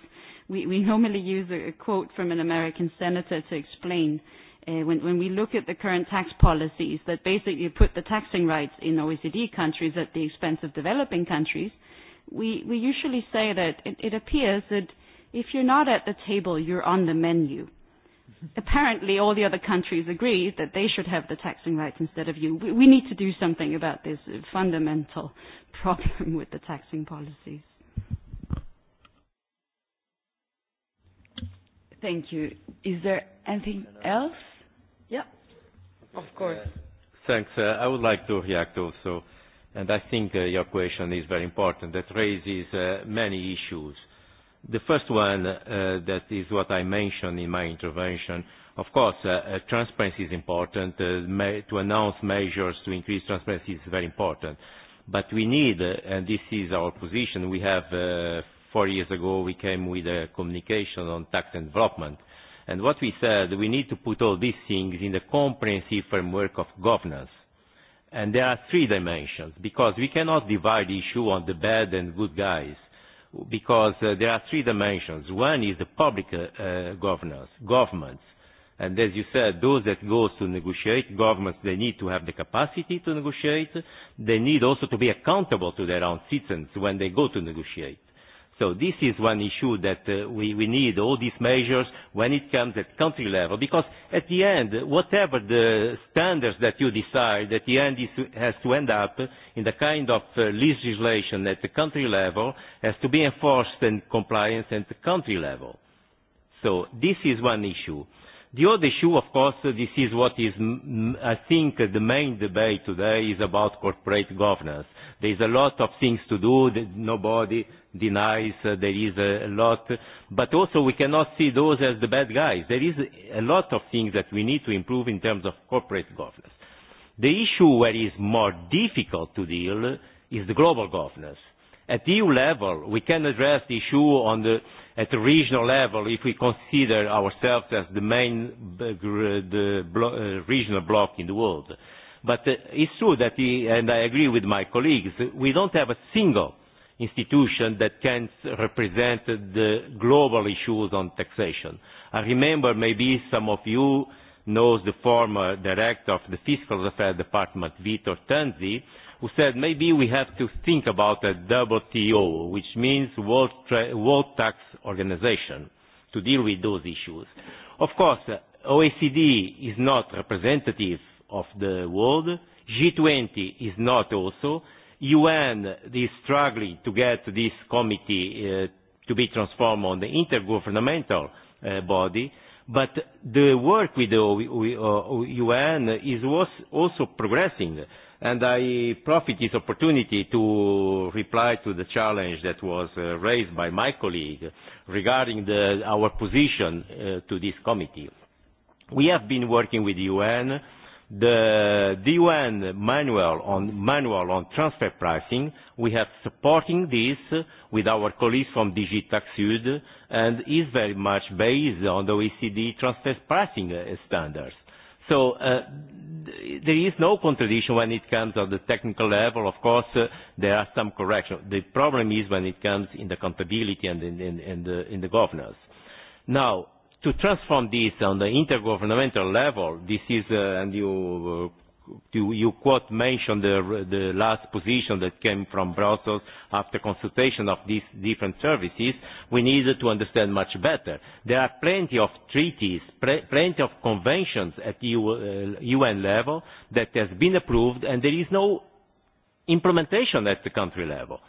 we we normally use a quote from an American senator to explain when when we look at the current tax policies that basically put the taxing rights in OECD countries at the expense of developing countries, we we usually say that it appears that if you're not at the table, you're on the menu apparently all the other countries agree that they should have the taxing rights instead of you. We need to do something about this fundamental problem with the taxing policies. Thank you. Is there anything else? Yeah, of course. Thanks. I would like to react also. And I think your question is very important. That raises many issues The first one that is what I mentioned in my intervention. Of course, transparency is important. To announce measures to increase transparency is very important. But we need, and this is our position, we have four years ago we came with a communication on tax development. And what we said, we need to put all these things in the comprehensive framework of governance. And there are three dimensions, because we cannot divide the issue on the bad and good guys because there are three dimensions. One is the public governance, governments. And as you said, those that go to negotiate, governments, they need to have the capacity to negotiate. They need also to be accountable to their own citizens when they go to negotiate. So this is one issue that we, need all these measures when it comes at country level, because at the end, whatever the standards that you decide, at the end it has to end up in the kind of legislation at the country level, has to be enforced and compliance at the country level. So this is one issue. The other issue, of course, this is what is, I think, the main debate today is about corporate governance. There is a lot of things to do that nobody denies there is a lot but also we cannot see those as the bad guys there is a lot of things that we need to improve in terms of corporate governance the issue where is more difficult to deal is the global governance at eu level we can address the issue on the at the regional level if we consider ourselves as the main regional bloc in the world but it's true that and i agree with my colleagues we don't have a single institution that can represent the global issues on taxation. I remember maybe some of you knows the former director of the Fiscal Affairs Department, Vitor Tanzi, who said maybe we have to think about a WTO, which means World Tax Organization, to deal with those issues. Of course, OECD is not representative of the world, G20 is not also, UN is struggling to get this committee to be transformed on the intergovernmental body, but the work with the UN is also progressing, and I profit this opportunity to reply to the challenge that was raised by my colleague regarding the our position to this committee. We have been working with the UN the D1 manual on manual on transfer pricing. We have supporting this with our colleagues from DigiTaxud and is very much based on the OECD transfer pricing standards. So there is no contradiction when it comes to the technical level. Of course, there are some corrections. The problem is when it comes in the accountability and in the governance. Now, to transform this on the intergovernmental level, this is, and you, you quote mentioned the, the last position that came from Brussels after consultation of these different services, we need to understand much better. There are plenty of treaties, plenty of conventions at UN level that has been approved and there is no implementation at the country level.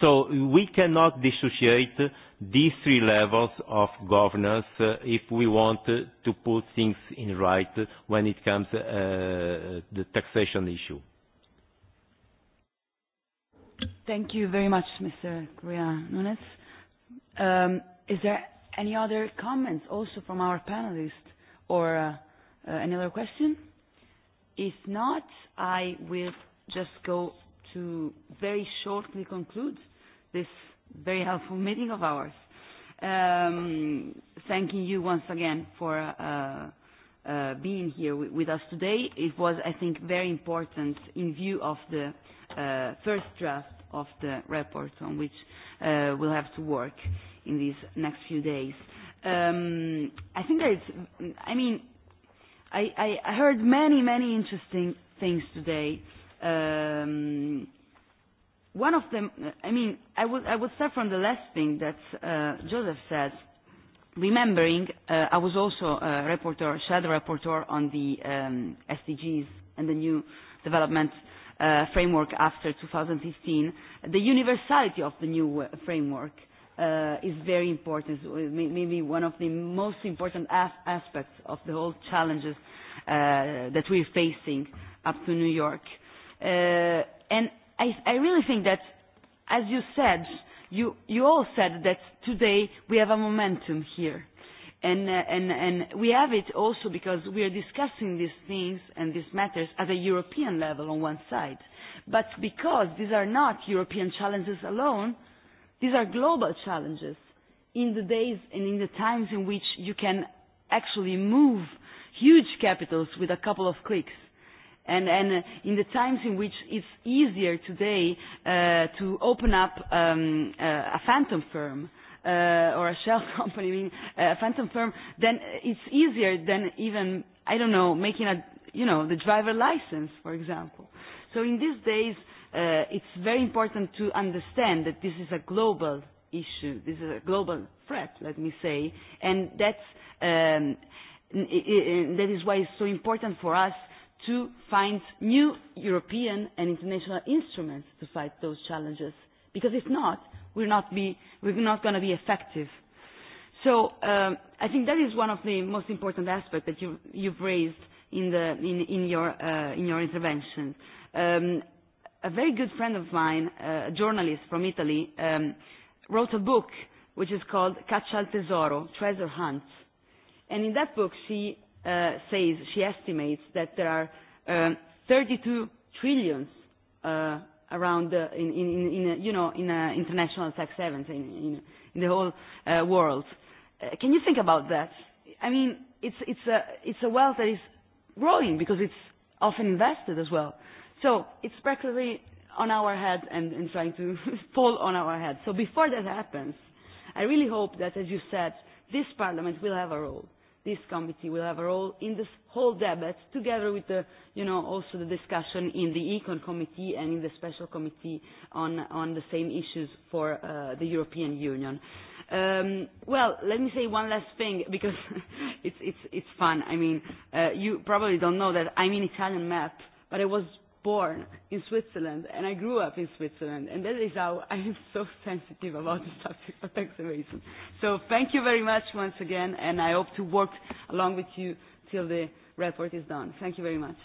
So we cannot dissociate these three levels of governance if we want to put things in right when it comes to the taxation issue. Thank you very much, Mr. Correa Nunes. is there any other comments also from our panelists or any other question? If not, I will just go to very shortly conclude this very helpful meeting of ours. Um, thanking you once again for uh, uh, being here with us today. It was, I think, very important in view of the uh, first draft of the report on which uh, we'll have to work in these next few days. Um, I think that it's, I mean, I, I heard many, many interesting things today Um, one of them, I mean, I would, I would start from the last thing that Joseph said. Remembering, uh, I was also a reporter, shadow reporter on the um, SDGs and the new development framework after 2015. The universality of the new framework is very important, maybe one of the most important aspects of the whole challenges that we are facing up to New York. And I really think that, as you said, you you all said that today we have a momentum here, and and and we have it also because we are discussing these things and these matters at a European level on one side, but because these are not European challenges alone, these are global challenges. In the days and in the times in which you can actually move huge capitals with a couple of clicks and and in the times in which it's easier today to open up a phantom firm or a shell company, I mean, a phantom firm, then it's easier than even, I don't know, making a, you know, the driver license, for example. So in these days, it's very important to understand that this is a global issue, this is a global threat, let me say, and that's, that is why it's so important for us to find new European and international instruments to fight those challenges, because if not, we're not be we're not going to be effective. So I think that is one of the most important aspects that you you've raised in the in in your in your intervention. A very good friend of mine, a journalist from Italy, wrote a book which is called Caccia al Tesoro, Treasure Hunt. And in that book she says she estimates that there are 32 trillions around in in in you know in international tax havens in in the whole world. Can you think about that? I mean, it's it's a it's a wealth that is growing because it's often invested as well. So it's practically on our head and, and trying to fall on our head. So before that happens, I really hope that, as you said, this Parliament will have a role this committee will have a role in this whole debate, together with the, you know, also the discussion in the Econ Committee and in the Special Committee on on the same issues for the European Union. Um, well, let me say one last thing because it's it's it's fun. I mean, you probably don't know that I'm in Italian map, but I was born in Switzerland and I grew up in Switzerland and that is how I am so sensitive about the topic of taxation. So thank you very much once again and I hope to work along with you till the report is done. Thank you very much.